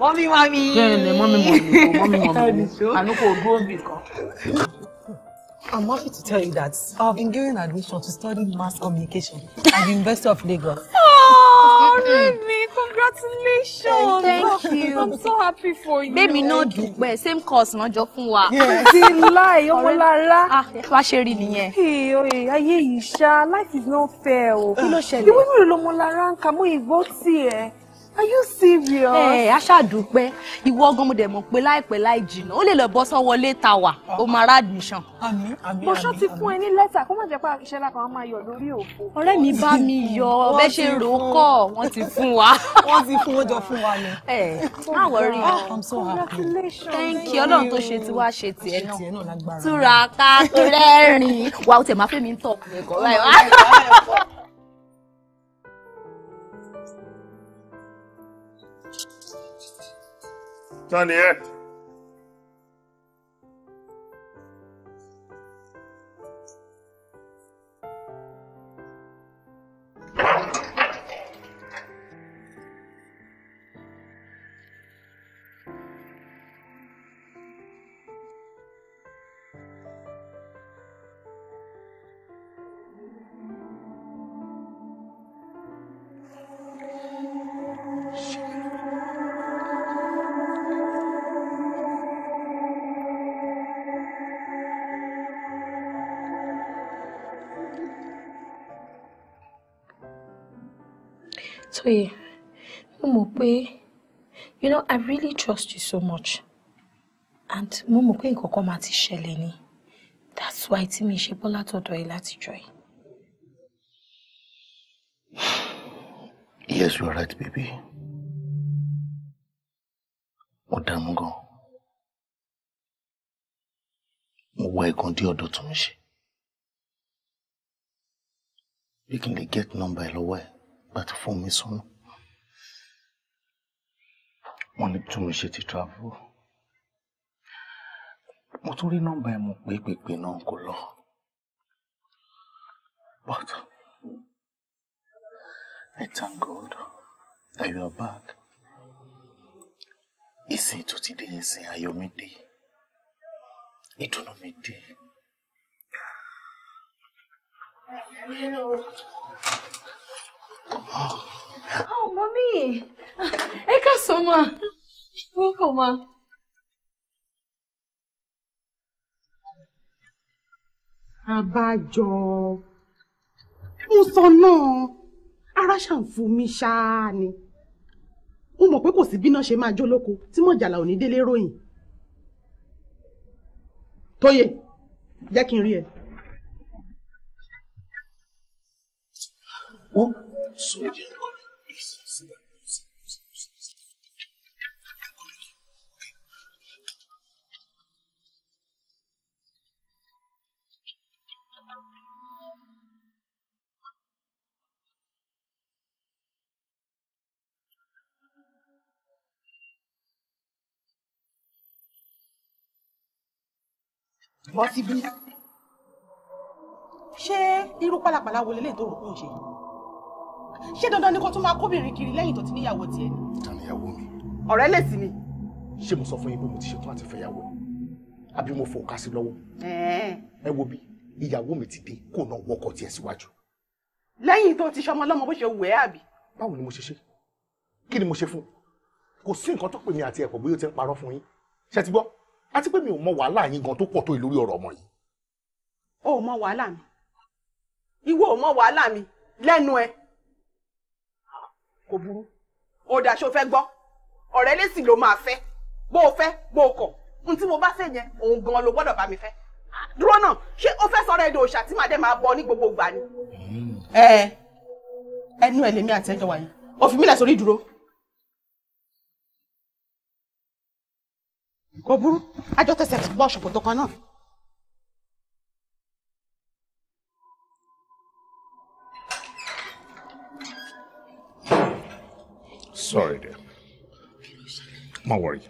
mọ́mí mọ́mí. bẹ́ẹ̀ ni mọ́mí mọ́mí mọ́mí mọ́mí ànúkò òdúró bì kan. I'm happy to tell you that I've been given admission to study mass communication at the University of Lagos. Oh, [LAUGHS] really? Congratulations! Oh, thank you. I'm so happy for you. Baby, no náà Well, same course náà joke, fún wa. Ti láì ọmọlára. Ah, wá ṣe rí nìyẹn. Oye, ayé yìí life is not fair o. Ah. Kí ló ṣẹlẹ̀? Ìwé mi ò lọ́mọlára ń kà mọ́ ìgbó tiẹ̀. Are you serious? Ẹ ẹ aṣàdúpẹ́ ìwọ ọgán mo dẹ̀ mọ̀ pé láìpẹ́ láì jìnnà ó lè lọ bọ́ sanwó-olé tàwà ó máa rà admission. Àmín àmín. Mo ṣọ́ ti fún ẹ ní lẹ́tà kó má jẹ́ pé àṣìṣe lápá wọn máa yọ lórí òfo. Ọ̀rẹ́ mi bá mi yọ bẹ́ẹ̀ ṣe rò ó kọ̀ wọ́n ti fún wa. [LAUGHS] Wọ́n ti fún ó jọ fún wa lọ. Ẹ má wọrí o. Ah, I'm so happy. Congratulations. Thank you Ọlọ́run tó ṣe tiwa ṣe tiẹ̀ náà. Túra ká rẹ́rìn-ín. Wa ó tẹ̀ máa fẹ́ mi ń tọ̀ ọ̀pọ̀ ẹ̀kọ́ 三定。Tóyè, mo mọ̀ you know I really trust you so much and Mumu, mọ̀ pé nǹkan kan máa ti ṣẹlẹ̀ ni that's why tí mi ṣe bọ́ látọ̀dọ̀ ẹ látijọ́ yìí. Yes, you are right, baby. Mo dààmú gan. Mo wá ẹ̀gàn dé ọ̀dọ̀ tó ń ṣe. Bí kí get number ẹ láti fún mi sọ́nà wọ́n ní tún mi ṣe ti travel mo tún rí nọ́mbà ẹ̀ mo pé pèpè náà kò lọ but I thank God that you are back ìsìn tó ti dé ìsìn ayọ̀ mi dé ìdùnnú mi dé. Oh, mami! Ẹ káàsán ma! Welcome ma! Àbájọ! Mo sọ náà, ara ṣàǹfù mi ṣáá ni. Mo mọ̀ pé kò sí bí náà ṣe máa jólóko tí mọ̀jàlá ò ní délé ròyìn. Tóyè, jẹ́ kí n rí ẹ. Wọ́n soldier. bọ́ síbí ṣé irú pálapàla wo lélẹ́yìn tó rò pé ò ṣe ṣé dandan ni kó tún máa kóbìnrin kiri lẹ́yìn tó ti níyàwó tiẹ̀ ni. ta ni ìyàwó mi. ọ̀rẹ́ lè sí ni. ṣé mo sọ fún yín pé mo ti ṣetán àti fẹ́yàwó ẹ̀ àbí mo fòkà sí lọ́wọ́. ẹ wo bí ìyàwó mi ti dé kó náà wọkọ̀ tiẹ̀ síwájú. lẹ́yìn tó ti ṣọmọ lọ́mọ bó ṣe wù ẹ́ àbí. báwo ni mo ṣe ṣe kí ni mo ṣe fún kò sí nǹkan tó pè mí àti ẹ̀pọ̀ bóyá ó ti ń parọ́ fún yín ṣe ti gbọ́ àti pé mi ò mọ wàhálà yín gan tó pọ̀ tó lórí ọ̀rọ̀ ọmọ yìí. o ò mọ wàhálà mi ìwọ ò mọ wàhálà mi lẹ́nu ẹ kò burú ó dà ṣó fẹ́ gbọ́ ọ̀rẹ́ lẹ́sìn ló máa fẹ́ bó o fẹ́ bó o kọ̀ n tí mo bá fẹ́ yẹn òun gan ló gbọ́dọ̀ bá mi fẹ́ dúró náà ṣé o fẹ́ sọ̀rọ̀ èdè òòṣà tí màdé máa bọ ní gbogbo ìgbà ni. ẹ ẹnu ẹ lèmi àti ẹjọ wáyé o fi mílẹ̀ sórí dúró. kò burú ajọ́ tẹsẹ̀ bọ́ ṣòkòtò kan náà. sorry dear má worry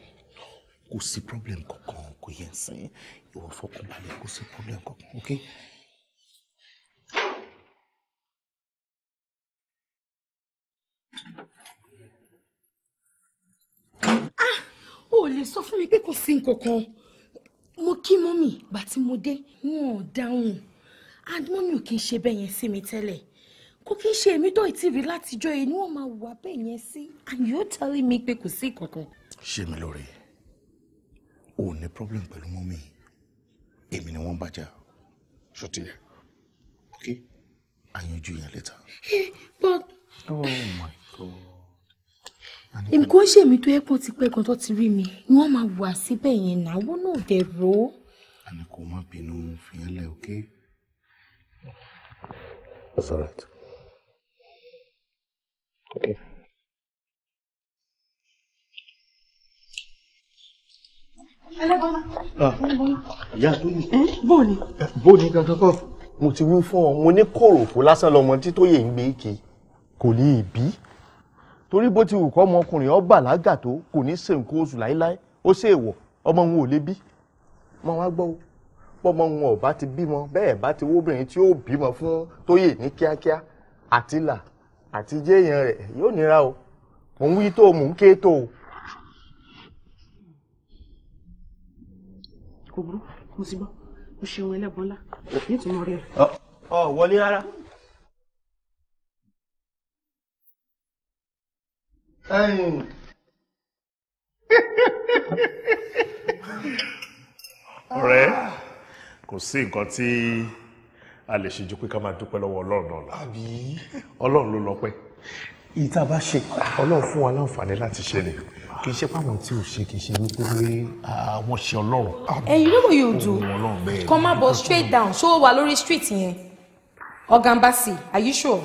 kò sí problem kankan kò yẹn sìn ìwọ fọkàn balẹ̀ kò sí problem kankan ok. ah o ò lè sọ fún mi pé kò sí nǹkankan mo kí mọ́mì gbà mo dé wọn ò dáhùn and mọ́mì ò kí ń ṣe bẹ́ẹ̀ sí mi tẹ́lẹ̀ kò kí n ṣe èmi tó ìtì látijọ́ yìí ni máa wà bẹ́ẹ̀ yẹn sí and you telling me pé kò sí kankan. ṣé mi lóore o ò ní problem pẹ̀lú mọ́mí èmi ni wọ́n bàjá ṣọtí yẹn ok àyànjú yẹn later. but. oh my god. èmi kò ń ṣe èmi tó yẹ pọ̀ tipẹ́ kan tó ti rí mi ni wọ́n máa wà síbẹ̀ yẹn náà wọ́n náà dẹ̀ rò ó. àní kò má bínú fi yẹn ok. that's right. Okay. ìyá tó yìí. bó ni. Eh, bó ni kankan kọ. mo ti wí fún ọ mo ní kòròfó lásán lọmọ tí tó yè ń gbé ke kò ní ìbí torí bó ti wù kọ́ ọmọkùnrin ọ bàlágà tó kò ní ṣe nǹkan oṣù láéláé ó ṣe èèwọ̀ ọmọ òun ò lè bí mo wá gbọ́ pọ́mọ òun ọ̀bá ti bímọ bẹ́ẹ̀ bá ti wóbìnrin tí ó bímọ fún tó yè ní kíákíá àtìlà àti jéèyàn rẹ̀ yóò nira o mò ń wí tó mò ń ké tó o. kò burú mo ti gbọ́ mo ṣe ohun ẹlẹ́gbọ́n ńlá nítumọ̀ rẹ̀. ọ wọlé rárá. ẹ̀yin kò sí nǹkan tí a lè ṣe ju pé ká máa dúpẹ́ lọ́wọ́ ọlọ́run náà lọ. àbí ọlọ́run ló lọ pẹ́ ìta bá ṣe ọlọ́run fún wa láǹfààní láti ṣe ni kì í ṣe páwọn tí ò ṣe kì í ṣe wípé àwọn ṣe ọlọ́run. ẹ̀yin ló wòye òdo kan máa bọ̀ straight down ṣó wà lórí street yẹn Oga are you sure.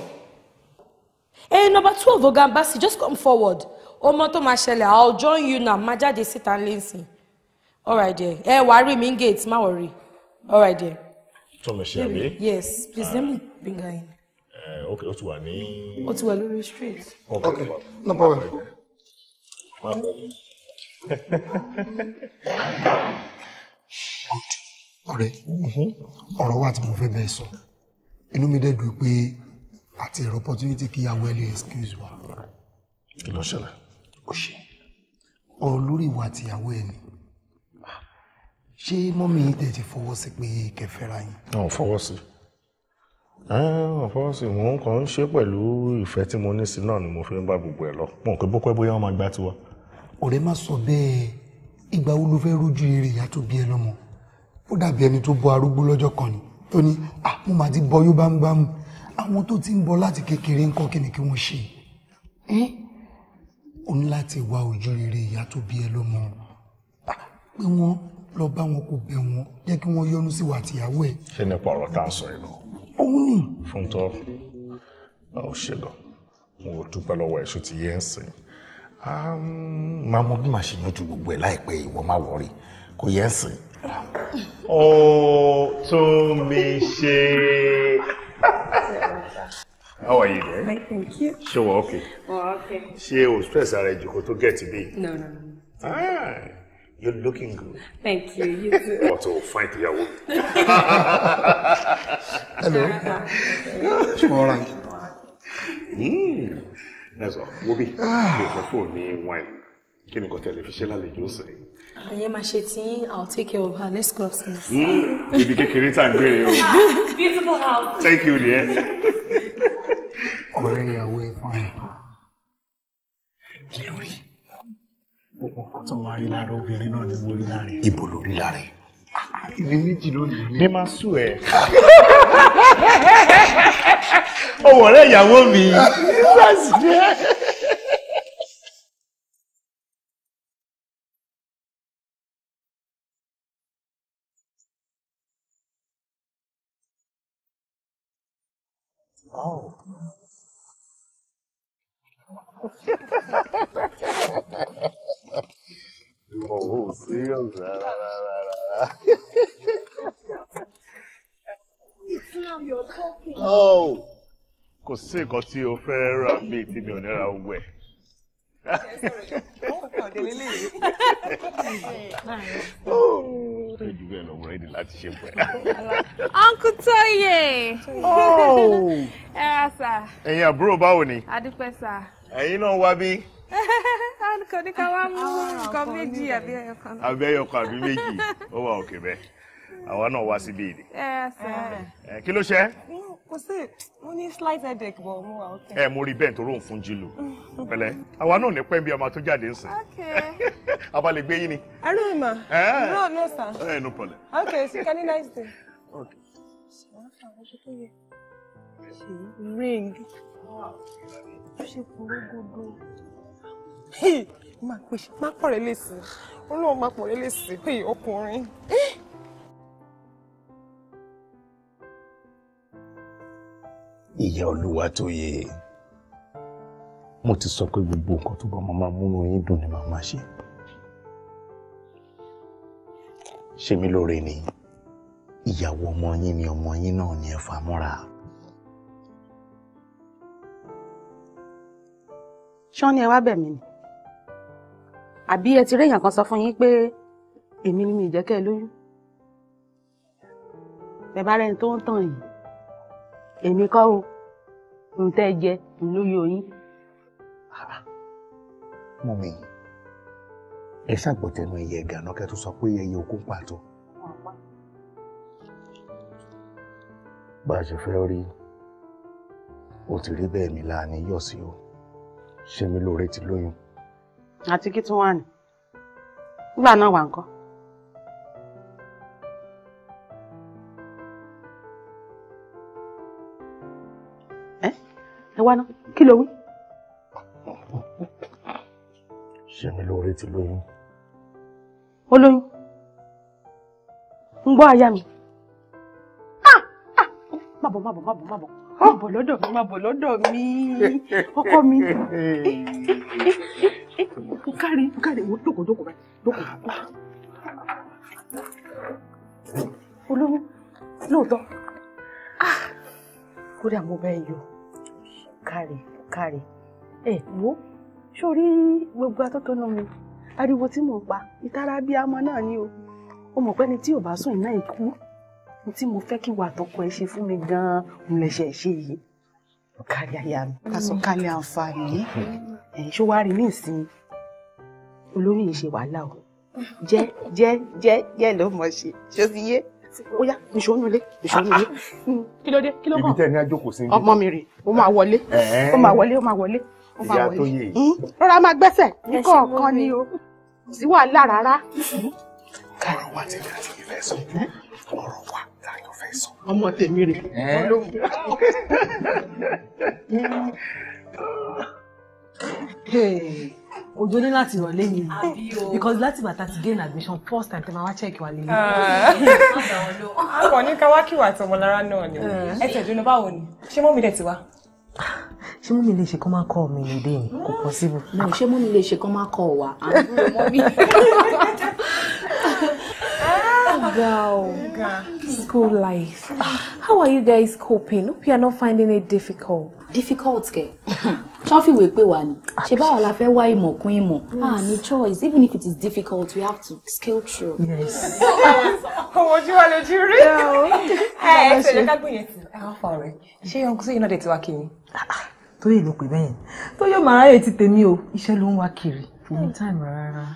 ẹ hey, number twelve Oga just come forward ọmọ tó máa ṣẹlẹ̀ i will join you now máa jáde síta lẹ́sìn alright there ẹ wàá rí mi gate má All right, there. Thomas Shabi. Yes, please let me uh, bring uh, ti wà ní. Ó ti wà lórí street. Oh, okay, okay. no problem. Ma pẹ̀lú. [LAUGHS] Good. Ọ̀rẹ́, mhm, mo fẹ́ bẹ́ẹ̀ sọ. Inú mi dẹ́dùn pé àti ẹ̀rọ opportunity kí yàwó ẹ excuse wa. Kí ló ṣẹlẹ̀? Ó ṣe. Ọ̀rọ̀ ìwà àtìyàwó ẹ ṣé mọ́mí tẹ̀ ti fọwọ́ sí pé kẹfẹ́ra yín. wọn ò fọwọ́ sí wọn ò sí mò ń kàn ṣe pẹ̀lú ìfẹ́ tí mo ní sí náà ni mo fi ń bá gbogbo ẹ̀ lọ mọ̀ pé bó pẹ́ bóyá wọ́n máa gbá tiwa. ọ̀rẹ́ má sọ bẹ́ẹ̀ ìgbà wo ló fẹ́ rójú eré ìyá tó bí ẹ lọ́mọ ó dàbí ẹni tó bọ arúgbó lọ́jọ́ kan ni tó ní àmú màá ti bọ yó bámúbámú àwọn tó ti ń bọ láti kékeré ń kọ́ kí ni kí wọ́n ṣe ó ní láti wá ojú rere ìyá tó bí ẹ lọ́mọ pé wọ́n lọ bá wọn kò bẹ̀ wọ́n jẹ́ kí wọ́n yọ́nú sí wa tìyàwó ẹ̀. ṣé nípa ọ̀rọ̀ tá a sọ yìí lọ. òun ni. fún tọ́ ọ ṣe lọ mo dúpẹ́ lọ́wọ́ ẹ̀ṣọ́ ti yẹ́ ń sìn. máa mọ ṣe yanjú gbogbo ẹ̀ láìpẹ́ ìwọ má wọrí kò yẹ́ ń sìn. ó tún mi ṣe. How are you there? Hi, thank you. Sure, okay? Oh, okay. She o stress ara ẹ̀ jù get to be. bí? No, no, no. Ah. You're looking good. Thank you. You too. Wọ́n tó fine tó yàwó. Hello. Ṣùgbọ́n ra yìí. Nẹ́sọ̀, wo bí? Ah. Mi ò fẹ́ fún ní wine. Kí ni kò tẹ̀lé fi ṣe lálejò sí? Ẹyẹ máa ṣe tí I'll take care of her. Let's go upstairs. Hmm. Ibi kékeré tá à ń gbére o. [LAUGHS] Beautiful house. Thank you, dear. Ọ̀rẹ́ are ẹ̀ fún àyè. Kí tó wá rí lára obìnrin náà ni mo rí lára ibo ló rí lára ẹ̀. ìní méjì ló ní. mi máa sùn ẹ. ọwọ́ rẹ̀ ìyàwó mi. Oh. [LAUGHS] Oh, serious? Rah, rah, rah, rah, rah. Oh, kò sí nǹkan tí o fẹ́ rà mí tí mi ò ní ra owó ẹ̀. Ṣé ìjú bẹ́ẹ̀ lọ́wọ́ rẹ́dí láti ṣe pẹ́? Uncle Toye! Ẹ ra sà. Ẹ̀yin àbúrò báwo ni? Adúpẹ́ sà. Ẹ̀yin náà wá bí? [LAUGHS] kan ní ká wá mú nǹkan méjì àbí ẹyọ kan. àbí ẹyọ kan àbí méjì ó wà òkè bẹ́ẹ̀ àwa náà wá síbí ìdí. ẹ ṣe ẹ kí ló ṣe. kò sí mo ní slight headache bọ̀ mo wà òkè. ẹ mo rí bẹ́ẹ̀ nítorí òun fún jílù pẹ̀lẹ́ àwa náà ní pẹ́ńbí ọmọ tó jáde ń sìn. àbá lè gbé yín ni. ẹrú ìmọ̀ no no sir. ẹ no problem. ok so can nice day. ring ṣe kúrò gbogbo máa pè má pọ̀rẹ́ lèsì olóhùn máa pọ̀rẹ́ lèsì pé ọkùnrin. Eh! ìyá olúwa tó yẹ mo ti sọ pé gbogbo nǹkan tó bá máa múnú yín dùn ni màmá ṣe ṣe mí lóore ni ìyàwó ọmọ yín ni ọmọ yín náà ni ẹ fà mọ́ra. ṣọ́ni ẹ wá bẹ̀ mí ni àbí ẹ ti rí èèyàn kan sọ fún yín pé èmi ni mi ì jẹ́ kẹ́ ẹ lóyún ẹ bá rẹni tó ń tàn yìí èmi kọ́ o ohun tẹ́ ẹ jẹ ń ló yín. mú mi ẹ ṣàgbọ̀tẹ̀nu ẹyẹ ìgànà kẹ́ tó sọ pé ẹyẹ okó pàtó. bá a ṣe fẹ́ rí o ti rí bẹ́ẹ̀ mi láàánú yọ̀ sí o ṣé mi lóore ti lóyún àti kí tún wà ní nígbà náà wà ńkọ́. ẹ ẹ wá ná kí ló wí. ṣé mi lóore ti lóyún. ó lóyún ń gbọ́ aya mi má bọ̀ má bọ̀ má bọ̀ má bọ̀ má bọ̀ lọ́dọ̀ mi má bọ̀ lọ́dọ̀ mi ọkọ mi o káre o káre wo jókòó jókòó báyìí jókòó. olówó lóòótọ́ ah! kódà mo bẹ́ẹ̀ yọ káre káre ẹ wo sórí gbogbo atótónu mi ariwo tí mò ń pa ìtara bíi amọ náà ni o o mọ̀ pé ni tí ò bá sùn iná ìkú ohun tí mo fẹ́ kí wà tọkọ ẹ ṣe fún mi gan-an òun lè ṣe ṣe yìí kárí aya mi kásọ̀kalẹ̀ àǹfààní ẹ̀ ṣó wá rí ní ìsinmi olórí yìí ṣe wàhálà o jẹ́ jẹ́ jẹ́ jẹ́ ló mọ̀ ṣe ṣé ó ti yé ó yá ìṣònulé ìṣònulé kí ló dé kí ló kàn ibi tẹ́ ní àjòkò sí ọmọ mi rè ó máa wọlé ó máa wọlé ó máa wọlé ó máa wọlé rọra máa gbẹ́sẹ̀ ní kọ̀ọ̀kan ni o sí wàhálà rárá. kárọ̀ fẹ́ sọ. ọmọ tèmi rè é. Òjò ní láti rọ̀ lẹ́yìn mi because láti bàtà ti gain admission first time tẹ̀mọ̀ wá check wa lẹ́yìn. Àwọn ah. [LAUGHS] ní káwákìwà àti ọmọlára náà ni. Eh. Ẹ tẹ̀jú ní báwo ni? Ṣé mọ́mí dẹ̀ ti wá? ṣé mú mi lè ṣe kó máa kọ́ mi lóde yìí kò pọ̀ ṣé mú mi lè ṣe kó máa kọ́ wa [LAUGHS] Girl, School life. Ah, how are you guys coping? Hope you are not finding it difficult. Difficult kẹ. Trophy wèé pé wà ní. Ṣé báwo la fẹ́ wá ìmọ̀ kún Ah, ní choice. Even if it is difficult, we have to scale through. Yes. [LAUGHS] Owó ojú wa lójú rí. [LAUGHS] Ẹ ẹ ṣẹlẹ̀ ká gbìyànjú. Ẹ wá fọ ọ̀rẹ́. Ṣé ọkùnrin sẹ́yìn náà dẹ̀ ti wá kiri? Tó yẹ ló pè bẹ́yẹn. Tó yóò máa ráyè ti tèmi o. Iṣẹ́ ló ń wá kiri. Kò ní hmm. táìmù rárá.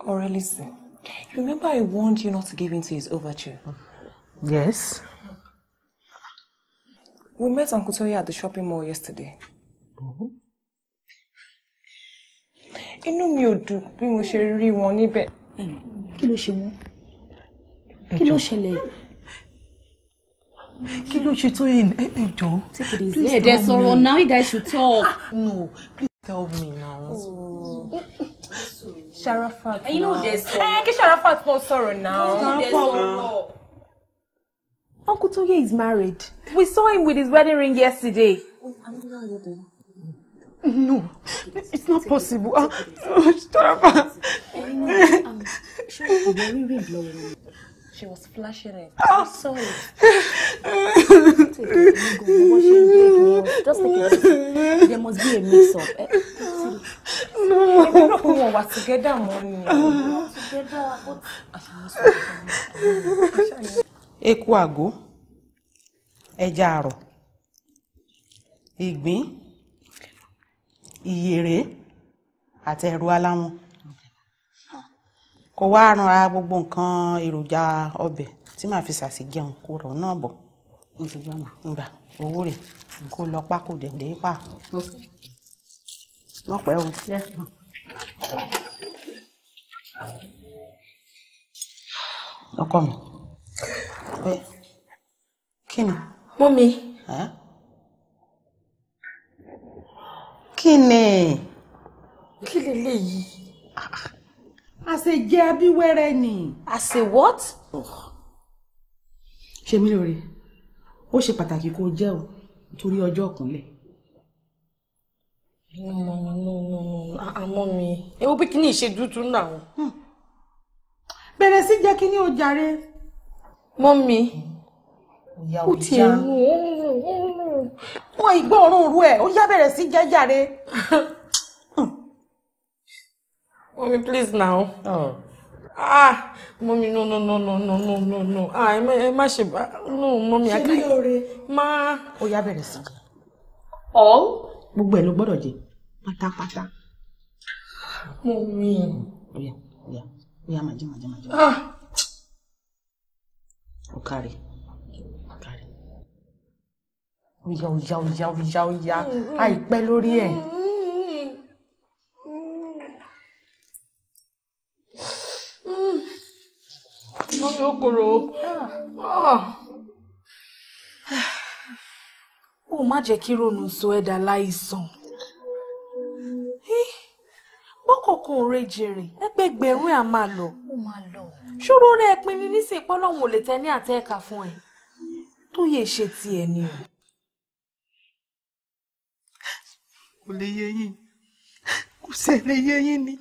Cora, listen. You remember I warned you not to give in to his overture? Yes. We met Uncle Toya at the shopping mall yesterday. Mm-hmm. Inú mi ò dùn bí mo ṣe rí wọn níbẹ̀. Kí ló ṣe wọ́n? Kí ló ṣẹlẹ̀? Kí ló ṣe now you guys should talk. No, please tell me now. Oh. Sharafat. Ẹyin náà dẹ̀ sọ. Ẹ kí Sharafat now. sọ̀rọ̀ náà. Uncle Toye is married. We saw him with his wedding ring yesterday. No, it's not possible. Ah, Sharafat. Ṣé ìwé rí rí lọ́wọ́? She was flashing it. Ah! I'm sorry. it, [LAUGHS] Just take it. There must be a mix-up. Eh? eh no. I don't know we were together, money. Ah. Together, but. Eku àgó, ẹja àrọ̀, ìgbín, ìyèrè àti ẹ̀rù aláwọn kó wá ranra gbogbo nǹkan èròjà ọbẹ̀ tí màá fi sàṣì jẹun kó rọ̀ náà bọ̀ nígbà owó rẹ̀ kó lọ pákó dẹ̀dẹ̀ pa lọ́pẹ́ o. ọkọ mi pé kí ni. mú mi. kí ni. kí lè lè yí àṣejẹ abíwẹ́rẹ́ ni. àṣe what. ṣe mí lóore ó ṣe pàtàkì kó o jẹ́ o torí ọjọ́ ọ̀kúnlẹ̀. no no no no àmọ́ mi ewu pé kíní ìṣe dúdú náà. Hmm. bẹ̀rẹ̀ sí jẹ́ kíní o jàre. mọ́mí ó ti ẹ̀ ń wọ́n ìgbọ́ òórùn òru ẹ̀ ó yá bẹ̀rẹ̀ sí jẹ́ [LAUGHS] Mommy, please now. Oh. Ah, mommy, no, no, no, no, no, no, no, no. Ah, ẹ I'm ṣe bá. No, mommy, I can't. Ma. oh, yá very sí. All? Gbogbo ẹ̀ ló gbọ́dọ̀ Pata, pata. Mommy. Oh yeah, yeah, yá, ó yá, máa jẹ, máa jẹ, máa Ah. Oh, carry, carry. kárí. Ó yá, ó yá, ó yá, ó yá, ó yá. Mm-hmm. Àìpẹ́ lórí ẹ̀. Mm -hmm. jẹ́ kí ronú sọ ẹ̀dá láìsàn bọ́kọ̀ọ̀kan ò re jèrè ẹgbẹgbẹ̀rún à máa lọ ṣòro rẹ̀ pin ni nísìnyí pọ́lọ́hún ò lè tẹ ní àtẹ́ẹ̀ka fún ẹ tó yẹ ṣe tiẹ̀ ni o. kò lè yé yín kò sì lè yé yín ni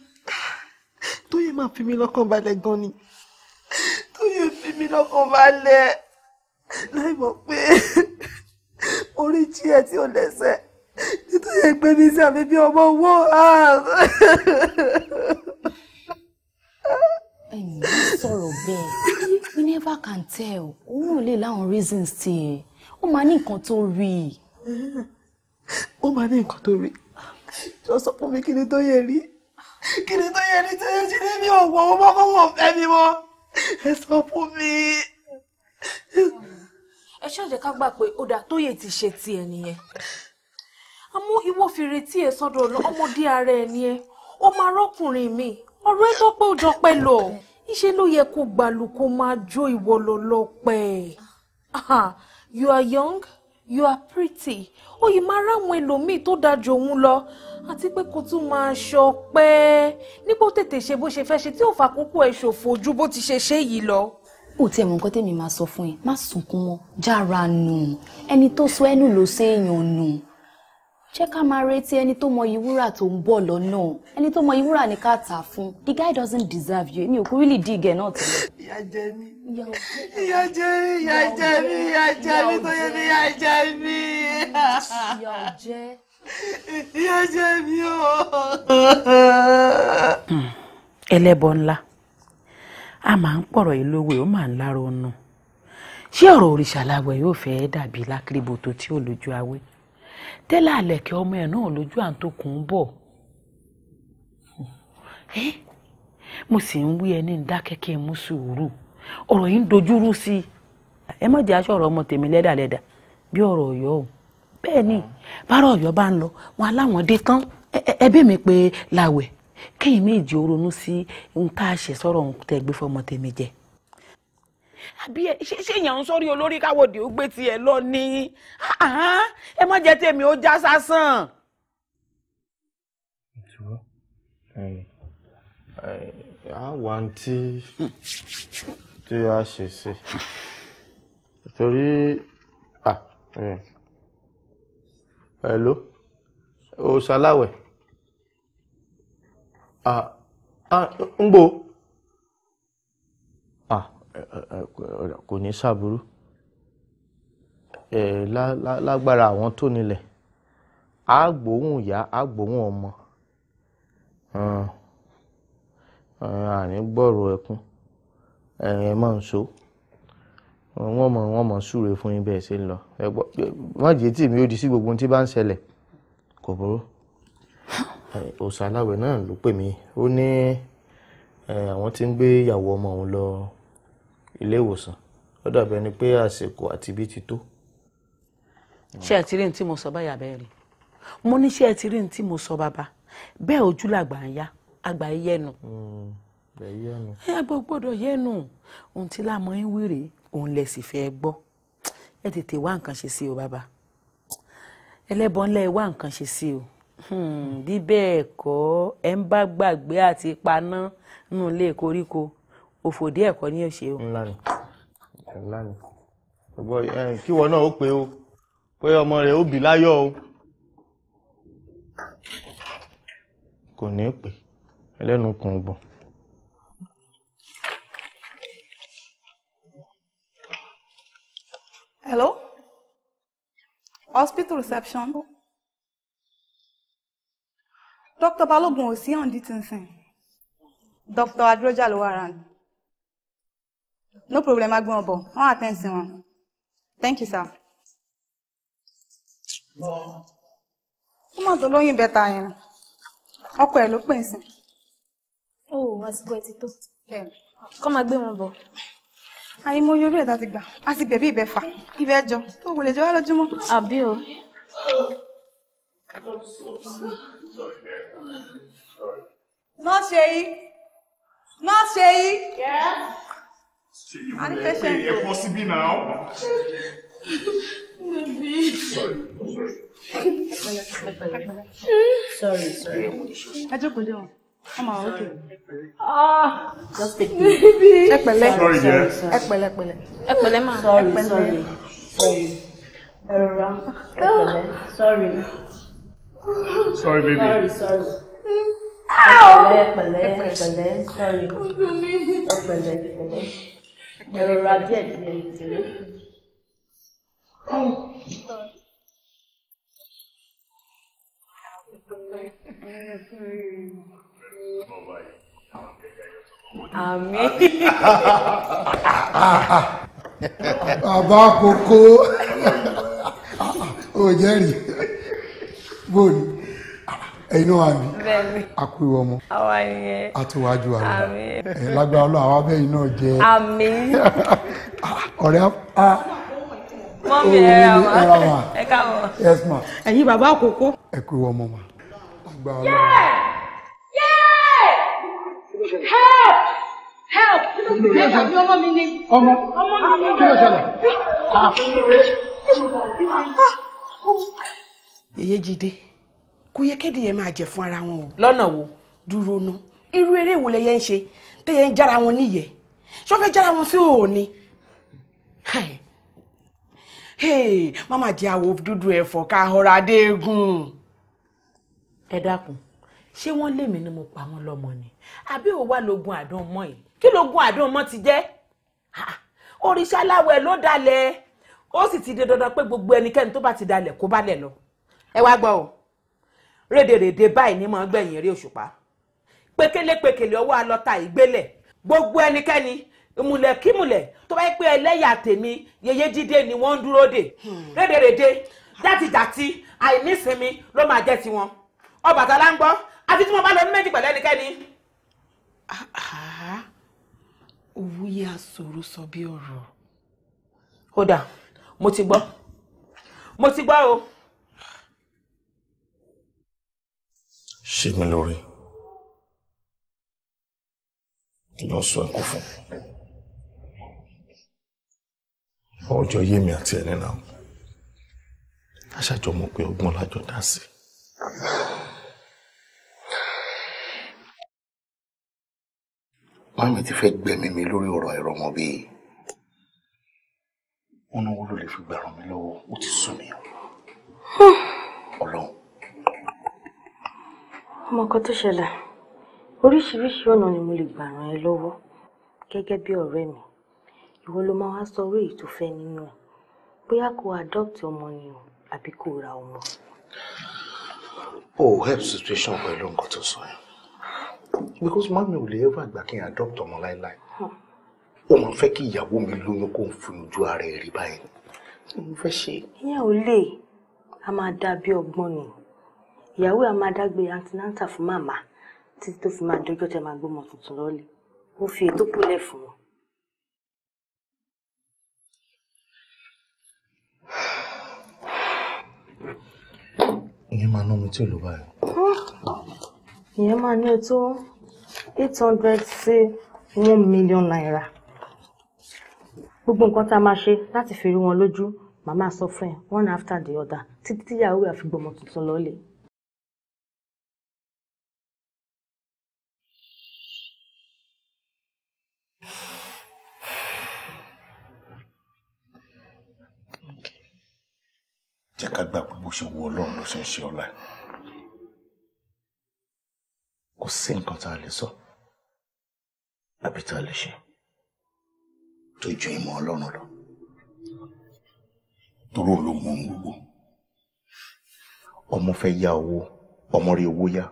tó yẹ máa fi mí lọ́kàn balẹ̀ gan ni tó yẹ fi mí lọ́kàn balẹ̀ láì mọ̀ pé orí jí ẹ tí ò lẹ́sẹ̀ nítorí ẹgbẹ́ mi sí àbí bí ọmọ owó. ẹ̀yin sọ̀rọ̀ bẹ́ẹ̀ we never can tell òun ò lè láwọn reasons tiẹ̀ ó máa ní nǹkan tó rí i. ó máa ní nǹkan tó rí i jọ sọ fún mi kí ni tó yẹ rí kí ni tó yẹ rí tó yẹ jí ní mi ò wọ ọmọ kọ́wọ́ fẹ́ mi mọ́ ẹ sọ fún mi ẹ ṣáà ká gbà pé ó dáa tóyè ti ṣe tiẹ̀ nìyẹn àmọ́ ìwọ fèrè tí ẹ sọ́dọ̀ ọmọdé ara ẹ ni ẹ ó máa rọ́kùnrin mi ọ̀rọ̀ ẹ tọ́pẹ́ ó jọpẹ́ lọ iṣẹ́ ló yẹ kó gbàlù kó máa jó ìwọ lọ lọ́pẹ́ you are young you are pretty ó yìí máa ráwọn ẹlòmíì tó dáa ju òun lọ àti pé kó tún máa ṣọpẹ́ nígbó tètè ṣe bó ṣe fẹ́ ṣe tí ò fàkókò ẹ̀ ṣòfò ju bó ti ṣe ṣe yìí lọ ó tiẹ̀ mọ nǹkan tèmi máa sọ fún ẹ má sunkún mọ́ jára nù ẹni tó sọ ẹnu ló séèyàn nù jẹ́ ká máa retí ẹni tó mọ ìwúrà tó ń bọ̀ lọ́nà ẹni tó mọ ìwúrà ni ká tà fún the guy doesn't deserve you èmi ò kú rí lè náà tẹ́lẹ̀. ìyá jẹ mí ìyá jẹ mí ìyá jẹ mí ìyá jẹ mí tó yẹ mí ìyá jẹ mí. ìyá ò jẹ́. ìyá jẹ mí o. Hmm. ẹlẹ́bọ ńlá a máa ń pọ̀rọ̀ yìí lówó ó máa ń láró nù ṣé ọ̀rọ̀ òrìṣà làwẹ̀ yóò fẹ́ dàbí lákìrìbòtò tí ò lójú awé tẹ́lẹ̀ àlẹ̀kẹ́ ọmọ ẹ̀ náà lójú àǹtòkùn ń bọ̀ mo sì ń wí ẹni ń dákẹ́ kí n mú sùúrù ọ̀rọ̀ yìí ń dojúrú sí i ẹ má jẹ́ aṣọ ọ̀rọ̀ ọmọ tèmi lẹ́dà lẹ́dà bí ọ̀rọ̀ ọ̀yọ́ o bẹ́ẹ̀ ni bárọ̀ ọ̀yọ́ bá ń lọ wọn aláwọn dé tán ẹbí mi pé làwẹ̀ kẹ́yìn méjì ó ronú sí ohun tá a ṣe sọ̀rọ̀ ohun tẹ́ gbé fọmọ tèmi jẹ àbí ẹ ṣe ṣe yàn ń sórí olórí káwọdé ó gbé tiẹ̀ lọ ní ẹ má jẹ́ tèmi ó já sásán. àwa tí tí a ṣe ṣe torí ah, hello o ṣaláwẹ̀ ń gbò kò ní ṣàbúrú lágbára àwọn tó nílẹ̀ àgbóhùn ìyá àgbóhùn ọmọ àárín gbọ́rọ̀ ẹkún ẹ máa ń so wọ́n mọ̀ wọ́n mọ̀ súre fún yín bẹ́ẹ̀ ṣe ń lọ ẹ gbọ́ má jẹ́ tí mi ò di sí gbogbo ohun tí bá ń ṣẹlẹ̀ kò burú òòsàn aláwẹ̀ náà ló pè mí ó ní àwọn tí ń gbé ìyàwó ọmọ òun lọ ilé ìwòsàn ó dàbí ẹni pé àsìkò àti ibi ti tó. ṣé ẹ ti rí ní tí mo sọ báyà bẹ́ẹ̀ rí mo ní ṣé ẹ ti rí ní tí mo sọ bàbá bẹ́ẹ̀ ojú làgbà ń yá àgbà yẹnu. Hmm, ẹ àgbà gbọ́dọ̀ yẹnu ohun tí láàmú ń wí rèé òun lẹ̀ sì fẹ́ gbọ́ ẹ tètè wá nǹkan ṣe sí o bàbá ẹlẹ́bọn lẹ́ wá nǹkan ṣe sí o. Hmm, bí bẹ́ẹ̀ kọ́ ẹ ń bá gbàgbé àti paná nínú ilé koríko òfòdí ẹ̀kọ́ ní òṣè o. ńlá ni ńlá ni ṣùgbọ́n kí wọn náà ó pe o pé ọmọ rẹ̀ ó bì láyọ̀ o kò ní í pè ẹlẹ́nu kùn gbọ̀n. hello hospital reception dr balógun ò sí hàn dítínsìn dr adroja ló wà rand no problem agbọn ọbọ wọn àtẹǹsì wọn thank you sir. ó mà tó lóyún bẹ́ta yẹn ọkọ ẹ̀ ló pè ń sìn. ó àsìkò ẹ ti tó kọ́ máa gbé wọn bọ̀. ayé mo yorú ẹ̀ tá ti gbà á ti bẹ̀bí ìbẹ̀fà ìbẹ̀jọ tó wò jọ wá lójúmọ́. àbí o. I'm so sorry. sorry. Not Shay. Not Shay. Yeah. Shay, I need to say it. sorry. Sorry. Sorry. Sorry. I just go down. Come on, okay. Ah, just take me. Sorry, dear. Ẹ pẹ̀lẹ́, ẹ ma. Sorry, sorry. Sorry. Ẹ ah. Sorry. Sorry, baby. Sorry, sorry. Ow! Pẹ̀lẹ́, pẹ̀lẹ́, pẹ̀lẹ́, sorry. Oh, Pẹ̀lẹ́, pẹ̀lẹ́. Bẹ̀rẹ̀ ra díẹ̀ díẹ̀ díẹ̀. Àmì. Bàbá kòkó ò jẹ́rìí. Good. ẹ̀yin náà wà ní àkú ìwọ ọmọ àtúwájú àrùn ẹ̀yin lágbára Ọlọ́run àwọn abẹ́yìn náà jẹ́ [LAUGHS] ọ̀rẹ́ a mọ́mí ẹ̀rọ àmà ẹ̀ka mọ̀ ẹ̀yin bàbá àkókò ẹ̀kú ìwọ ọmọ mà lágbára Ọlọ́run. help help ọmọ mi ni ọmọ ọmọ mi ni yèyé jíde kò yẹ kéde yẹn máa jẹ fún ara wọn o. lọ́nà wo. dúró nu irú eré wo lẹyẹ ń ṣe tẹyẹ ń jára wọn níyẹ ṣọ fẹ́ jára wọn sí òòní. mama jẹ àwọ̀ dúdú ẹ̀fọ́ ká ọ̀rọ̀ adéègùn. ẹ dákun ṣé wọ́n lé mi ni mo pa wọ́n lọ́mọ ni àbí òun wà lóògùn àdán mọ́ yìí kí lóògùn àdán mọ́ ti jẹ́ òrìṣà ah, láwẹ̀ ló dalẹ̀ ó sì ti di dandan pé gbogbo ẹnikẹ́ni tó bá ti dalẹ̀ kó balẹ̀ lọ ẹ wá gbọ́ o rédèrèdè báyìí ni mọ̀ gbẹ̀yìn eré òṣùpá pékélépékélé ọwọ́ alọ́ta ìgbélẹ̀ gbogbo ẹnikẹ́ni ìmùlẹ̀ kímùlẹ̀ tó bá yẹ pé ẹlẹ́yà tèmi yeye jíde ni wọ́n ń dúró dè hmm. rédèrèdè dátidàti àìnísinmi ló máa jẹ́ tiwọn Ọbàtálá ń gbọ́ àti tí mo bá lọ ní méjì pẹ̀lú ẹnikẹ́ni. òwúyẹ àsòro sọ bí ọ̀rọ̀. kódà mo ti gbọ́ mo ti gbọ́ o. ṣe mí lórí lọ sọ ẹkún fún ọjọ́ yémi àti ẹni náà aṣáájú mọ̀ pé ọgbọ́n lájọ dá sí. mami ti fẹ́ gbẹ̀mí mi lórí ọ̀rọ̀ ẹ̀rọ ọmọ bíi wọn náà wọ́n ló lè fi gbẹ̀ràn mi lọ́wọ́ ó ti sún mi ọlọ́run ọmọ kan tó ṣẹlẹ̀ oríṣiríṣi ọ̀nà ni mo lè gbà ràn ẹ́ lọ́wọ́ gẹ́gẹ́ bí ọ̀rẹ́ mi ìwọ ló máa wá sọ orí èyí tó fẹ́ nínú ẹ̀ bóyá kó adopt ọmọ ni o àbí kó ra ọmọ. o ò help situation pẹ̀lú nǹkan tó sọ yẹn because mami ò lè ever gbà kí n adopt ọmọ láéláé hmm. ó máa fẹ́ kí ìyàwó mi lóyún kó n fún ojú ara ẹ̀ rí báyìí mo fẹ́ ṣe. ìyẹn ò lè a máa dà bí ọgbọ́n ni ìyàwó ẹ̀ máa dágbé antinanta fún màmá títí tó fi máa dọ́jọ́ tẹ́ máa gbọ́mọ tuntun lọ́lẹ̀ mo fi ètò pọ̀lẹ̀ fún wọn. ìyẹn máa ná mi tí ò ló báyìí. Hmm. ìyẹn máa ní tó eight hundred sí one million naira gbogbo nǹkan tá a máa ṣe láti fi rí wọn lójú màmá sọ fún ẹ one after the other títí tíyàwó àfi gbọ́mọ tuntun lọ́lẹ̀. bó ṣe wo ọlọ́run ló ṣe ń ṣe ọlá kò sí nǹkan tá a lè sọ àbí tá a lè ṣe tó ju ìmọ̀ ọlọ́run lọ torí òun ló mọ ohun gbogbo ọmọ fẹ́ yá owó ọmọ rí owó yá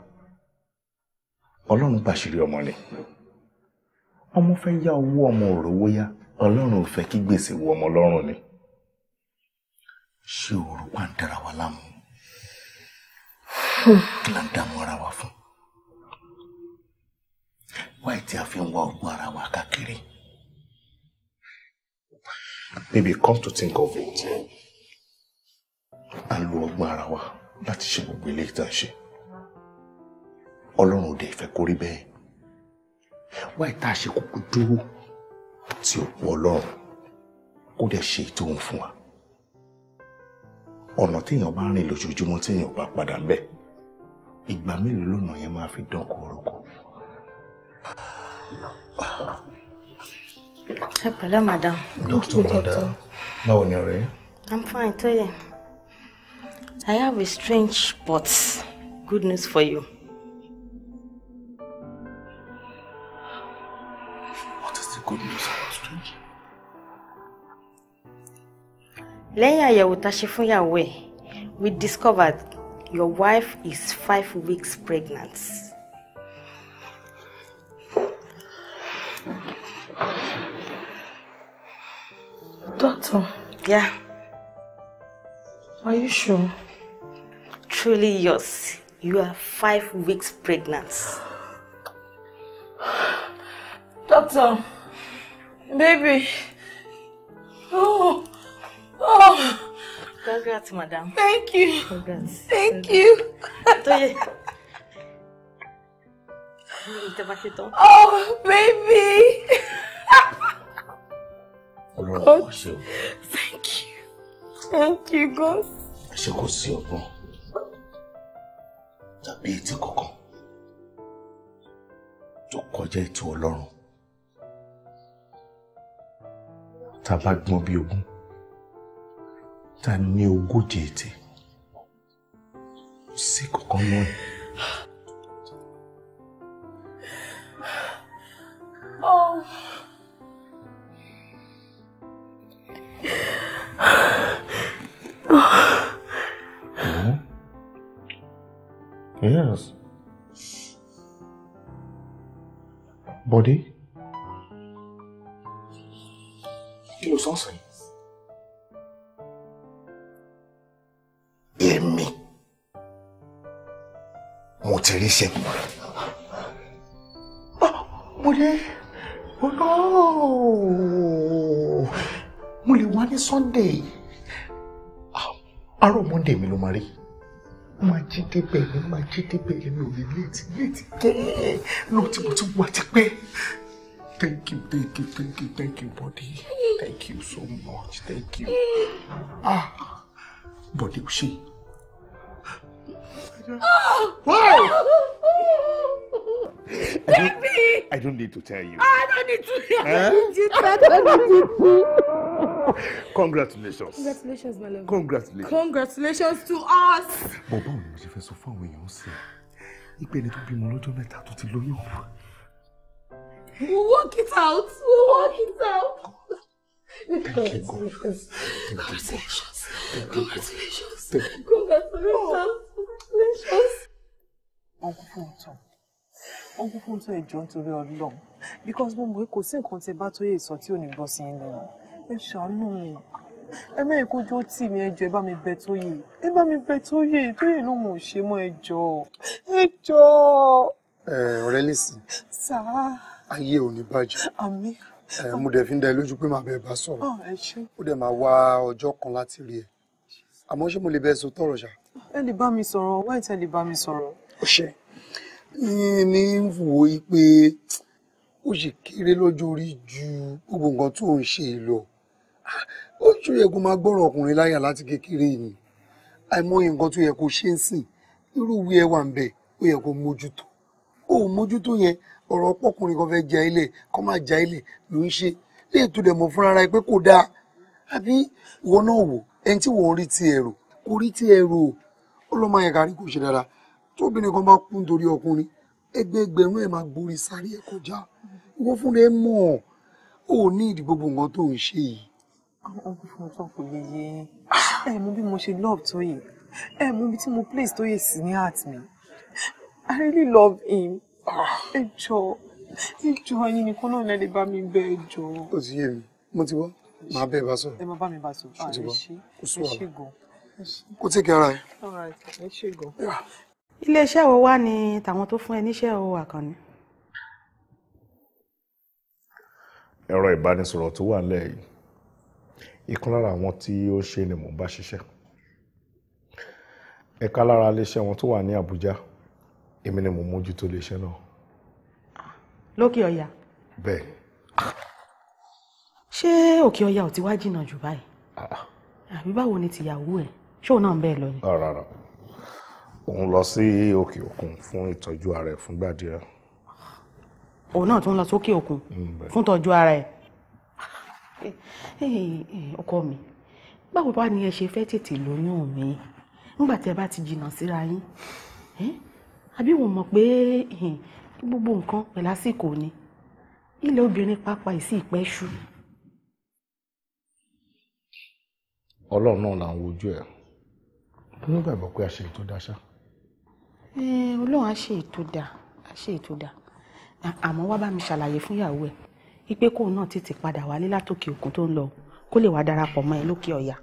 ọlọ́run pàṣírí ọmọ ni ọmọ fẹ́ yá owó ọmọ òrówó yá ọlọ́run ò fẹ́ kí gbèsè wọ ọmọ lọ́rùn ni ṣé oorun pa ń dára wa láàmú kí là ń dààmú ara wa fún wáyé tí a fi ń ara wa káàkiri. Baby, come to think of it à ń lo ọgbọ́n ara wa láti ṣe gbogbo eléyìí tá à ń ṣe ọlọ́run òde ìfẹ́ kórí bẹ́ẹ̀ wáyé tá a ṣe kúkú dúró tí ó pọ̀ ọlọ́run kó dẹ̀ ṣe ètò fún wa ọ̀nà téèyàn bá rìn lójoojúmọ́ téèyàn bá padà ń bẹ̀ ìgbà mélòó lọ́nà yẹn máa fi dán kórókó. ẹ pẹ̀lẹ́ madam. doctor madam báwo ni ọ̀rẹ́. i'm fine tó you. i have a strange but good news for you. lẹ́yìn àyẹ̀wò tá a ṣe fún ìyàwó ẹ̀ we discovered your wife is five weeks pregnant. Doctor. Yeah. Are you sure? Truly yours. You are five weeks pregnant. Doctor, baby. Oh. Oh. Congrats, madam. Thank you. Congrats. Thank you. Toye. oh, baby. God. Thank you. Thank you, God. Ṣé kò sí ọgbọ́n tàbí etí kankan tó kọjá ètò Ọlọ́run tá a bá gbọ́n bí ogún tá a ní ogójì ètè kò sí kankan náà oh. Yes. Body? Kí ló sọ́nsìn? ti rí ṣe. mo lè Sunday ah, àárọ̀ Monday mi ló máa rí máa jí débẹ̀ ni máa jí débẹ̀ ni mi Thank you, thank you, thank you, thank you, body. Thank you so much. Thank you. Ah, body, she sir. Oh! Wow! Debbie! I don't need to tell you. I don't need to hear huh? Eh? you. I don't need to. Congratulations. Congratulations, my love. Congratulations. Congratulations to us. Bọ̀ báwo ni have so far sọ fún àwọn èèyàn sí i? Ìpè ẹni tó bímọ lọ́jọ́ mẹ́ta tó We'll work it out. We'll work it out. Congratulations. Congratulations. Congratulations. Congratulations. Congratulations. Uncle Funton. Uncle Funton ẹ jọ̀ọ́ nítorí Ọlọ́run. Because mo mọ̀ pé kò sí nǹkan tí bá tó yẹ sọ tí ò ní bọ́ sí yín lẹ́nu. Ẹ ṣàánú mi. Ẹ mẹ́rin kójú ó tì mí ẹjọ́ ẹ bá mi bẹ tó yè. Ẹ bá mi bẹ tó yè tó yè lóhùn ò ṣe mọ́ ẹjọ́. Ẹjọ́. Ẹ ọ̀rẹ́ lè sìn. Sá. Ayé ò ní bàjẹ́. Àmín mo dẹ̀ fi ń dá ẹ lójú pé màá bẹ̀rẹ̀ bá sọ̀rọ̀ oh, ó dẹ̀ máa wá ọjọ́ kan láti rí ẹ àmọ́ ṣé mo lè bẹ́ẹ̀ sọ tọ̀rọ̀ ṣá. ẹ lè bá mi sọ̀rọ̀ wá ìtẹ́ lè bá mi sọ̀rọ̀. ó ṣe ní wo pé ó ṣe kéré lọ́jọ́ orí ju gbogbo nǹkan tó ń ṣe lọ ó ṣe yẹ kó máa gbọ́rọ̀ ọkùnrin láyà láti kékeré yìí àìmọye nǹkan tó yẹ kó ṣe ń sìn irú wí ẹ wà ń bẹ ó yẹ kó mójútó ó mójútó yẹn ọ̀rọ̀ pọ́kùnrin kan fẹ́ ja ilé kọ́ máa ja ilé ló ń ṣe lè tó dẹ̀ mọ̀ fúnra ara pé kò dáa àbí ìwọ náà wò ẹni tí wọ́n rí ti ẹ̀rù kò rí ti ẹ̀rù ó lọ́ máa yẹ kárí kò ṣe dáadáa tóbìnrin kan bá kú nítorí ọkùnrin ẹgbẹ́ ẹgbẹ̀rún ẹ̀ máa gborí sáré ẹ̀ kọjá ìwọ fúnra ẹ mọ̀ ò ní ìdí gbogbo nǹkan tó ń ṣe yìí. ọkùnrin fún mi kò yẹ yé ẹ mú bí mo ṣe love tó yẹ ẹ mú bí tí mo place tó yẹ sí ní love ẹ jọ ẹ ni ẹyin nìkan náà lẹ́lẹ́ bá mi bẹ́ ẹ jọ. ó ti yé mi mo ti wá màá bẹ́ẹ̀ bá sọ̀rọ̀. ẹ máa bá mi bá sọ̀rọ̀ àà ah, ẹ ṣe kò sí wàhálà kò tí kí ara ẹ. ẹ ṣe gan. iléeṣẹ́ wo wá ni tàwọn tó fún ẹ níṣẹ́ o àkànní. ẹ̀rọ ìbánisọ̀rọ̀ tó wà nílẹ̀ yìí ìkan lára àwọn tí ó ṣe ni mò ń bá ṣiṣẹ́ ẹ̀ka lára iléeṣẹ́ wọn tó wà ní Àbújá èmi ni mo mójútó iléeṣẹ́ náà. lókè ọ̀yà. bẹ́ẹ̀. ṣé òkè ọ̀yà ò ti wá jìnnà jù báyìí. Ah. àbí báwo ni tìyàwó ẹ̀ ṣóun náà ń bẹ́ẹ̀ lọ ni. rárá òun lọ sí òkè òkun fún ìtọ́jú ara ẹ̀ fúngbà díẹ̀. òun náà tún lọ sókè òkun mm, fún ìtọ́jú ara ẹ̀. ọkọ mi báwo bá ni ẹ ṣe fẹ́ tètè lóyún mi nígbà tí ẹ bá ti jìnnà síra yín àbí wọn mọ̀ pé gbogbo nǹkan pẹ̀lú àsìkò ni ilẹ̀ obìnrin pápá ìsì ìpẹ́ ṣú. ọlọ́run náà là ń wojú ẹ̀ tó ló gbàgbọ́ pé a ṣe ètò dáṣá. Eh, ọlọ́run á ṣe ètò dà a, ṣe ètò dà àmọ́ wá bá mi ṣàlàyé fún ìyàwó ẹ̀ ipe kóun náà tètè padà wálé látòkè òkun tó ń lọ kó lè wá darapọ̀ mọ́ ẹ lókè ọ̀yà.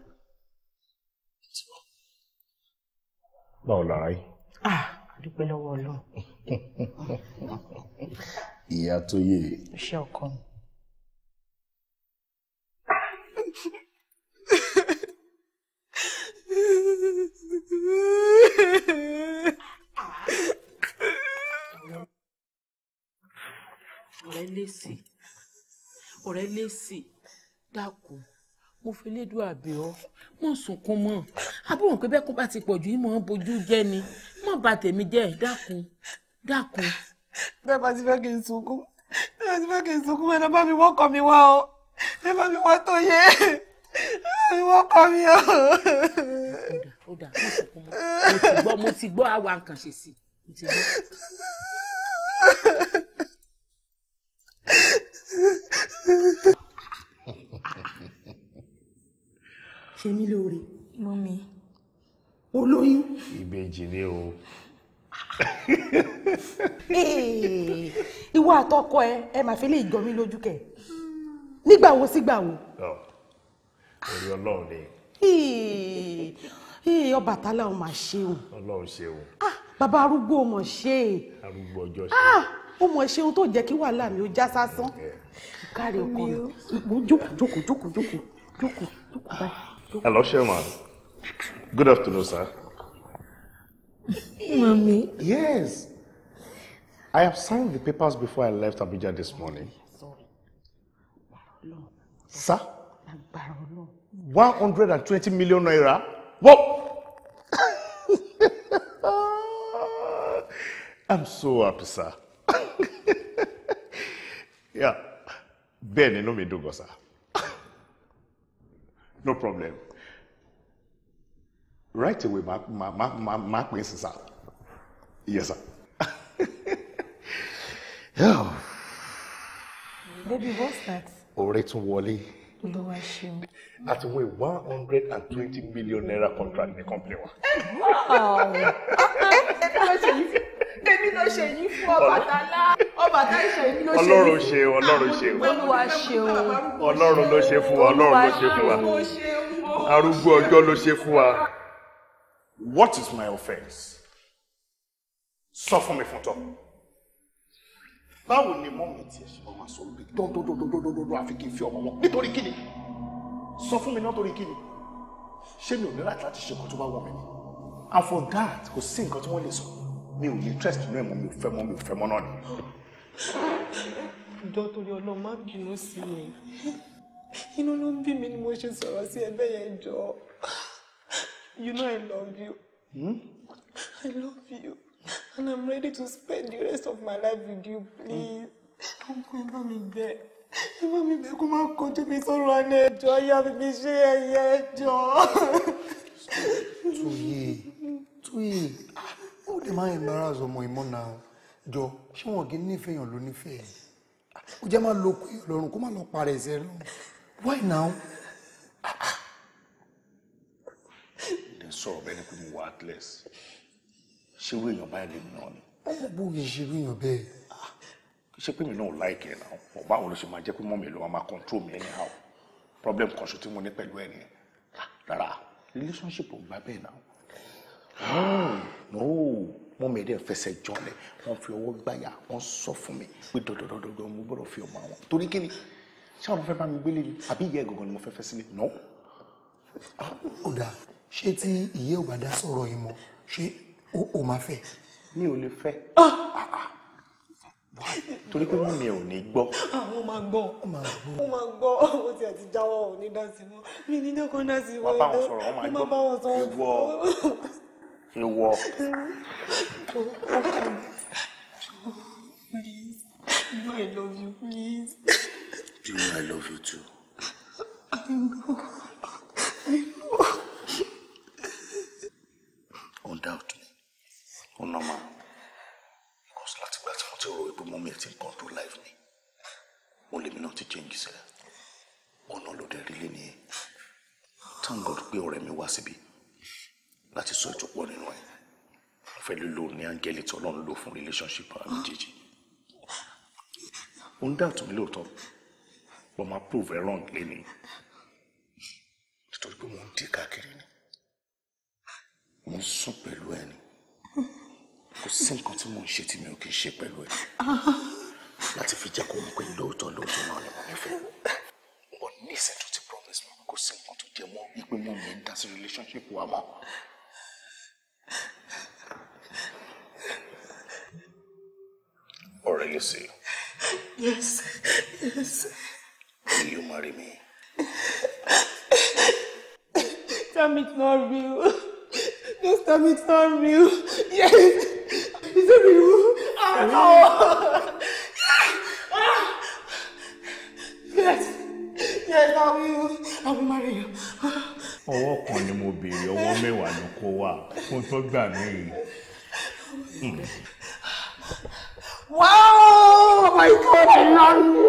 báwo lára yìí. ah dúpẹ́ lọ́wọ́ ọlọ́run. ìyá tó yé. iṣẹ́ ọkọ mi. ọ̀rẹ́ lèsì ọ̀rẹ́ lèsì dákun mo fi lédu àbẹ ọ mọ sunkún mọ àbúrò pé bẹ́ẹ̀ kó bá ti pọ̀ jù ìmọ̀ bojú jẹ́ ni mọ bà tèmi jẹ́ dákun dákun. bẹ́ẹ̀ bá ti fẹ́ kí n sunkún bẹ́ẹ̀ bá ti fẹ́ kí n sunkún ẹ bá mi wọ́kọ̀ mi wá o ẹ bá mi wọ́n tó yẹ ẹ wọ́kọ̀ mi o. ó dà ó dà mo ti gbọ́ àwa nǹkan ṣe sí mo ti gbọ́. Thank you. ṣe mí lóore. mọ́mí. olóyún. ìbejì ni o. ìwọ àtọkọ ẹ ẹ máa fi lè jọ mí lójú kẹ nígbà wo sígbà wo. orí ọlọ́run ni. Ọbàtálá ò mà ṣeun. ọlọ́run ṣeun. o ah! arúgbó ò mọ̀ ṣe. arúgbó ọjọ́ ṣe ó ah! mọ ṣeun tó jẹ́ kí wàhálà mi o já sásán kárí ọkọ mi jókòó jókòó jókòó jókòó jókòó jókòó Hello, Sherman. Good afternoon, sir. Mommy. Yes. I have signed the papers before I left Abuja this morning. Sorry. Sir? 120 million naira? Whoa! [LAUGHS] I'm so happy, sir. [LAUGHS] yeah. Ben, you know me dùn sir. [LAUGHS] No problem right away máa máa máa máa pè é sí sá yes sir. Oh. baby what's that. ọ̀rẹ́ tún wọlé. olúwa ṣeun. àti wọ́n one hundred and twenty million naira contract ní company wa. èmi ló ṣe yìí fún Ọbàtálá Ọbàtálá ìṣe èmi ló ṣe yìí Ọlọ́run ṣe Ọlọ́run ṣe olúwa ṣe o Ọlọ́run ló ṣe fún wa Ọlọ́run ló ṣe fún wa arúgbó ọjọ́ ló ṣe fún wa. What is my offense? Sọ fún mi fún tọ́. Báwo ni mọ́mí ti ẹ̀ṣẹ̀ ọmọ sọ wípé dọ́ndọ́ndọ́ndọ́ndọ́ndọ́ àfi kí n fi ọmọ wọn? Nítorí kí ni? Sọ fún mi náà torí kí ni? Ṣé mi ò ní láti láti ṣe nǹkan tó bá wọ̀ mí ni? And for that, kò sí nǹkan tí wọ́n lè sọ. Mi ò ní interest nínú ẹ̀mọ́ mi ò fẹ́ mọ́ mi ò fẹ́ mọ́ náà ni. Ìjọ torí Ọlọ́run má bínú sí mi. Inú ló ń bí mi ni mo ṣe sọ̀rọ̀ sí ẹgbẹ́ yẹn jọ. You know I love you. Hmm? I love you. And I'm ready to spend the rest of my life with you, please. Ọkọ ẹ bá there. bẹ̀. Ẹ bá mi come kó máa kojú mi sọ̀rọ̀ àná ẹjọ́ yá fi mi ṣe ẹyẹ ẹjọ́. Tuyi, Tuyi, ó lè máa embarrass ọmọ ìmọ̀ náà. Jọ, ṣé wọn kì í nífẹ̀ẹ́ yàn ló nífẹ̀ẹ́? Ó jẹ́ máa lo okùn ìlọrun kó má lọ parẹ́ ìṣẹ́ lọ. Why now? sọ̀rọ̀ bẹ́ẹ̀ ni pé mo wà atlas ṣé wé èèyàn báyìí lèmi náà ni. ọmọ bó yẹ ṣe wé èèyàn bẹ́ẹ̀. Ah, ṣé pé mi náà ò láìkẹ́ ẹ̀ náà mo báwo ló ṣe máa jẹ́ pé mọ́mí ló máa control mi anyhow problem kan ṣo tí mo ní pẹ̀lú ẹ̀ nìyẹn ah, rárá relationship ò gbà bẹ́ẹ̀ náà. Ah, no mọ́mí ẹ̀ dẹ́ fẹsẹ̀ jọlẹ̀ wọ́n fi ọwọ́ gbáyà wọ́n sọ fún mi pé dọ̀dọ̀dọ̀dọ̀ mo gbọ́dọ̀ fi ọmọ àwọn torí kí ni ṣé àwọn fẹ́ bá mi gbélé ni àbí ìyá ẹ̀gọ̀gàn ni mo fẹ́ fẹ́ sílé náà. ó dáa ṣé tí ìyé ò bá dá sọ̀rọ̀ yìí mọ́ ṣé o máa fẹ́. mi ò lè fẹ́ ah! torí pé mi ò ní gbọ́. àwọn ah, máa gbọ́ wọ́n máa gbọ́ ó ti àti jáwọ́ ò ní dási mọ́ mi ní dẹ́kun dási mọ́ wọ́n bá wọn sọ̀rọ̀ wọ́n máa gbọ́ ìwọ ìwọ. Please, you know I love you, please. You know I love you too. I know. I know ń doubt mi ó normal because láti gbà tí mo ti rò wípé mọ́mí ẹ̀ ti ń control life mi ó lèmi náà change sílẹ̀ ọ̀nà ló dẹ̀ rí lé nìyẹn thank God we pé ọ̀rẹ́ mi wá síbi láti sọ ìtòpọ̀ nínú ẹ̀ fẹ́ lílo ní áńgẹ́lì tí ọlọ́run lò fún relationship àwọn méjèèjì ó ń doubt mi lóòótọ́ wọ́n máa prove ẹ̀ wrong lẹ́ni nítorí pé mo ń dé káàkiri ni mo ń sùn pẹ̀lú ẹ ni kò sí nǹkan tí mò ń ṣe tí mi ò kì í ṣe pẹ̀lú ẹ láti fi jẹ́ kó mọ̀ pé lóòótọ́ lóòótọ́ náà ni mo nífẹ̀ẹ́ mo ní ìṣẹ́jú ti promise mi kò sí nǹkan tó jẹ mọ́ wípé mo mi ń dá sí relationship wa mọ́. Aurelisi. Yes, yes. Will you marry me? Damn it's not real. Just tell me it's not real. Yes. Is it real? Oh know. Yes. Yes, I will. I will marry you. Ọwọ́ kan ni mo béèrè, ọwọ́ mẹ́wàá ló kó wà fún tó gbà mí. Wow! Oh my God, I love you!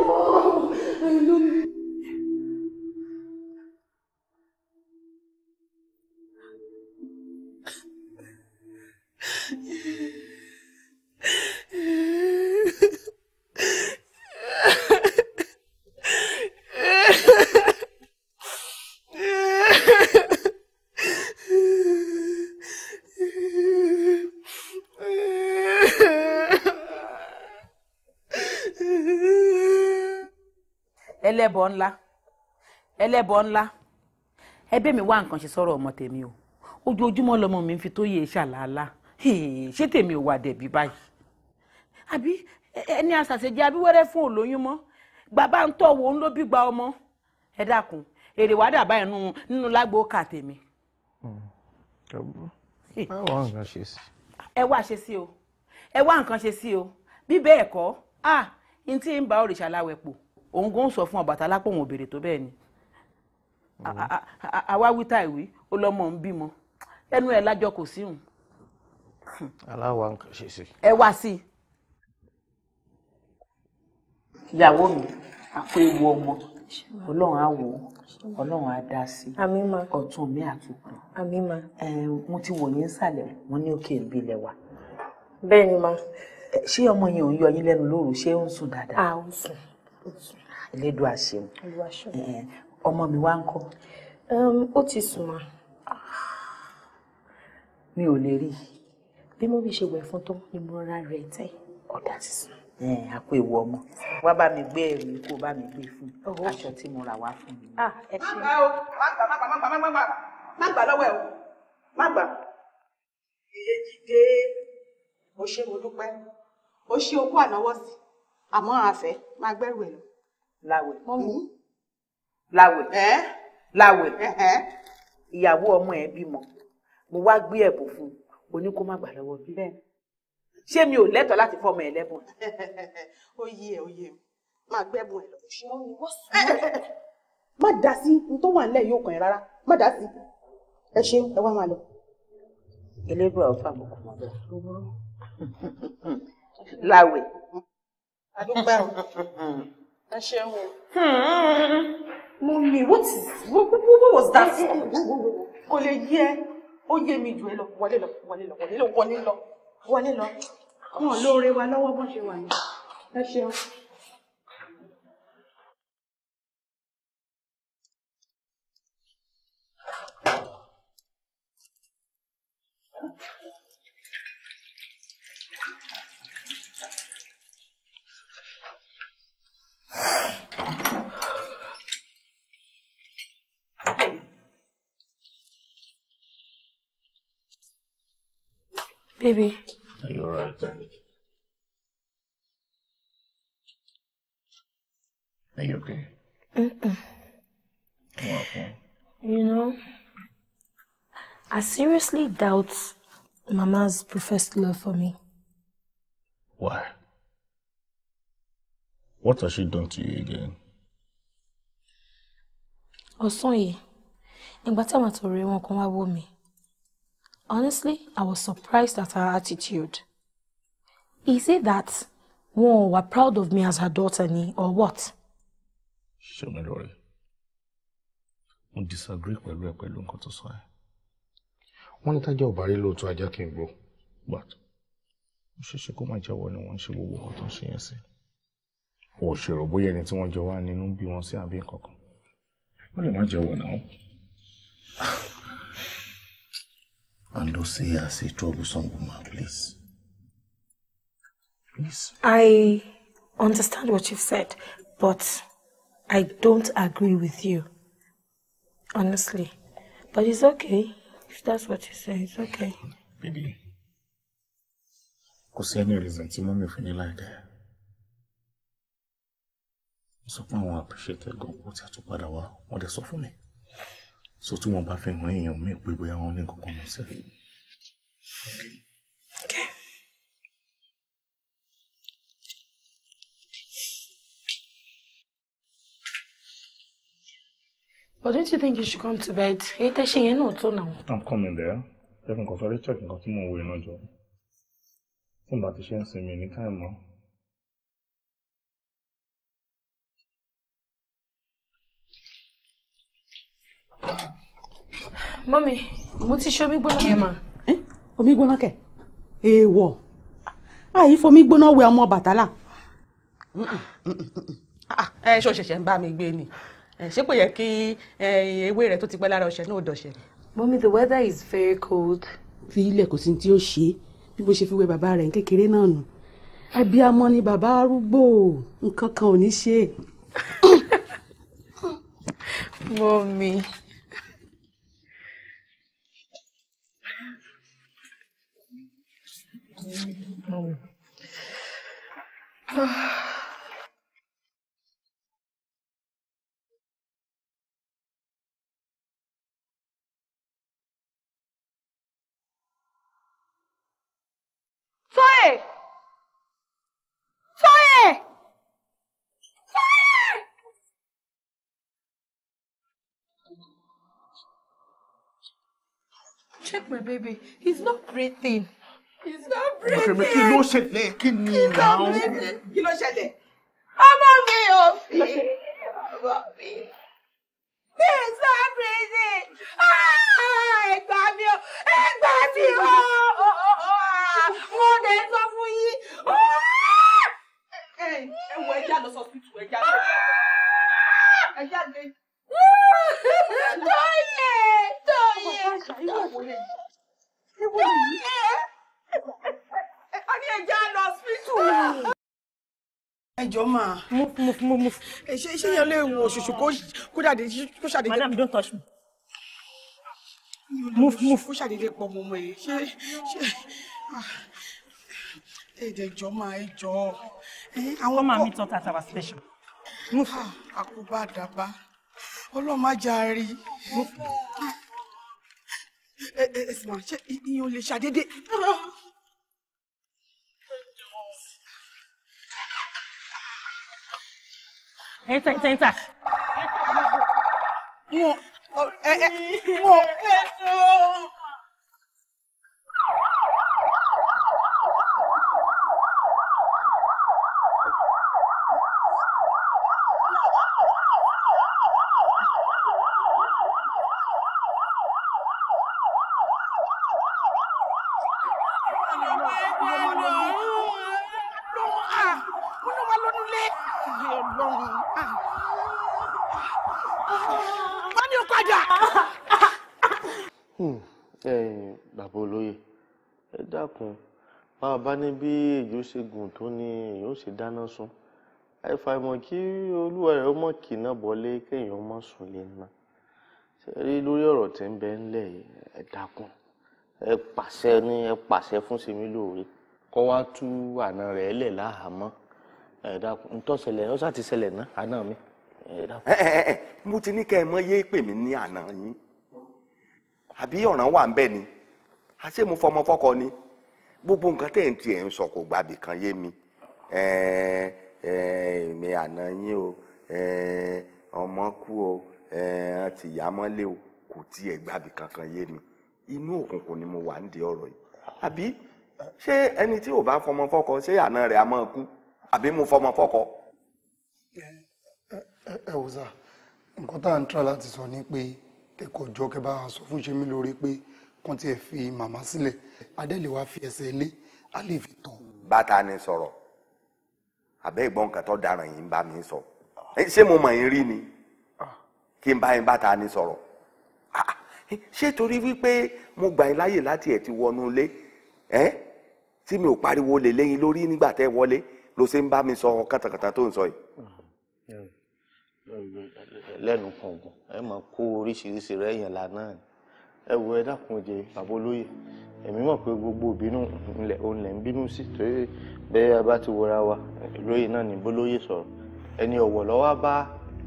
I love you! ẹlẹ́bọ ńlá ẹlẹ́bọ ńlá ẹbẹ́ mi wá nǹkan ṣe sọ̀rọ̀ ọmọ tèmi o ojoojúmọ́ lọmọ mi fi tó yẹ ṣàlàálá ṣé tèmi ò wà dẹ̀bi báyìí àbí ẹni àṣàṣejẹ abíwẹ́rẹ́ fún olóyún mọ́ bàbá ń tọ̀ wò ń ló bí gba ọmọ ẹ dákun èrè wàá dàbá inú nínú lágbo kà tèmi. ẹ wá ṣe sí. o ẹ wá nǹkan ṣe sí o bí bẹ́ẹ̀ kọ́ ah tí ń ba òrìṣà láwẹ̀ pọ̀ òun gan sọ fún Ọbàtálá pé òun ò béèrè tó bẹ́ẹ̀ ni mm-hmm. àwa wí tá ìwí ó lọ́mọ ń bímọ ẹnu ẹ̀ lájọ kò sí hùn. aláwa nǹkan ṣe sí. ẹ wá sí i. ìyàwó mi àpò ewu ọmọ ọlọ́run á wò ó ọlọ́run á dá sí i ọ̀tún mi àtúkùn mo ti wò ní ìsàlẹ̀ wọn ní òkè ìbí ilẹ̀ wa. bẹ́ẹ̀ ni ma. ṣé ọmọ yẹn ò ń yọ yín lẹ́nu lóru ṣé ó ń sùn dáadáa. a ó sùn elédùn àṣeun ọmọ mi wá ń kọ́. ó ti sùn mà. mi ò lè rí i bí mo bí ṣe wẹ̀ fún tó ni mo rọra rẹ̀ tẹ́ ọ̀dà sísun. àpò ìwọ ọmọ wá bá mi gbé ẹrù kó bá mi gbé fún oh, aṣọ tí mo rà wá fún mi. Ah, má gbà o má gbà má gbà má gbà má gbà má gbà lọ́wọ́ ẹ̀ o má gbà. iye jíde o ṣé mo dúpẹ́ o ṣé okú ànáwọ́ sí àmọ́ àfẹ́ máa gbẹ́rù ẹ̀ lọ láwẹ̀ láwẹ̀ láwẹ̀ ìyàwó ọmọ ẹ bímọ mo wá gbé ẹ̀bùn fún un o ní kó má gbà lọ́wọ́ bí ṣé mi ò lẹ́tọ̀ọ́ láti fọmọ ẹ lẹ́bùn. [LAUGHS] ó yé ẹ ó yé ẹ máa gbẹ́bùn ẹ lọ. ṣùgbọ́n mi wọ́n sọ má dá sí ní tó wà nílẹ̀ yóò kàn ẹ́ rárá má dá sí ẹ ṣe ẹ wá máa lọ. elégbè ọ̀fà mo kò mọ̀ bẹ́ẹ̀. [LAUGHS] láwẹ̀. adúpẹ́ o. [LAUGHS] ẹ ṣeun o. mummy what is what, what was that. [LAUGHS] kò lè yí ẹ ó yé mi jù ẹ lọ wọlé lọ wọlé lọ wọlé lọ wọlé lọ wọlé lọ wọn lóore wa lọ́wọ́ bó ṣe wà ní ẹ ṣeun. Baby. Are you alright? Are you okay? Mm-mm. You know, I seriously doubt Mama's professed love for me. Why? What has she done to you again? Ọ̀sán yìí, ìgbà tí àwọn àtọ̀rẹ́ wọn kan wá wò Honestly, I was surprised at her attitude. Is it that wọn were proud of me as her daughter ni or what? Ṣèmílọ́rẹ̀, mo disagree pẹ̀lú ẹ pẹ̀lú nǹkan tó sọ ẹ. Wọ́n ní tájà ọ̀bà rí lóòótọ́ ajá kì í gbó. But ó ṣeéṣe kó má jẹ́wọ́ ni wọ́n ń ṣe gbogbo nǹkan tó she ṣe yẹn sí. Ò ṣèrò bóyá ẹni tí wọ́n jọ wá nínú bí wọ́n sí àbí nǹkan kan. Wọ́n lè má jẹ́wọ́ náà and don't say her as a troublesome woman, please. Please. I understand what you've said, but I don't agree with you. Honestly. But it's okay. If that's what you say, it's okay. Baby. because any reason tí mọ́mí fi ní láìka ẹ̀. Mo sọ pé appreciate gan kó tí a tún padà wá, wọ́n dẹ̀ sọ fún so tí wọ́n bá fi hàn èèyàn mí pé bóyá wọ́n ní kankan mọ̀ sí. But don't you think you should come to bed? Èyí tẹ́ ṣe yẹn I'm coming there. Jẹ́ kí n kàn sáré check nǹkan tí mò ń wo iná jọ. Tí n bá ti ṣe ń mọ́mí mo ti ṣe omi gbóná kẹ́ mà. omi gbóná kẹ̀ èèwọ̀ àyè fomi gbóná wẹ ọmọ bàtálà. ẹ ṣó ṣẹ̀ṣẹ̀ ń bá mi gbé ni ṣé kò yẹ kí ewé rẹ tó ti pẹ́ lára ọṣẹ náà dọ̀ṣẹ̀ ni. mọ́mí the weather is very cold. fi ilẹ̀ kò sí tí ó ṣe bí mo ṣe fi wẹ bàbá rẹ̀ kékeré náà nù abiyamọ ni bàbá arúgbó nǹkan kan ò ní ṣe. mọ́mí. Fire! Check my baby. He's not breathing. It's not breathing. Ọ̀rẹ́ mi kí ló ṣẹlẹ̀ kí ni ìlànà? Kí ló ṣẹlẹ̀? Ọmọ mi ò fi ọmọ mi. It's not breathing. Ẹ gbà mí o, ẹ gbà mí o. Mo lè sọ fún yín. Ah! Ẹ wọ ẹja lọ sọ fún ìtù ẹja lọ. Ah! Ẹja lè. Tóyè! Tóyè! Tóyè! Tóyè! a ní ẹja lọ hospital. ẹjọ máa. move move move move. ṣé ṣé yẹn lè wo ṣùṣù kó jáde kó ṣàdédé. madam don't touch me. move move. kó ṣàdédé pọ̀ mọ́ ọmọ yìí ṣé ṣé ah, ẹjọ máa ẹjọ. àwọn máa mi tán tàtàwà station. Ah, move. àkóbá àdàbà ọlọ́mọ ajá rí. move. ẹ ẹ ẹ sì máa ṣe ìyẹn lè ṣàdédé. Entra, entra, entra. Entra. Entra. Entra. Entra. bá ní bí ejò ṣe gùn tó ni èèyàn ṣe dáná sun àìfàìmọ̀ kí olúwa rẹ̀ ọmọ kìnnà bọ́lé kéèyàn má sùn lè na ṣe lórí ọ̀rọ̀ tí ń bẹ ńlẹ̀ ẹ dákun ẹ pàṣẹ ní ẹ pàṣẹ fún simi lóore kọ́ wá tú àna rẹ̀ lẹ̀ láhàámọ́ ẹ dákun ntọ́sẹ̀lẹ̀ ọ̀sà ti ṣẹlẹ̀ ná àná mi ẹ dákun. mo ti ní kẹ́ ẹ mọ yé pè ní àná yín àbí ọ̀ràn wà ń bẹ ni àṣé mo fọmọ fọkọ ni gbogbo nǹkan tẹ̀ ń tiẹ̀ ń sọ kò gbàbì kan yé mi èmi àná yín o ọmọ kú o àti ìyá mọ́lé o kò tiẹ̀ gbàbì kankan yé mi inú òkùnkùn ni mo wà ń di ọ̀rọ̀ yìí àbí ṣé ẹni tí ò bá fọmọ fọkọ ṣé àná rẹ̀ á máa kú àbí mo fọmọ fọkọ. ẹ wò sá nǹkan tá à ń tra láti sọ ni pé kẹkọọ jọ kẹ bá a sọ fún ṣe mí lórí pé. Eh, kan tiẹ̀ fi màmá sílẹ̀ adẹ́lẹ̀ wa fi ẹsẹ̀ lé a lè fi tàn. bàtà ni sọ̀rọ̀ àbẹ́ ìgbọ́n nǹkan tó daràn yìí ń bá mi sọ ṣé mo mọ̀ yín rí ni kí n bá yín bàtà ni sọ̀rọ̀ ah, ṣé torí wípé mo gbà yín láyè láti ẹ̀ ti wọnú ilé ẹ́ tí mi ò pariwo lè léyìn lórí nígbà tẹ́ wọlé ló ṣe ń bá mi sọ kàtàkàtà tó ń sọ yìí lẹ́nu kọ̀ọ̀kan ẹ máa kó oríṣiríṣi rẹ̀ yàn lánàá ni ẹ wo ẹ dákun jẹ bàbá olóyè èmi mọ̀ pé gbogbo ìbínú ńlẹ̀ òǹlẹ̀ ń bínú sí torí bẹ́ẹ̀ a bá ti wọra wa lóyè náà ní bólóyè sọ̀rọ̀ ẹni ọ̀wọ̀ lọ́wọ́ bá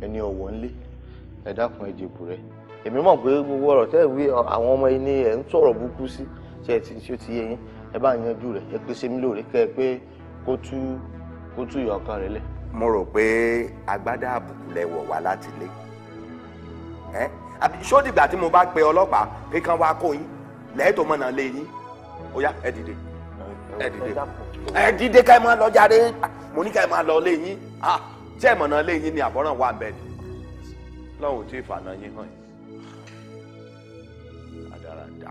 ẹni ọ̀wọ̀ ńlé ẹ dákun ẹ jẹ̀bù rẹ èmi mọ̀ pé gbogbo ọ̀rọ̀ tẹ́ ìwé àwọn ọmọ ilé ẹ̀ ń sọ̀rọ̀ burúkú sí tí ẹ ti ṣe ti yẹ yín ẹ bá yanjú rẹ̀ ẹ pèsè mi lóore kẹ́ ẹ pé kó tú kó tú ìyá ọkàn rẹ lẹ̀. mo rò pé agbádá àbùkù lẹ wọ̀ wá láti lé àbí sódìgbà tí mo bá pe ọlọ́pàá pé kán wá kó yín lẹ́ẹ̀tọ́ mọ̀ náà lé yín ó yá ẹ dìde ẹ dìde ẹ dìde ká ẹ máa lọ jáde mo ní ká ẹ máa lọ lé yín tí ẹ mọ̀ lé yín ni àbọ̀ràn wà bẹ́ẹ̀ ni lọ́hùn tí ìfànà yín hàn yín àdáradá.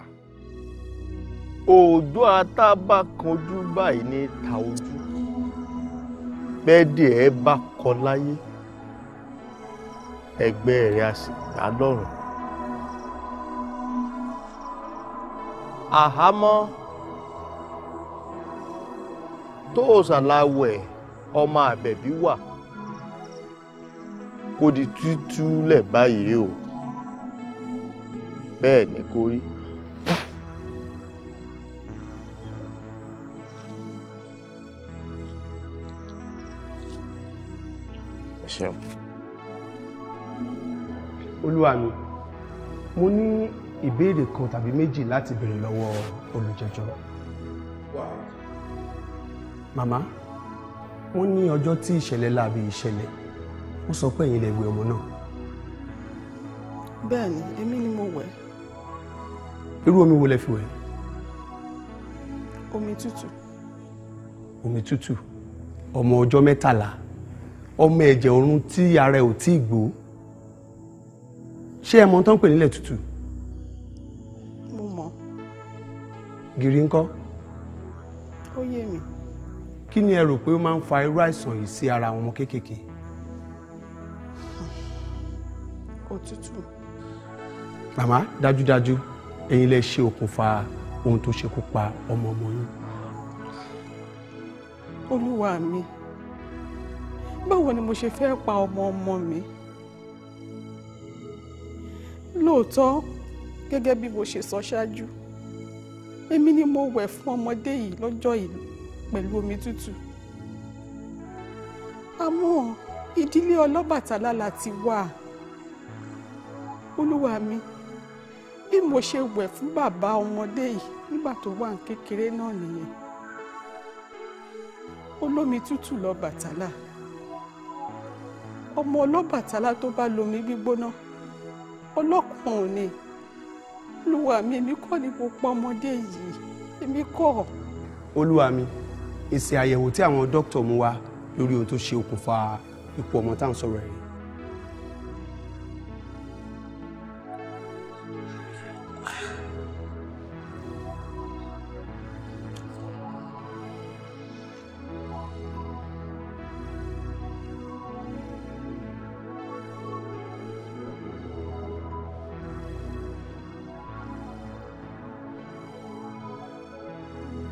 òòjọ́ atábà kanjú báyìí ní ta ojú bẹ́ẹ̀dì ẹ bá kọ láyé ẹgbẹ́ rẹ̀ a sì gbá lọ́rùn. àhámọ́ tóòsà láwẹ̀ ọmọ àbẹ̀bí wà kó di tútú lẹ̀ báyìí o bẹ́ẹ̀ ni kò rí. olúwa mi mo ní ìbéèrè kan tàbí méjì láti béèrè lọ́wọ́ olùjẹ́jọ́. màmá wọ́n ní ọjọ́ tí ìṣẹ̀lẹ̀ láabi ìṣẹ̀lẹ̀ wọ́n sọ pé ẹ̀yin lẹ wẹ̀ ọmọ náà. bẹ́ẹ̀ni èmi ni mo wẹ̀. irú omi wo lẹ fi wẹ̀. omi tútù. omi tútù ọmọ ọjọ́ mẹ́tàlá ọmọ ẹ̀jẹ̀ ọ̀run tí ara ẹ̀ ò tí ì gbó ṣé ẹ mọ tán pè nílẹ̀ tútù. gìrì ńkọ́. ó yé mi. kí ni ẹ rò pé ó máa ń fa irú àìsàn yìí sí ara àwọn ọmọ kéékèèké. òtútù. màmá dájúdájú ẹ̀yin lè ṣe okùnfà ohun tó ṣekú pa ọmọ ọmọ yín. olúwa mi báwo ni mo ṣe fẹ́ pa ọmọ ọmọ mi lóòótọ́ gẹ́gẹ́ bí mo ṣe sọ ṣáájú. So èmi ni mo wẹ̀ fún ọmọdé yìí lọ́jọ́ yìí pẹ̀lú omi tútù àmọ́ ìdílé ọlọ́bàtálá la ti wà olúwa mi bí mo ṣe wẹ̀ fún bàbá ọmọdé yìí nígbà tó wà ní kékeré náà nìyẹn olómi tútù lọ́bàtálá ọmọ ọlọ́bàtálá tó bá lomi gbígbóná ọlọ́kùnrin ni olúwa mi èmi kọ́ ni mo pa ọmọdé yìí èmi kọ́. olúwa mi èsì àyẹ̀wò tí àwọn dókítà mú wá lórí ohun tó ṣe okùnfà ikú ọmọ tá sọ̀rọ̀ yìí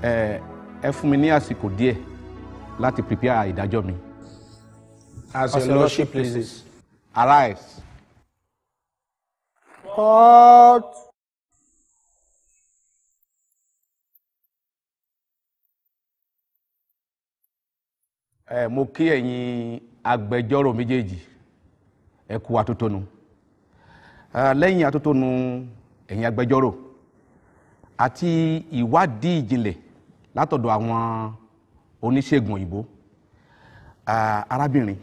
ẹ ẹ fún mi ní àsìkò díẹ̀ láti prepare ìdájọ́ mi. as your lordship places, arise. court. ẹ mo kí ẹ̀yin agbẹjọ́rò méjèèjì ẹ kú àtótónu lẹ́yìn àtótónu ẹ̀yin agbẹjọ́rò àti ìwádìí ìjìnlẹ̀ látọ̀dọ̀ àwọn oníṣègùn òyìnbó arábìnrin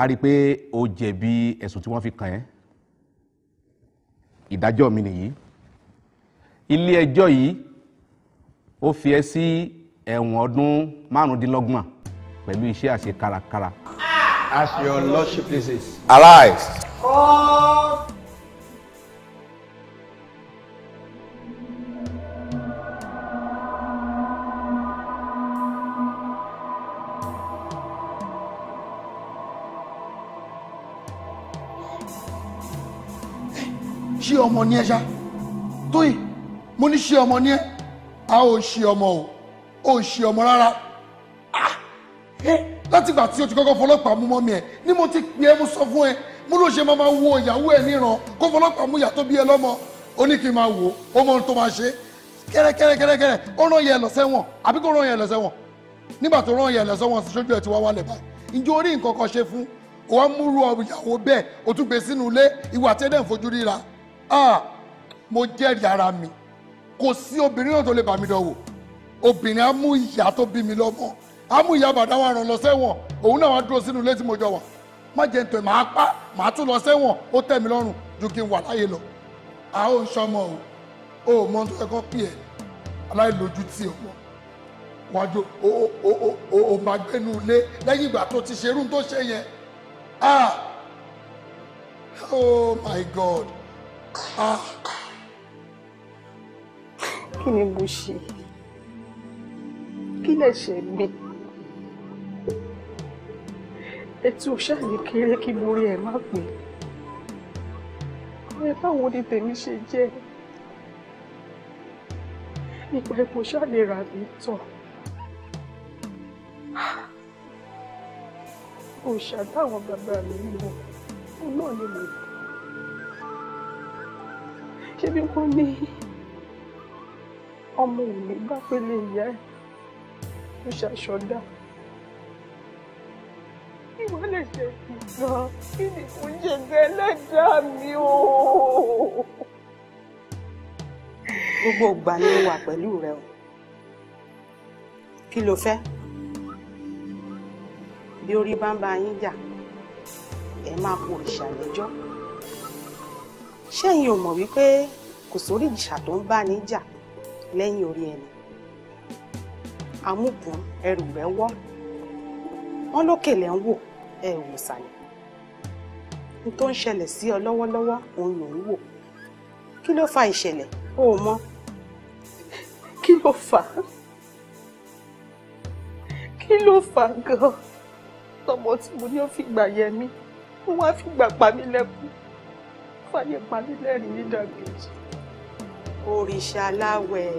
a rí i pé o jẹ̀bi ẹ̀sùn tí wọ́n fi kàn ẹ́ ìdájọ́ mi nìyí ilé ẹjọ́ yìí ó fi ẹ́ sí ẹ̀wọ̀n ọdún márùndínlọ́gbọ̀n pẹ̀lú iṣẹ́ àṣekárakára. as your lordship pleases. arise. God. ṣé ọmọ ní ẹ ṣá tóyìn mo ní ṣé ọmọ ní ẹ a ò ṣe ọmọ o ò ṣe ọmọ rárá ah! látìgbà tí o ti kọ́kọ́ fọlọ́pàá mú mọ́mí ẹ ni mo ti pè é mo sọ fún ẹ mo ló ṣe máa ma wo ìyàwó ẹ níran kó fọlọ́pàá mú ìyá tó bí ẹ lọ́mọ ó ní kí n máa wò ó mọ ohun tó máa ṣe kẹ́rẹ́kẹ́rẹ́kẹ́rẹ́ ó rán yẹn lọ sẹ́wọ̀n àbí kó rán yẹn lọ sẹ́wọ̀n nígbà tó rán yẹn lọ sẹ́wọ̀n sójú ẹ̀ ti wá wálẹ̀ báyìí ǹjẹ́ orí nǹkan kan ṣe fún wa múru ìyàwó bẹ́ẹ̀ o tún gbé e sínú ilé ìwà tẹ́lẹ̀ ń fojú ríra ah mo jẹ́rìí ara mi kò sí obìnrin náà tó lè bà mí dánwò obìnrin á mú ìyá tó bí mi lọ́mọ á mú ìyá bàdá wa ràn lọ sẹ́wọ̀n òun náà wá dúró sínú ilé tí mo jọ wà má jẹ́ ntọ́ màá pa màá tún lọ sẹ́wọ̀n ó tẹ́ mi lọ́rùn ju kí n wà láyé lọ a ó ń sọmọ o ò mọ tó ẹkọ pì ẹ aláìlójú ọmọ wájú o o o o o máa gbẹnu ilé lẹ́yìn ìgbà tó ti ṣerú tó ṣe yẹn ah oh my god kí ni mo ṣe kí lè ṣe mí etí ò ṣàlè kéré kí mo rí ẹ má pè ẹ báwo ni tèmi ṣe jẹ nípa epo ṣàlè rà mí tọ òòṣà táwọn bàbá mi mọ òun náà ni mo kọ ṣebí wọ́n ní ọmọ òní bá pélé ìyá ẹ̀ tó ṣàṣọdá ìwọ lè ṣe ìgbà kí ni kò jẹ bẹ́ẹ̀ lẹ́dàá mi o. gbogbo ìgbà ni mo wà pẹ̀lú rẹ o kí ló fẹ́ bí orí bá ń bá yín jà ẹ máa po òrìṣà ṣẹ́yìn ò mọ̀ wípé kò sórí ìṣà tó ń bá ní jà lẹ́yìn orí ẹni amúbùn ẹrù rẹ wọ́ wọn lókè lẹ́ ń wò ẹ wò sàlẹ̀ n tó ń ṣẹlẹ̀ sí ọ lọ́wọ́lọ́wọ́ òun ló ń wò kí ló fa ìṣẹ̀lẹ̀ ó mọ kí ló fà á kí ló fà á gan-an tọmọ tí mo ní ó fìgbà yẹ mí wọn á fìgbà pa mí lẹ́kùn fàyè parí lẹ́rìn nídàkejì. òrìṣà láwẹ̀.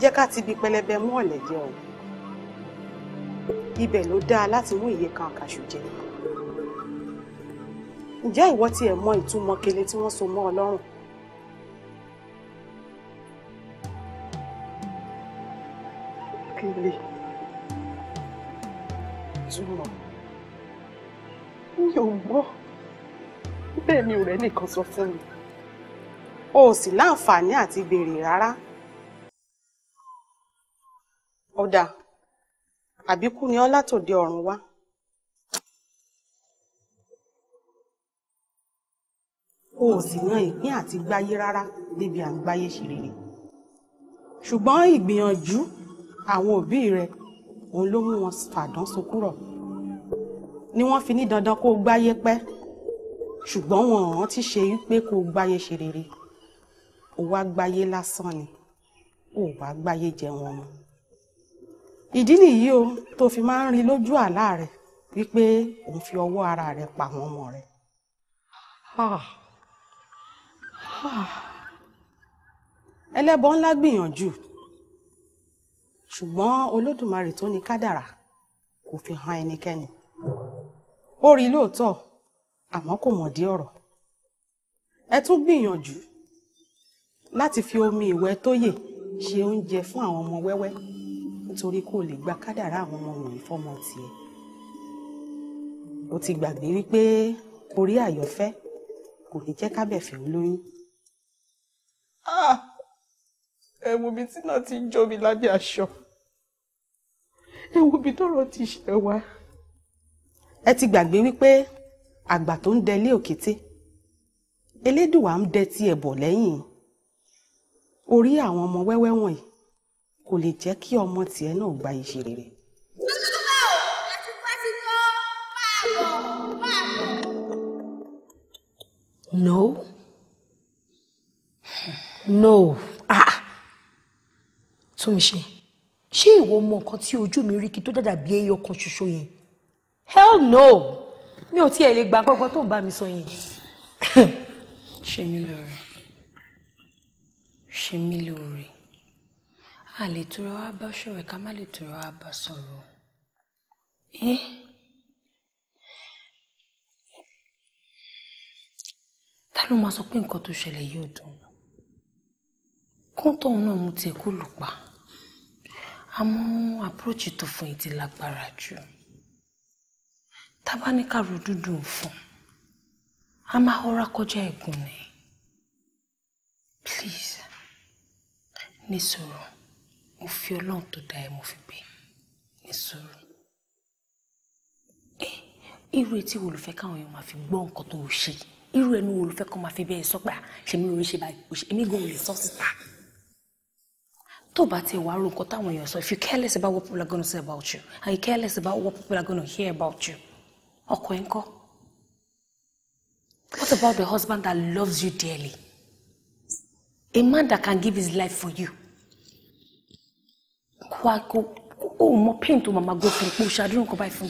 jẹ́ ká ti bi pẹlẹbẹ mú ọ̀lẹ̀ jẹ o ibẹ̀ ló dáa láti mú iye kan àkàṣù jẹ ǹjẹ́ ìwọ tiẹ̀ mọ ìtumọ̀ kele tí wọ́n so mọ́ ọ lọ́rùn. kele túmọ̀ mi ò gbọ́ bẹ́ẹ̀ mi ò rẹ́ nìkan sọ fún mi o ò sì láǹfààní àti béèrè rárá ọ̀dà àbíkú ni ọ́ látòde ọ̀run wá. o ò sì yan ìpín àti gbáyé rárá débi à ń gbáyé ṣe rere ṣùgbọ́n ìgbìyànjú àwọn òbí rẹ òun ló mú wọn fàdán sokúrọ̀ ni wọ́n fi ní dandan kó o gbáyé pẹ́ ṣùgbọ́n wọn ò rántí ṣe wípé kó o gbáyé ṣe rere ò wá gbáyé lásán ni ò wá gbáyé jẹun ọmọ ìdí nìyí o tó fi máa ń rí lójú àlá rẹ wípé òun fi ọwọ́ ara rẹ pa àwọn ọmọ rẹ. Ah. Ah. ẹlẹ́bọ ńlá gbìyànjú ṣùgbọ́n olódùmarè tó ní kádàrá kò fi hàn ẹnikẹ́ni ó rí lóòótọ́ àmọ́ kò mọ̀ dí ọ̀rọ̀ ẹ tún gbìyànjú láti fi omi ìwẹ̀ tóyè ṣe oúnjẹ fún àwọn ọmọ wẹ́wẹ́ nítorí kó lè gba kádàrá àwọn ọmọ wọ̀nyí fọ́mọ tiẹ̀ ó ti gbàgbé wípé orí àyọ̀fẹ́ kò ní jẹ́ kábẹ̀fẹ́ olóyún. ẹ wo ibi tí náà ti ń jó mi lábẹ́ aṣọ ẹ wo ibi ti ṣe wá ẹ ti gbàgbé wípé àgbà tó ń dẹlé òkété elédùwà ń dẹ tiẹ̀ bọ̀ lẹ́yìn orí àwọn ọmọ wẹ́wẹ́ wọ̀nyí kò lè jẹ́ kí ọmọ tiẹ̀ náà gba iṣẹ́ rere. no no ah túnmí ṣe ṣé ìwọ mọ nǹkan tí ojú mi rí kí tó dàdà bí ẹyọ kan ṣoṣo yẹn hell no mi ò tiẹ̀ lè gba gbọ́gbọ́ tó ń bá mi sọ yẹn [LAUGHS] ṣe mí lóore ṣe mí lóore a lè tura wa bá ṣọ̀rẹ́ ká má lè tura wa bá sọ̀rọ̀ ta ló máa sọ pé nǹkan tó ṣẹlẹ̀ yóò dùn kóńtọ̀ náà mo tiẹ̀ kó lù pa àmọ́ àpúròchì tó fún yìí ti lágbára jù tábánikàrò dúdú fún a máa họra kọjá ẹ̀gùn ni please ní mo fi ọlọ́run tó dá ẹ mo fi bẹ̀ ní ẹ eh, irú etí wo ló fẹ́ káwọn èèyàn máa fi gbọ́ nǹkan tó o ṣe irú ẹnu wo ló fẹ́ kọ́ máa fi bẹ́ẹ̀ sọ ṣèmi ló ṣe báyìí èmi gan ò lè síta tó bá ti wàá ro nǹkan táwọn èèyàn sọ if you care less about what people are gonna say about you and you care less about what people are gonna hear about you ọkọ ẹ̀ what about the husband that loves you dearly a man that can give his life for you kó o mọ pain tó màmá gbófin pé o ṣàdúró nǹkan báyìí fún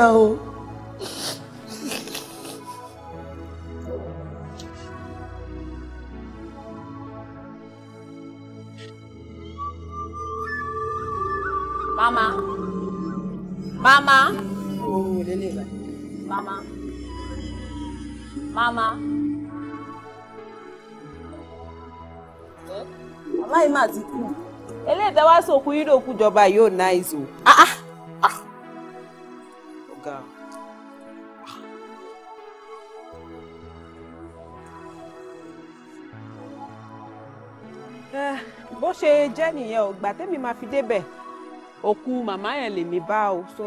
dáadáa o. mama mama. ohun èlé lè bá. mama mama. aláìmọ̀ àti kù eléyìí tẹ́ wá sókun yín ló kú jọba yóò náà ìzò. jẹ́ nìyẹn ò gbà tẹ́mi máa fi débẹ̀ òkú màmá yẹn lèmi bá o so.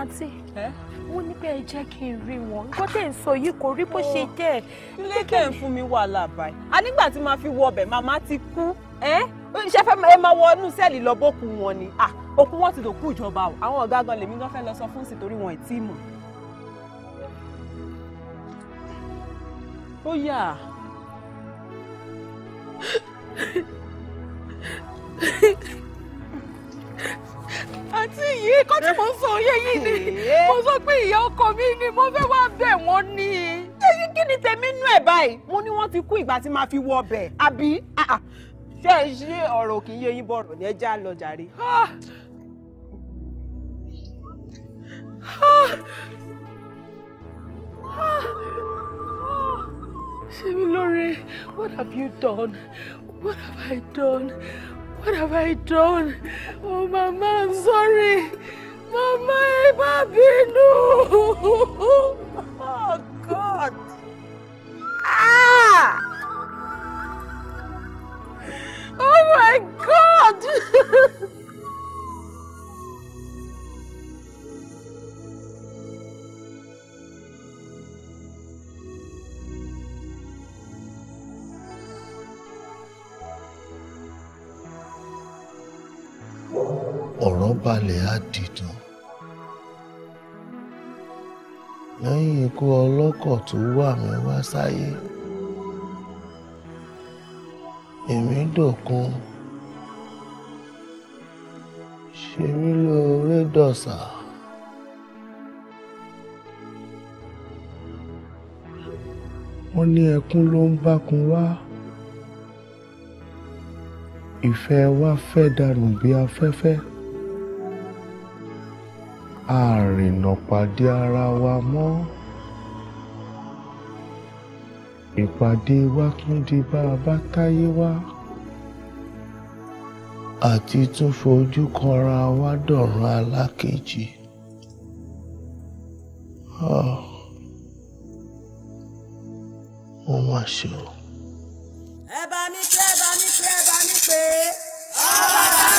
àǹtí wọ́n ní bẹ́ẹ̀ jẹ́ kí n rí wọn nǹkan tẹ̀ ń sọ yìí kò rí bó ṣe oh. jẹ́ ẹ̀. ilé tẹ̀ ń fún mi wàhálà báyìí a nígbà tí màá fi wọ ọbẹ̀ màmá ti kú ẹ́ ṣe fẹ́ ẹ máa wọ inú sẹ́ẹ̀lì lọ bókù wọn ni òkú wọn ti dòkú ìjọba o àwọn ọ̀gá gan lèmi gan fẹ́ lọ sọ fún sí torí wọn ì tí mọ̀. ó yà á àti yìí kọ́ tí mo sọ yé yìí ni mo sọ pé ìyá ọkọ mi ni mo fẹ́ wá bẹ̀ wọ́n ni. kí ni tèmi nú ẹ̀ báyìí mo ní wọ́n ti kú ìgbà tí màá fi wọ ọbẹ̀ àbí ṣe é ṣe ọ̀rọ̀ kì í yé yín bọ̀rọ̀ ní ẹja lọ jàre. Ah. Ah. Ah. Ṣé mi lóore, what have you done? What have I done? What have I done? Oh, Mama, I'm sorry. Mama, baby, [LAUGHS] no! Oh, God. Ah! Oh, my God. [LAUGHS] balẹ̀ á dìdùn. lẹ́yìn ikú ọlọ́kọ̀ tó wà mí wá sáyé èmi dòkun ṣe mí lóore dọ̀sà. wọ́n ní ẹkún ló ń bákun wá ìfẹ́ wa fẹ́ darùn bí afẹ́fẹ́ àrìnà pàdé ara wa mọ́ ìpàdé wa tún di bá a bá táyé wá àti tún fojú kanra wa dọ̀run alákejì. wọ́n ah, máa ṣe o. ẹ bá mi pé ẹ bá mi pé ẹ bá mi pé ọba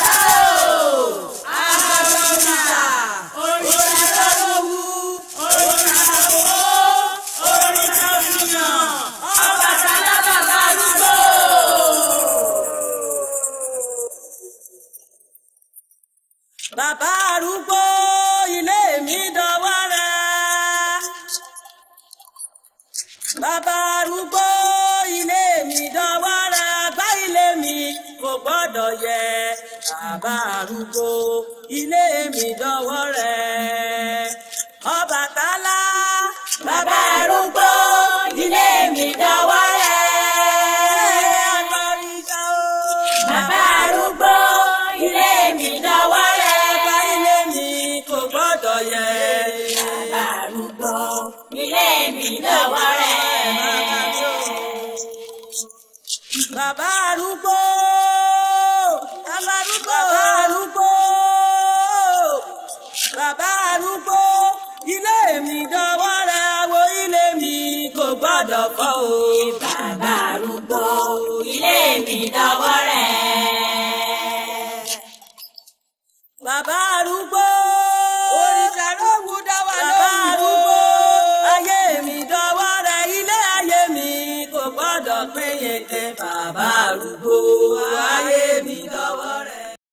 bàbá arúgbó ilé mi dánwárà gbá ilé mi kò gbọ́dọ̀ yẹ bàbá arúgbó ilé mi dánwọ́ rẹ̀ Ọbàtálá bàbá arúgbó. gbọ́dọ̀ fọ́ o. bàbá arúgbó ilé mi dọwọ́ rẹ̀. bàbá arúgbó. òrìṣà ló wù dáwà lóhùn. bàbá arúgbó ayé mi dọwọ́ rẹ̀.